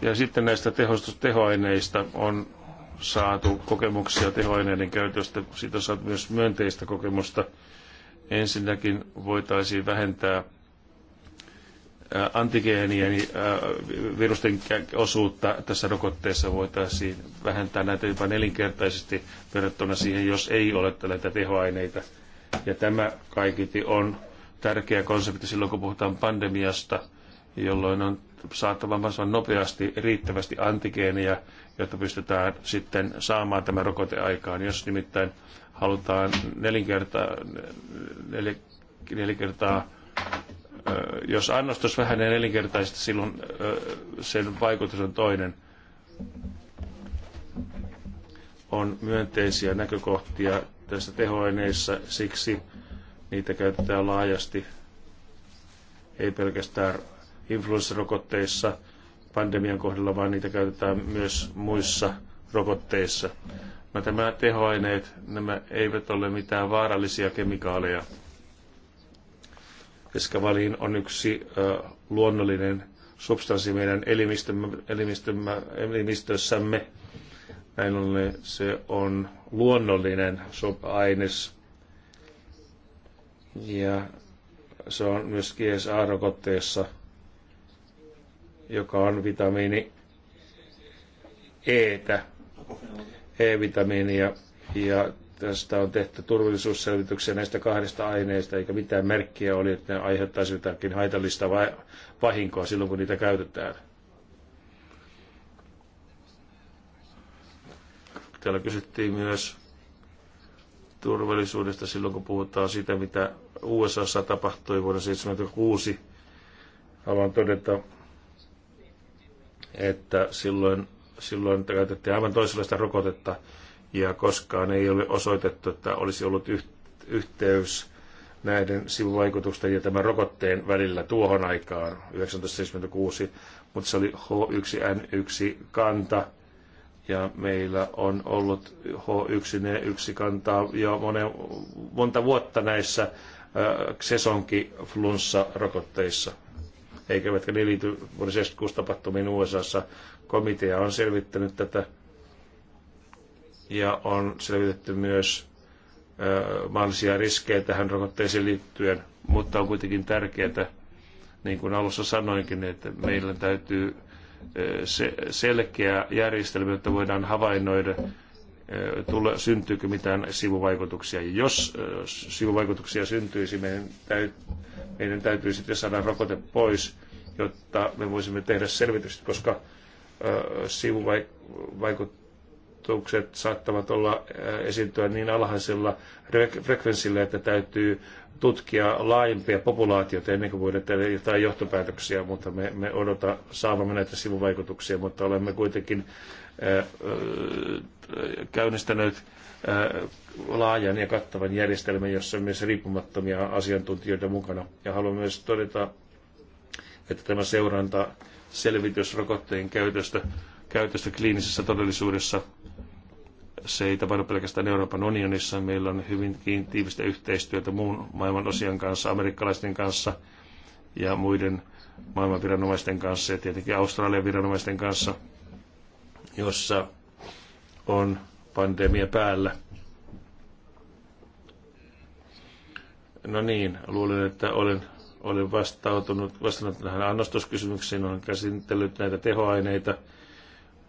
Ja sitten näistä tehoaineista on saatu kokemuksia tehoaineiden käytöstä. Siitä on saatu myös myönteistä kokemusta Ensinnäkin voitaisiin vähentää äh, antigeenien äh, virusten osuutta tässä rokotteessa voitaisiin vähentää näitä jopa nelinkertaisesti verrattuna siihen, jos ei ole näitä tehoaineita. Ja tämä kaikiti on tärkeä konsepti silloin, kun puhutaan pandemiasta, jolloin on saatava mahdollisimman nopeasti riittävästi antigeenia, jotta pystytään sitten saamaan tämä rokote aikaan. Jos nimittäin halutaan nelinkerta, nel, nelinkertaa jos annostus vähän nelinkertaisesti, silloin sen vaikutus on toinen. On myönteisiä näkökohtia tässä tehoaineissa, siksi niitä käytetään laajasti, ei pelkästään influenssarokotteissa pandemian kohdalla, vaan niitä käytetään myös muissa rokotteissa. No, nämä tehoaineet, nämä eivät ole mitään vaarallisia kemikaaleja. Eskavaliin on yksi ö, luonnollinen substanssi meidän elimistömme, elimistömme, elimistössämme. Näin ollen se on luonnollinen aines. Ja se on myös GSA-rokotteessa, joka on vitamiini E. -tä. E-vitamiinia ja tästä on tehty turvallisuusselvityksiä näistä kahdesta aineesta, eikä mitään merkkiä oli, että ne aiheuttaisi jotakin haitallista vahinkoa silloin, kun niitä käytetään. Täällä kysyttiin myös turvallisuudesta silloin, kun puhutaan siitä, mitä USAssa tapahtui vuonna 1976. Haluan todeta, että silloin silloin käytettiin aivan toisenlaista rokotetta ja koskaan ei ole osoitettu, että olisi ollut yhteys näiden sivuvaikutusten ja tämän rokotteen välillä tuohon aikaan, 1976, mutta se oli H1N1 kanta, ja meillä on ollut H1N1 kantaa jo monen, monta vuotta näissä äh, flunssa rokotteissa eikä vaikka ne liity vuoden 76 tapahtumiin USAssa. Komitea on selvittänyt tätä ja on selvitetty myös ö, mahdollisia riskejä tähän rokotteeseen liittyen, mutta on kuitenkin tärkeää, niin kuin alussa sanoinkin, että meillä täytyy se, selkeä järjestelmä, jotta voidaan havainnoida, tule, syntyykö mitään sivuvaikutuksia. jos sivuvaikutuksia syntyisi, meidän täytyy meidän täytyy sitten saada rokote pois, jotta me voisimme tehdä selvitystä, koska sivuvaikutukset saattavat olla esiintyä niin alhaisella frekvenssillä, että täytyy tutkia laajempia populaatioita ennen kuin voidaan tehdä jotain johtopäätöksiä, mutta me, me odota saavamme näitä sivuvaikutuksia, mutta olemme kuitenkin käynnistäneet laajan ja kattavan järjestelmän, jossa on myös riippumattomia asiantuntijoita mukana. Ja haluan myös todeta, että tämä seuranta selvitys rokotteen käytöstä, käytöstä kliinisessä todellisuudessa se ei tapahdu pelkästään Euroopan unionissa. Meillä on hyvin tiivistä yhteistyötä muun maailman osian kanssa, amerikkalaisten kanssa ja muiden maailman viranomaisten kanssa ja tietenkin Australian viranomaisten kanssa, jossa on pandemia päällä. No niin, luulen, että olen, olen vastautunut, vastannut tähän annostuskysymyksiin, olen käsitellyt näitä tehoaineita.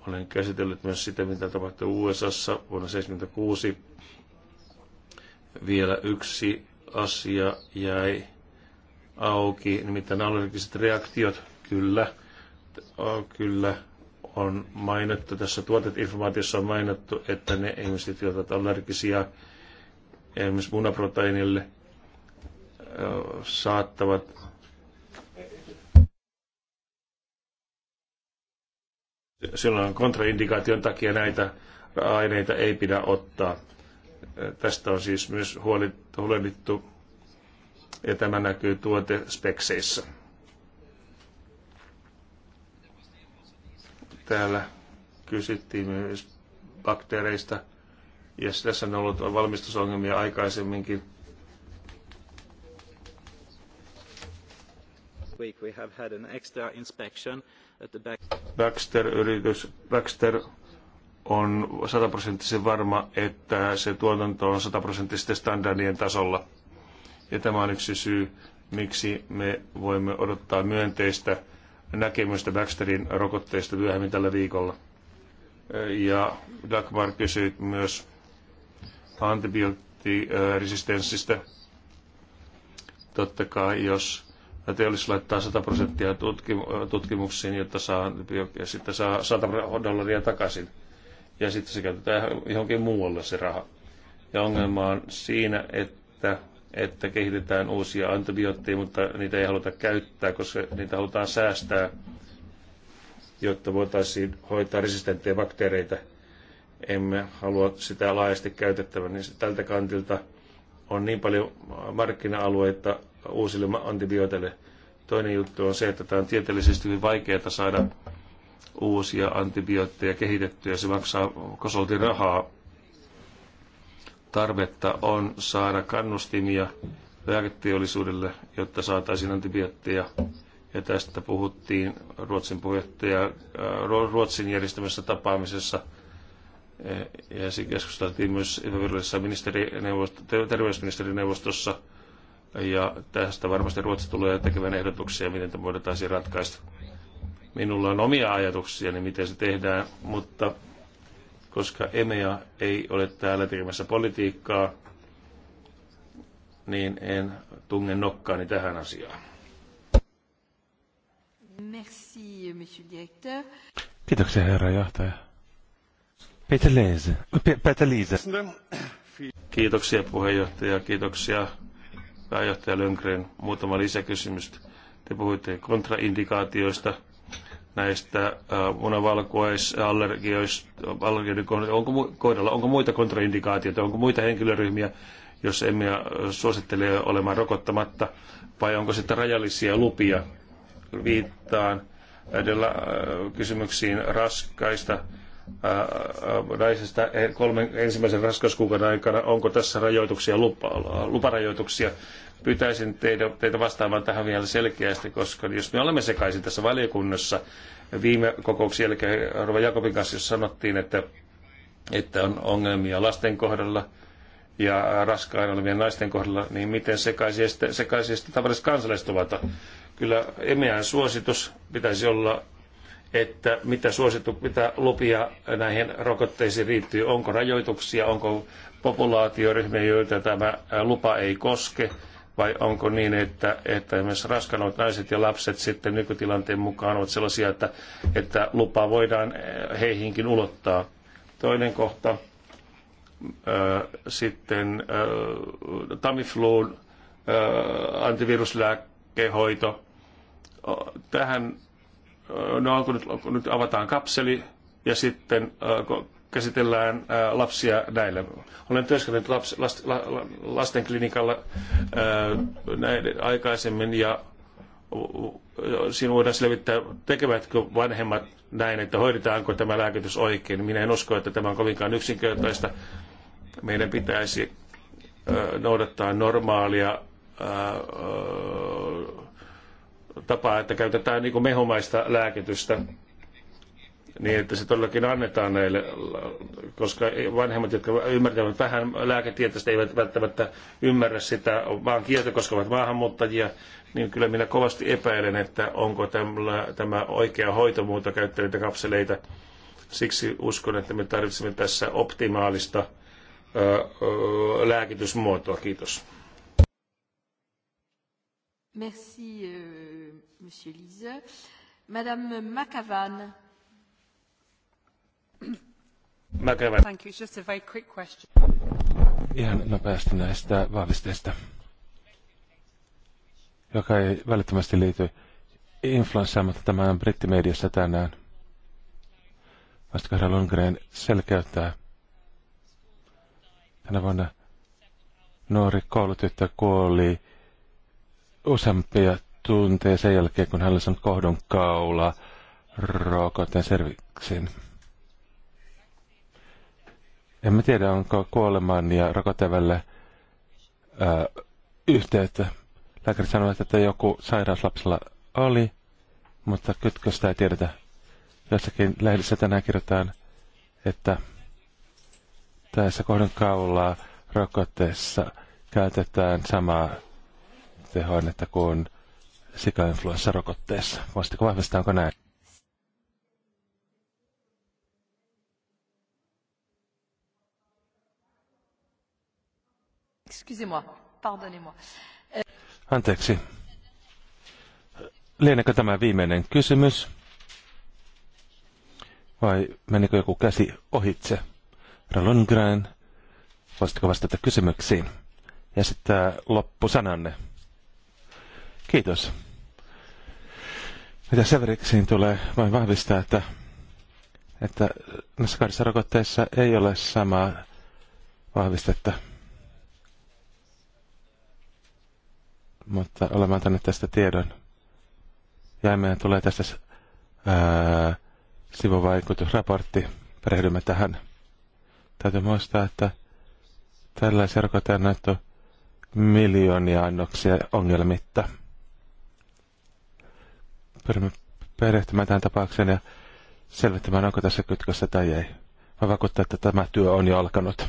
Olen käsitellyt myös sitä, mitä tapahtui USAssa vuonna 1976. Vielä yksi asia jäi auki, nimittäin allergiset reaktiot. Kyllä, kyllä on mainittu, tässä tuoteinformaatiossa on mainittu, että ne ihmiset, jotka ovat allergisia esimerkiksi munaproteiinille, saattavat silloin kontraindikaation takia näitä aineita ei pidä ottaa. Tästä on siis myös huolehdittu ja tämä näkyy tuotespekseissä. Täällä kysyttiin myös bakteereista ja tässä on ollut valmistusongelmia aikaisemminkin week we have had an extra inspection at the Baxter-yritys, Baxter on sataprosenttisen varma, että se tuotanto on sataprosenttisten standardien tasolla. Ja tämä on yksi syy, miksi me voimme odottaa myönteistä näkemystä Baxterin rokotteista myöhemmin tällä viikolla. Ja Dagmar kysyi myös antibioottiresistenssistä. Totta kai, jos teollisuus laittaa 100 prosenttia tutkimuksiin, jotta saa, ja sitten saa 100 dollaria takaisin. Ja sitten se käytetään johonkin muualle se raha. Ja ongelma on siinä, että, että kehitetään uusia antibiootteja, mutta niitä ei haluta käyttää, koska niitä halutaan säästää, jotta voitaisiin hoitaa resistenttejä bakteereita. Emme halua sitä laajasti käytettävän, niin tältä kantilta on niin paljon markkina-alueita, uusille antibiooteille. Toinen juttu on se, että tämä on tieteellisesti hyvin vaikeaa saada uusia antibiootteja kehitettyä. Se maksaa kosolti rahaa. Tarvetta on saada kannustimia lääketeollisuudelle, jotta saataisiin antibiootteja. Ja tästä puhuttiin Ruotsin puheenjohtaja äh, Ruotsin järjestämässä tapaamisessa. Äh, ja se keskusteltiin myös epävirallisessa terveysministerineuvostossa ja tästä varmasti Ruotsi tulee tekemään ehdotuksia, miten tämä voitaisiin ratkaista. Minulla on omia ajatuksiani, niin miten se tehdään, mutta koska EMEA ei ole täällä tekemässä politiikkaa, niin en tunge nokkaani tähän asiaan. Merci, monsieur directeur. Kiitoksia, herra johtaja. Peter Liese. Kiitoksia, puheenjohtaja. Kiitoksia pääjohtaja Lönkren, muutama lisäkysymys. Te puhuitte kontraindikaatioista, näistä äh, munavalkuaisallergioista, onko kohdalla, onko muita kontraindikaatioita, onko muita henkilöryhmiä, jos emme äh, suosittele olemaan rokottamatta, vai onko sitten rajallisia lupia? Viittaan edellä äh, kysymyksiin raskaista naisesta kolmen ensimmäisen raskauskuukauden aikana. Onko tässä rajoituksia, lupa, luparajoituksia? Pyytäisin teitä, teitä vastaamaan tähän vielä selkeästi, koska jos me olemme sekaisin tässä valiokunnassa, viime kokouksen jälkeen Rova Jakobin kanssa, jos sanottiin, että, että on ongelmia lasten kohdalla ja raskaana olevien naisten kohdalla, niin miten sekaisista, sekaisista tavalliset kansalaiset ovat. Kyllä emeän suositus pitäisi olla että mitä, suositu, mitä lupia näihin rokotteisiin riittyy, onko rajoituksia, onko populaatioryhmiä, joita tämä lupa ei koske, vai onko niin, että, että esimerkiksi raskanavat naiset ja lapset sitten nykytilanteen mukaan ovat sellaisia, että, että lupa voidaan heihinkin ulottaa. Toinen kohta sitten Tamifluun antiviruslääkehoito. Tähän no kun nyt, onko nyt avataan kapseli ja sitten käsitellään lapsia näille. Olen työskennellyt laps, last, la, äh, näiden aikaisemmin ja siinä voidaan selvittää, tekevätkö vanhemmat näin, että hoidetaanko tämä lääkitys oikein. Minä en usko, että tämä on kovinkaan yksinkertaista. Meidän pitäisi noudattaa normaalia tapaa, että käytetään niin kuin mehumaista lääkitystä niin, että se todellakin annetaan näille, koska vanhemmat, jotka ymmärtävät vähän lääketieteestä, eivät välttämättä ymmärrä sitä vaan kieltä koska ovat maahanmuuttajia, niin kyllä minä kovasti epäilen, että onko tämä, tämä oikea hoitomuoto käyttää käyttäneitä kapseleita. Siksi uskon, että me tarvitsemme tässä optimaalista ö, ö, lääkitysmuotoa. Kiitos. Merci, euh, Monsieur Madame McAvan. Ihan nopeasti näistä vahvisteista, joka ei välittömästi liity influenssaan, mutta tämä on brittimediassa tänään. Vastakahdella Lundgren selkeyttää. Tänä vuonna nuori koulutyttö kuoli useampia tuntee sen jälkeen, kun hän on saanut kohdon kaula rokotteen En Emme tiedä, onko kuoleman ja rokotevälle yhteyttä. Lääkäri sanoi, että joku sairaus lapsella oli, mutta kytköstä ei tiedetä. Jossakin lehdissä tänään kirjoitetaan, että tässä kohdan kaulaa rokotteessa käytetään samaa tehoainetta kuin sikainfluenssarokotteessa. Voisitko vahvistaa, onko näin? Euh, Anteeksi. Lienekö tämä viimeinen kysymys? Vai menikö joku käsi ohitse? Ralongren, voisitko vastata kysymyksiin? Ja sitten loppusananne. Kiitos. Mitä Severiksiin tulee, vain vahvistaa, että, että näissä kahdessa rokotteessa ei ole samaa vahvistetta. Mutta olemme antaneet tästä tiedon. Ja meidän tulee tästä ää, sivuvaikutusraportti. Perehdymme tähän. Täytyy muistaa, että tällaisia rokotteja on näyttö miljoonia annoksia ongelmitta pyrimme perehtymään tähän tapaukseen ja selvittämään, onko tässä kytkössä tai ei. Mä vakuuttaa, että tämä työ on jo alkanut.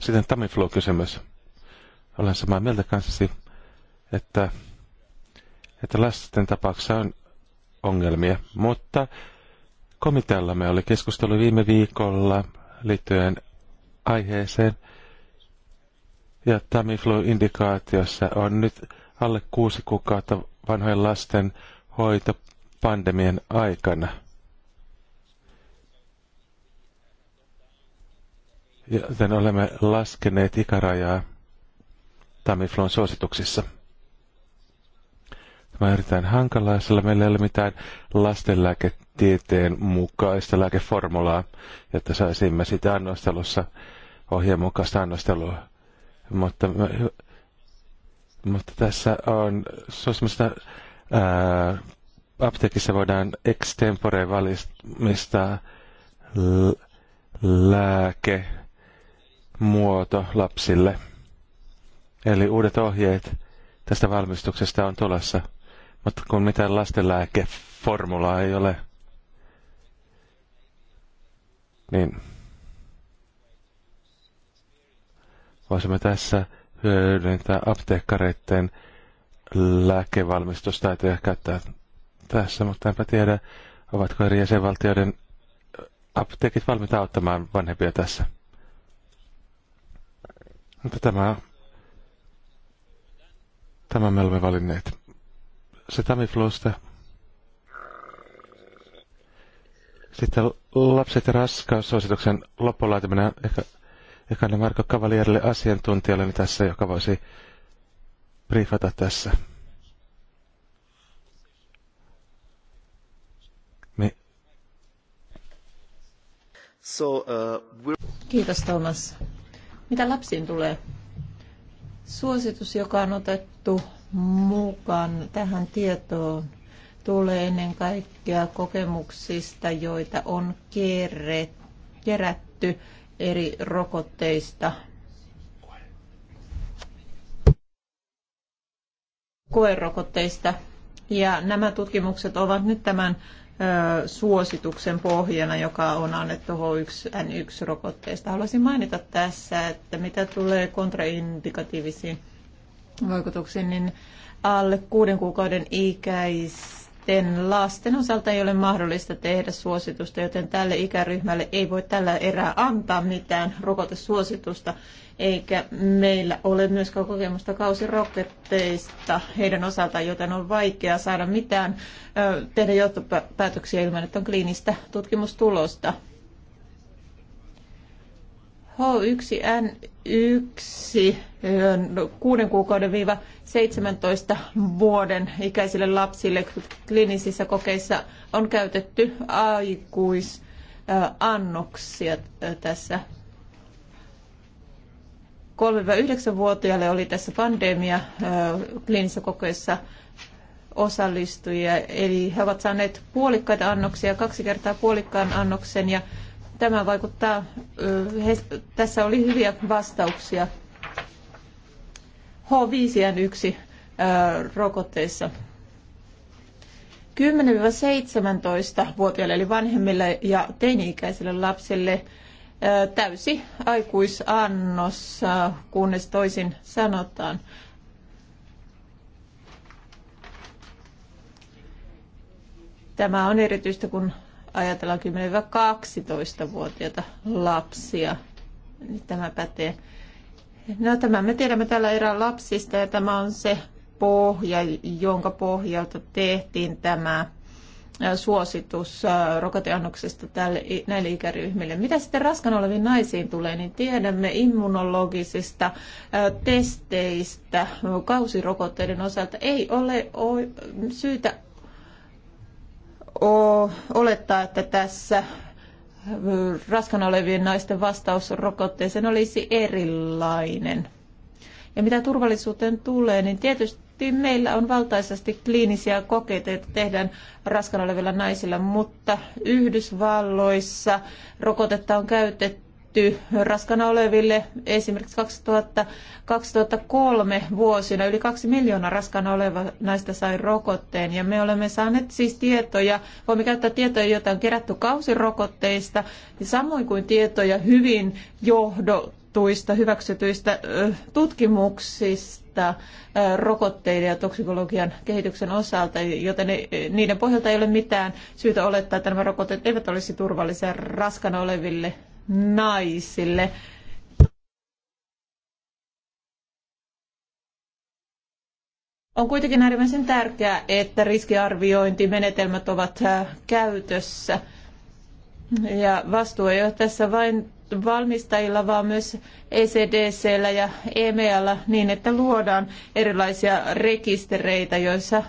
Sitten Tamiflu-kysymys. Olen samaa mieltä kanssasi, että, että lasten tapauksessa on ongelmia, mutta komiteallamme oli keskustelu viime viikolla liittyen aiheeseen, ja Tamiflu-indikaatiossa on nyt alle kuusi kuukautta vanhojen lasten hoito pandemian aikana. Joten olemme laskeneet ikärajaa Tamiflon suosituksissa. Tämä on erittäin hankalaa, sillä meillä ei ole mitään lastenlääketieteen mukaista lääkeformulaa, jotta saisimme sitä annostelussa ohjeen mukaista annostelua. Mutta mutta tässä on, semmoista ää, apteekissa voidaan extempore valmistaa lääke muoto lapsille. Eli uudet ohjeet tästä valmistuksesta on tulossa. Mutta kun mitään lastenlääkeformulaa ei ole, niin voisimme tässä hyödyntää apteekkareiden lääkevalmistustaitoja käyttää tässä, mutta enpä tiedä, ovatko eri jäsenvaltioiden apteekit valmiita auttamaan vanhempia tässä. Mutta tämä, tämä me olemme valinneet. Se Tamiflusta. Sitten lapset ja raskaussuosituksen loppulaitaminen ehkä Ekainen Marko Kavalierille asiantuntijalle niin tässä, joka voisi briefata tässä. Me... So, uh, Kiitos Thomas. Mitä lapsiin tulee? Suositus, joka on otettu mukaan tähän tietoon, tulee ennen kaikkea kokemuksista, joita on kerätty eri rokotteista. koerokotteista. Ja nämä tutkimukset ovat nyt tämän ö, suosituksen pohjana, joka on annettu H1N1-rokotteista. Haluaisin mainita tässä, että mitä tulee kontraindikatiivisiin vaikutuksiin, niin alle kuuden kuukauden ikäis sitten lasten osalta ei ole mahdollista tehdä suositusta, joten tälle ikäryhmälle ei voi tällä erää antaa mitään rokotesuositusta, eikä meillä ole myöskään kokemusta kausirokotteista heidän osaltaan, joten on vaikea saada mitään tehdä johtopäätöksiä ilman, että on kliinistä tutkimustulosta. H1N1 kuuden kuukauden viiva 17 vuoden ikäisille lapsille kliinisissä kokeissa on käytetty aikuisannoksia äh, tässä 3-9-vuotiaille oli tässä pandemia äh, kliinisissä kokeissa osallistujia, eli he ovat saaneet puolikkaita annoksia, kaksi kertaa puolikkaan annoksen, ja tämä vaikuttaa, äh, he, tässä oli hyviä vastauksia H5N1 rokotteissa. 10-17-vuotiaille eli vanhemmille ja teini-ikäisille lapsille täysi aikuisannos, kunnes toisin sanotaan. Tämä on erityistä, kun ajatellaan 10-12-vuotiaita lapsia. Tämä pätee No tämä me tiedämme tällä erään lapsista ja tämä on se pohja, jonka pohjalta tehtiin tämä suositus rokoteannoksesta tälle, näille ikäryhmille. Mitä sitten raskan oleviin naisiin tulee, niin tiedämme immunologisista testeistä kausirokotteiden osalta. Ei ole syytä olettaa, että tässä raskana olevien naisten vastaus rokotteeseen olisi erilainen. Ja mitä turvallisuuteen tulee, niin tietysti meillä on valtaisesti kliinisiä kokeita, joita tehdään raskana olevilla naisilla, mutta Yhdysvalloissa rokotetta on käytetty myönnetty raskana oleville esimerkiksi 2000, 2003 vuosina. Yli kaksi miljoonaa raskana oleva naista sai rokotteen ja me olemme saaneet siis tietoja, voimme käyttää tietoja, joita on kerätty kausirokotteista, samoin kuin tietoja hyvin johdotuista, hyväksytyistä tutkimuksista rokotteiden ja toksikologian kehityksen osalta, joten niiden pohjalta ei ole mitään syytä olettaa, että nämä rokotteet eivät olisi turvallisia raskana oleville naisille. On kuitenkin äärimmäisen tärkeää, että riskiarviointimenetelmät ovat äh, käytössä. Ja vastuu ei ole tässä vain valmistajilla, vaan myös ECDC ja EMEAlla niin, että luodaan erilaisia rekistereitä, joissa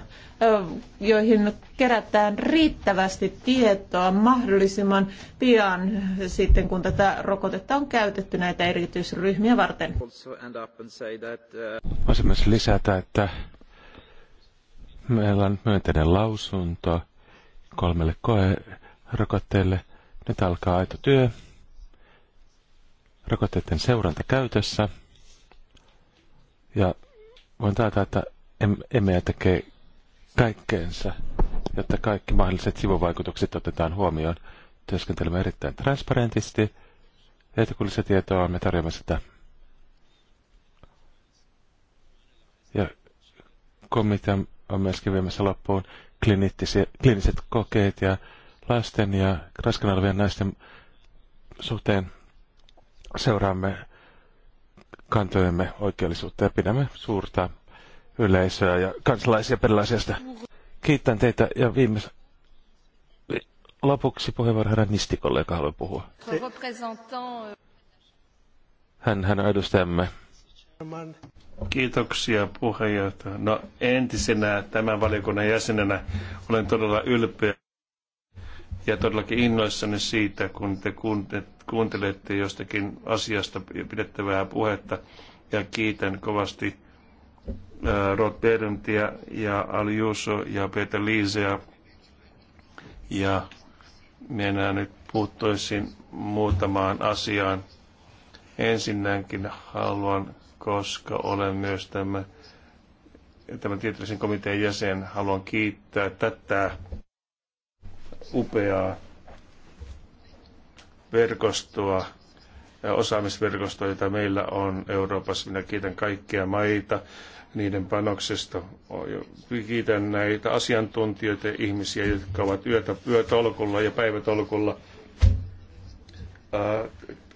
joihin kerätään riittävästi tietoa mahdollisimman pian sitten, kun tätä rokotetta on käytetty näitä erityisryhmiä varten. Voisin myös lisätä, että meillä on myönteinen lausunto kolmelle koerokotteelle. Nyt alkaa aito työ rokotteiden seuranta käytössä. Ja voin taata, että emme tekee kaikkeensa, jotta kaikki mahdolliset sivuvaikutukset otetaan huomioon. Työskentelemme erittäin transparentisti. Etukullista tietoa me tarjoamme sitä. Ja komitea on myöskin viemässä loppuun kliiniset kokeet ja lasten ja raskana olevien naisten suhteen seuraamme kantojemme oikeellisuutta ja pidämme suurta yleisöä ja kansalaisia perilaisesta. Kiitän teitä ja viimeis... Lopuksi puheenvuoron herra Nistikolle, joka haluaa puhua. Hän, hän on edustajamme. Kiitoksia puheenjohtaja. No entisenä tämän valiokunnan jäsenenä olen todella ylpeä ja todellakin innoissani siitä, kun te kuuntelette jostakin asiasta pidettävää puhetta ja kiitän kovasti Rod Berentia ja Juso ja Peter Liisea. Ja minä nyt puuttuisin muutamaan asiaan. Ensinnäkin haluan, koska olen myös tämä, tämän tieteellisen komitean jäsen, haluan kiittää tätä upeaa verkostoa, osaamisverkostoa, jota meillä on Euroopassa. Minä kiitän kaikkia maita, niiden panoksesta. Kiitän näitä asiantuntijoita ja ihmisiä, jotka ovat yötä, yötolkulla ja päivätolkulla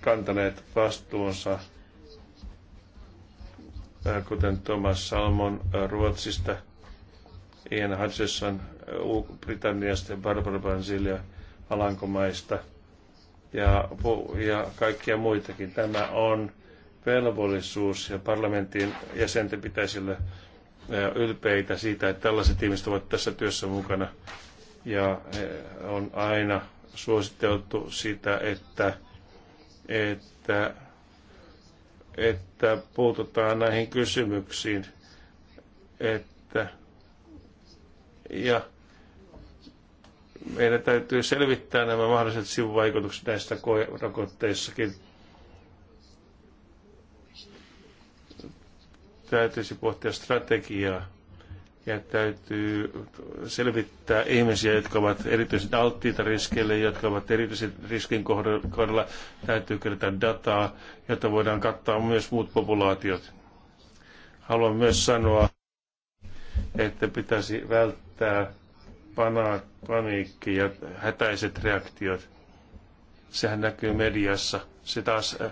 kantaneet vastuunsa, kuten Thomas Salmon Ruotsista, Ian Hutchison Britanniasta ja Barbara Bansilia Alankomaista ja, ja kaikkia muitakin. Tämä on velvollisuus ja parlamentin jäsenten pitäisi olla eh, ylpeitä siitä, että tällaiset ihmiset ovat tässä työssä mukana. Ja eh, on aina suositeltu sitä, että, että, että puututaan näihin kysymyksiin. Että, ja meidän täytyy selvittää nämä mahdolliset sivuvaikutukset näistä rokotteissakin täytyisi pohtia strategiaa ja täytyy selvittää ihmisiä, jotka ovat erityisen alttiita riskeille, jotka ovat erityisen riskin kohdalla. Täytyy kerätä dataa, jotta voidaan kattaa myös muut populaatiot. Haluan myös sanoa, että pitäisi välttää pana- paniikki ja hätäiset reaktiot. Sehän näkyy mediassa. Se taas äh, äh,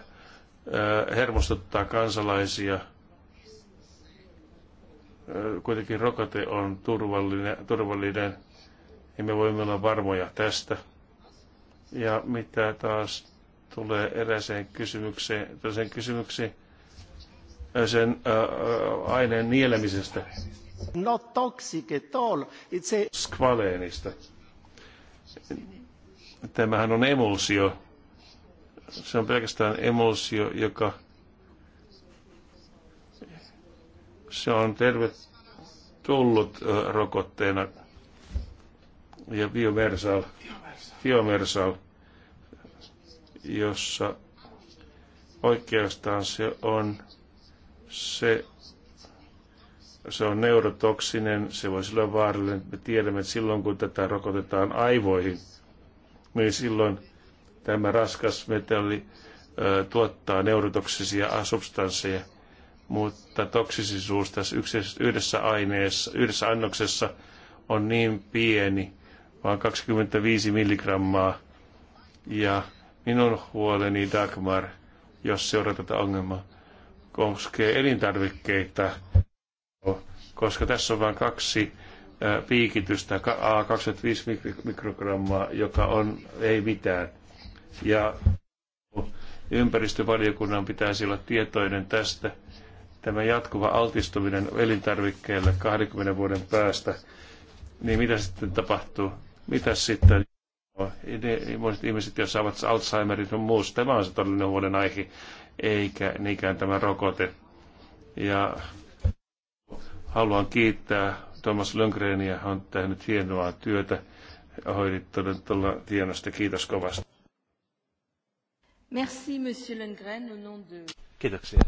hermostuttaa kansalaisia – kuitenkin rokote on turvallinen, turvallinen ja me voimme olla varmoja tästä. Ja mitä taas tulee eräseen kysymykseen, kysymykseen sen äh, aineen nielemisestä. Not toxic at all. It's a... Skvaleenista. Tämähän on emulsio. Se on pelkästään emulsio, joka Se on tervetullut rokotteena ja Biomersal, Biomersal jossa oikeastaan se on se, se on neurotoksinen, se voi olla vaarallinen. Me tiedämme, että silloin kun tätä rokotetaan aivoihin, niin silloin tämä raskas metalli ö, tuottaa neurotoksisia substansseja – mutta toksisisuus tässä yhdessä aineessa, yhdessä annoksessa on niin pieni, vaan 25 milligrammaa. Ja minun huoleni Dagmar, jos seuraa tätä ongelmaa, koskee elintarvikkeita, koska tässä on vain kaksi piikitystä, A25 mikrogrammaa, joka on ei mitään. Ja ympäristövaliokunnan pitäisi olla tietoinen tästä, tämä jatkuva altistuminen elintarvikkeelle 20 vuoden päästä, niin mitä sitten tapahtuu? Mitä sitten? Ne, monet ihmiset, jos saavat Alzheimerin ja muussa, tämä on se todellinen vuoden aihe, eikä niinkään tämä rokote. Ja haluan kiittää Thomas Lundgrenia, hän on tehnyt hienoa työtä hoidit todella hienosti. Kiitos kovasti. Merci, Monsieur Lundgren, au nom de... Kiitoksia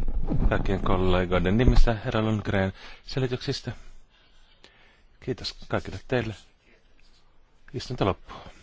kaikkien kollegoiden nimissä, herra Lundgren, selityksistä. Kiitos kaikille teille. Istunto loppuu.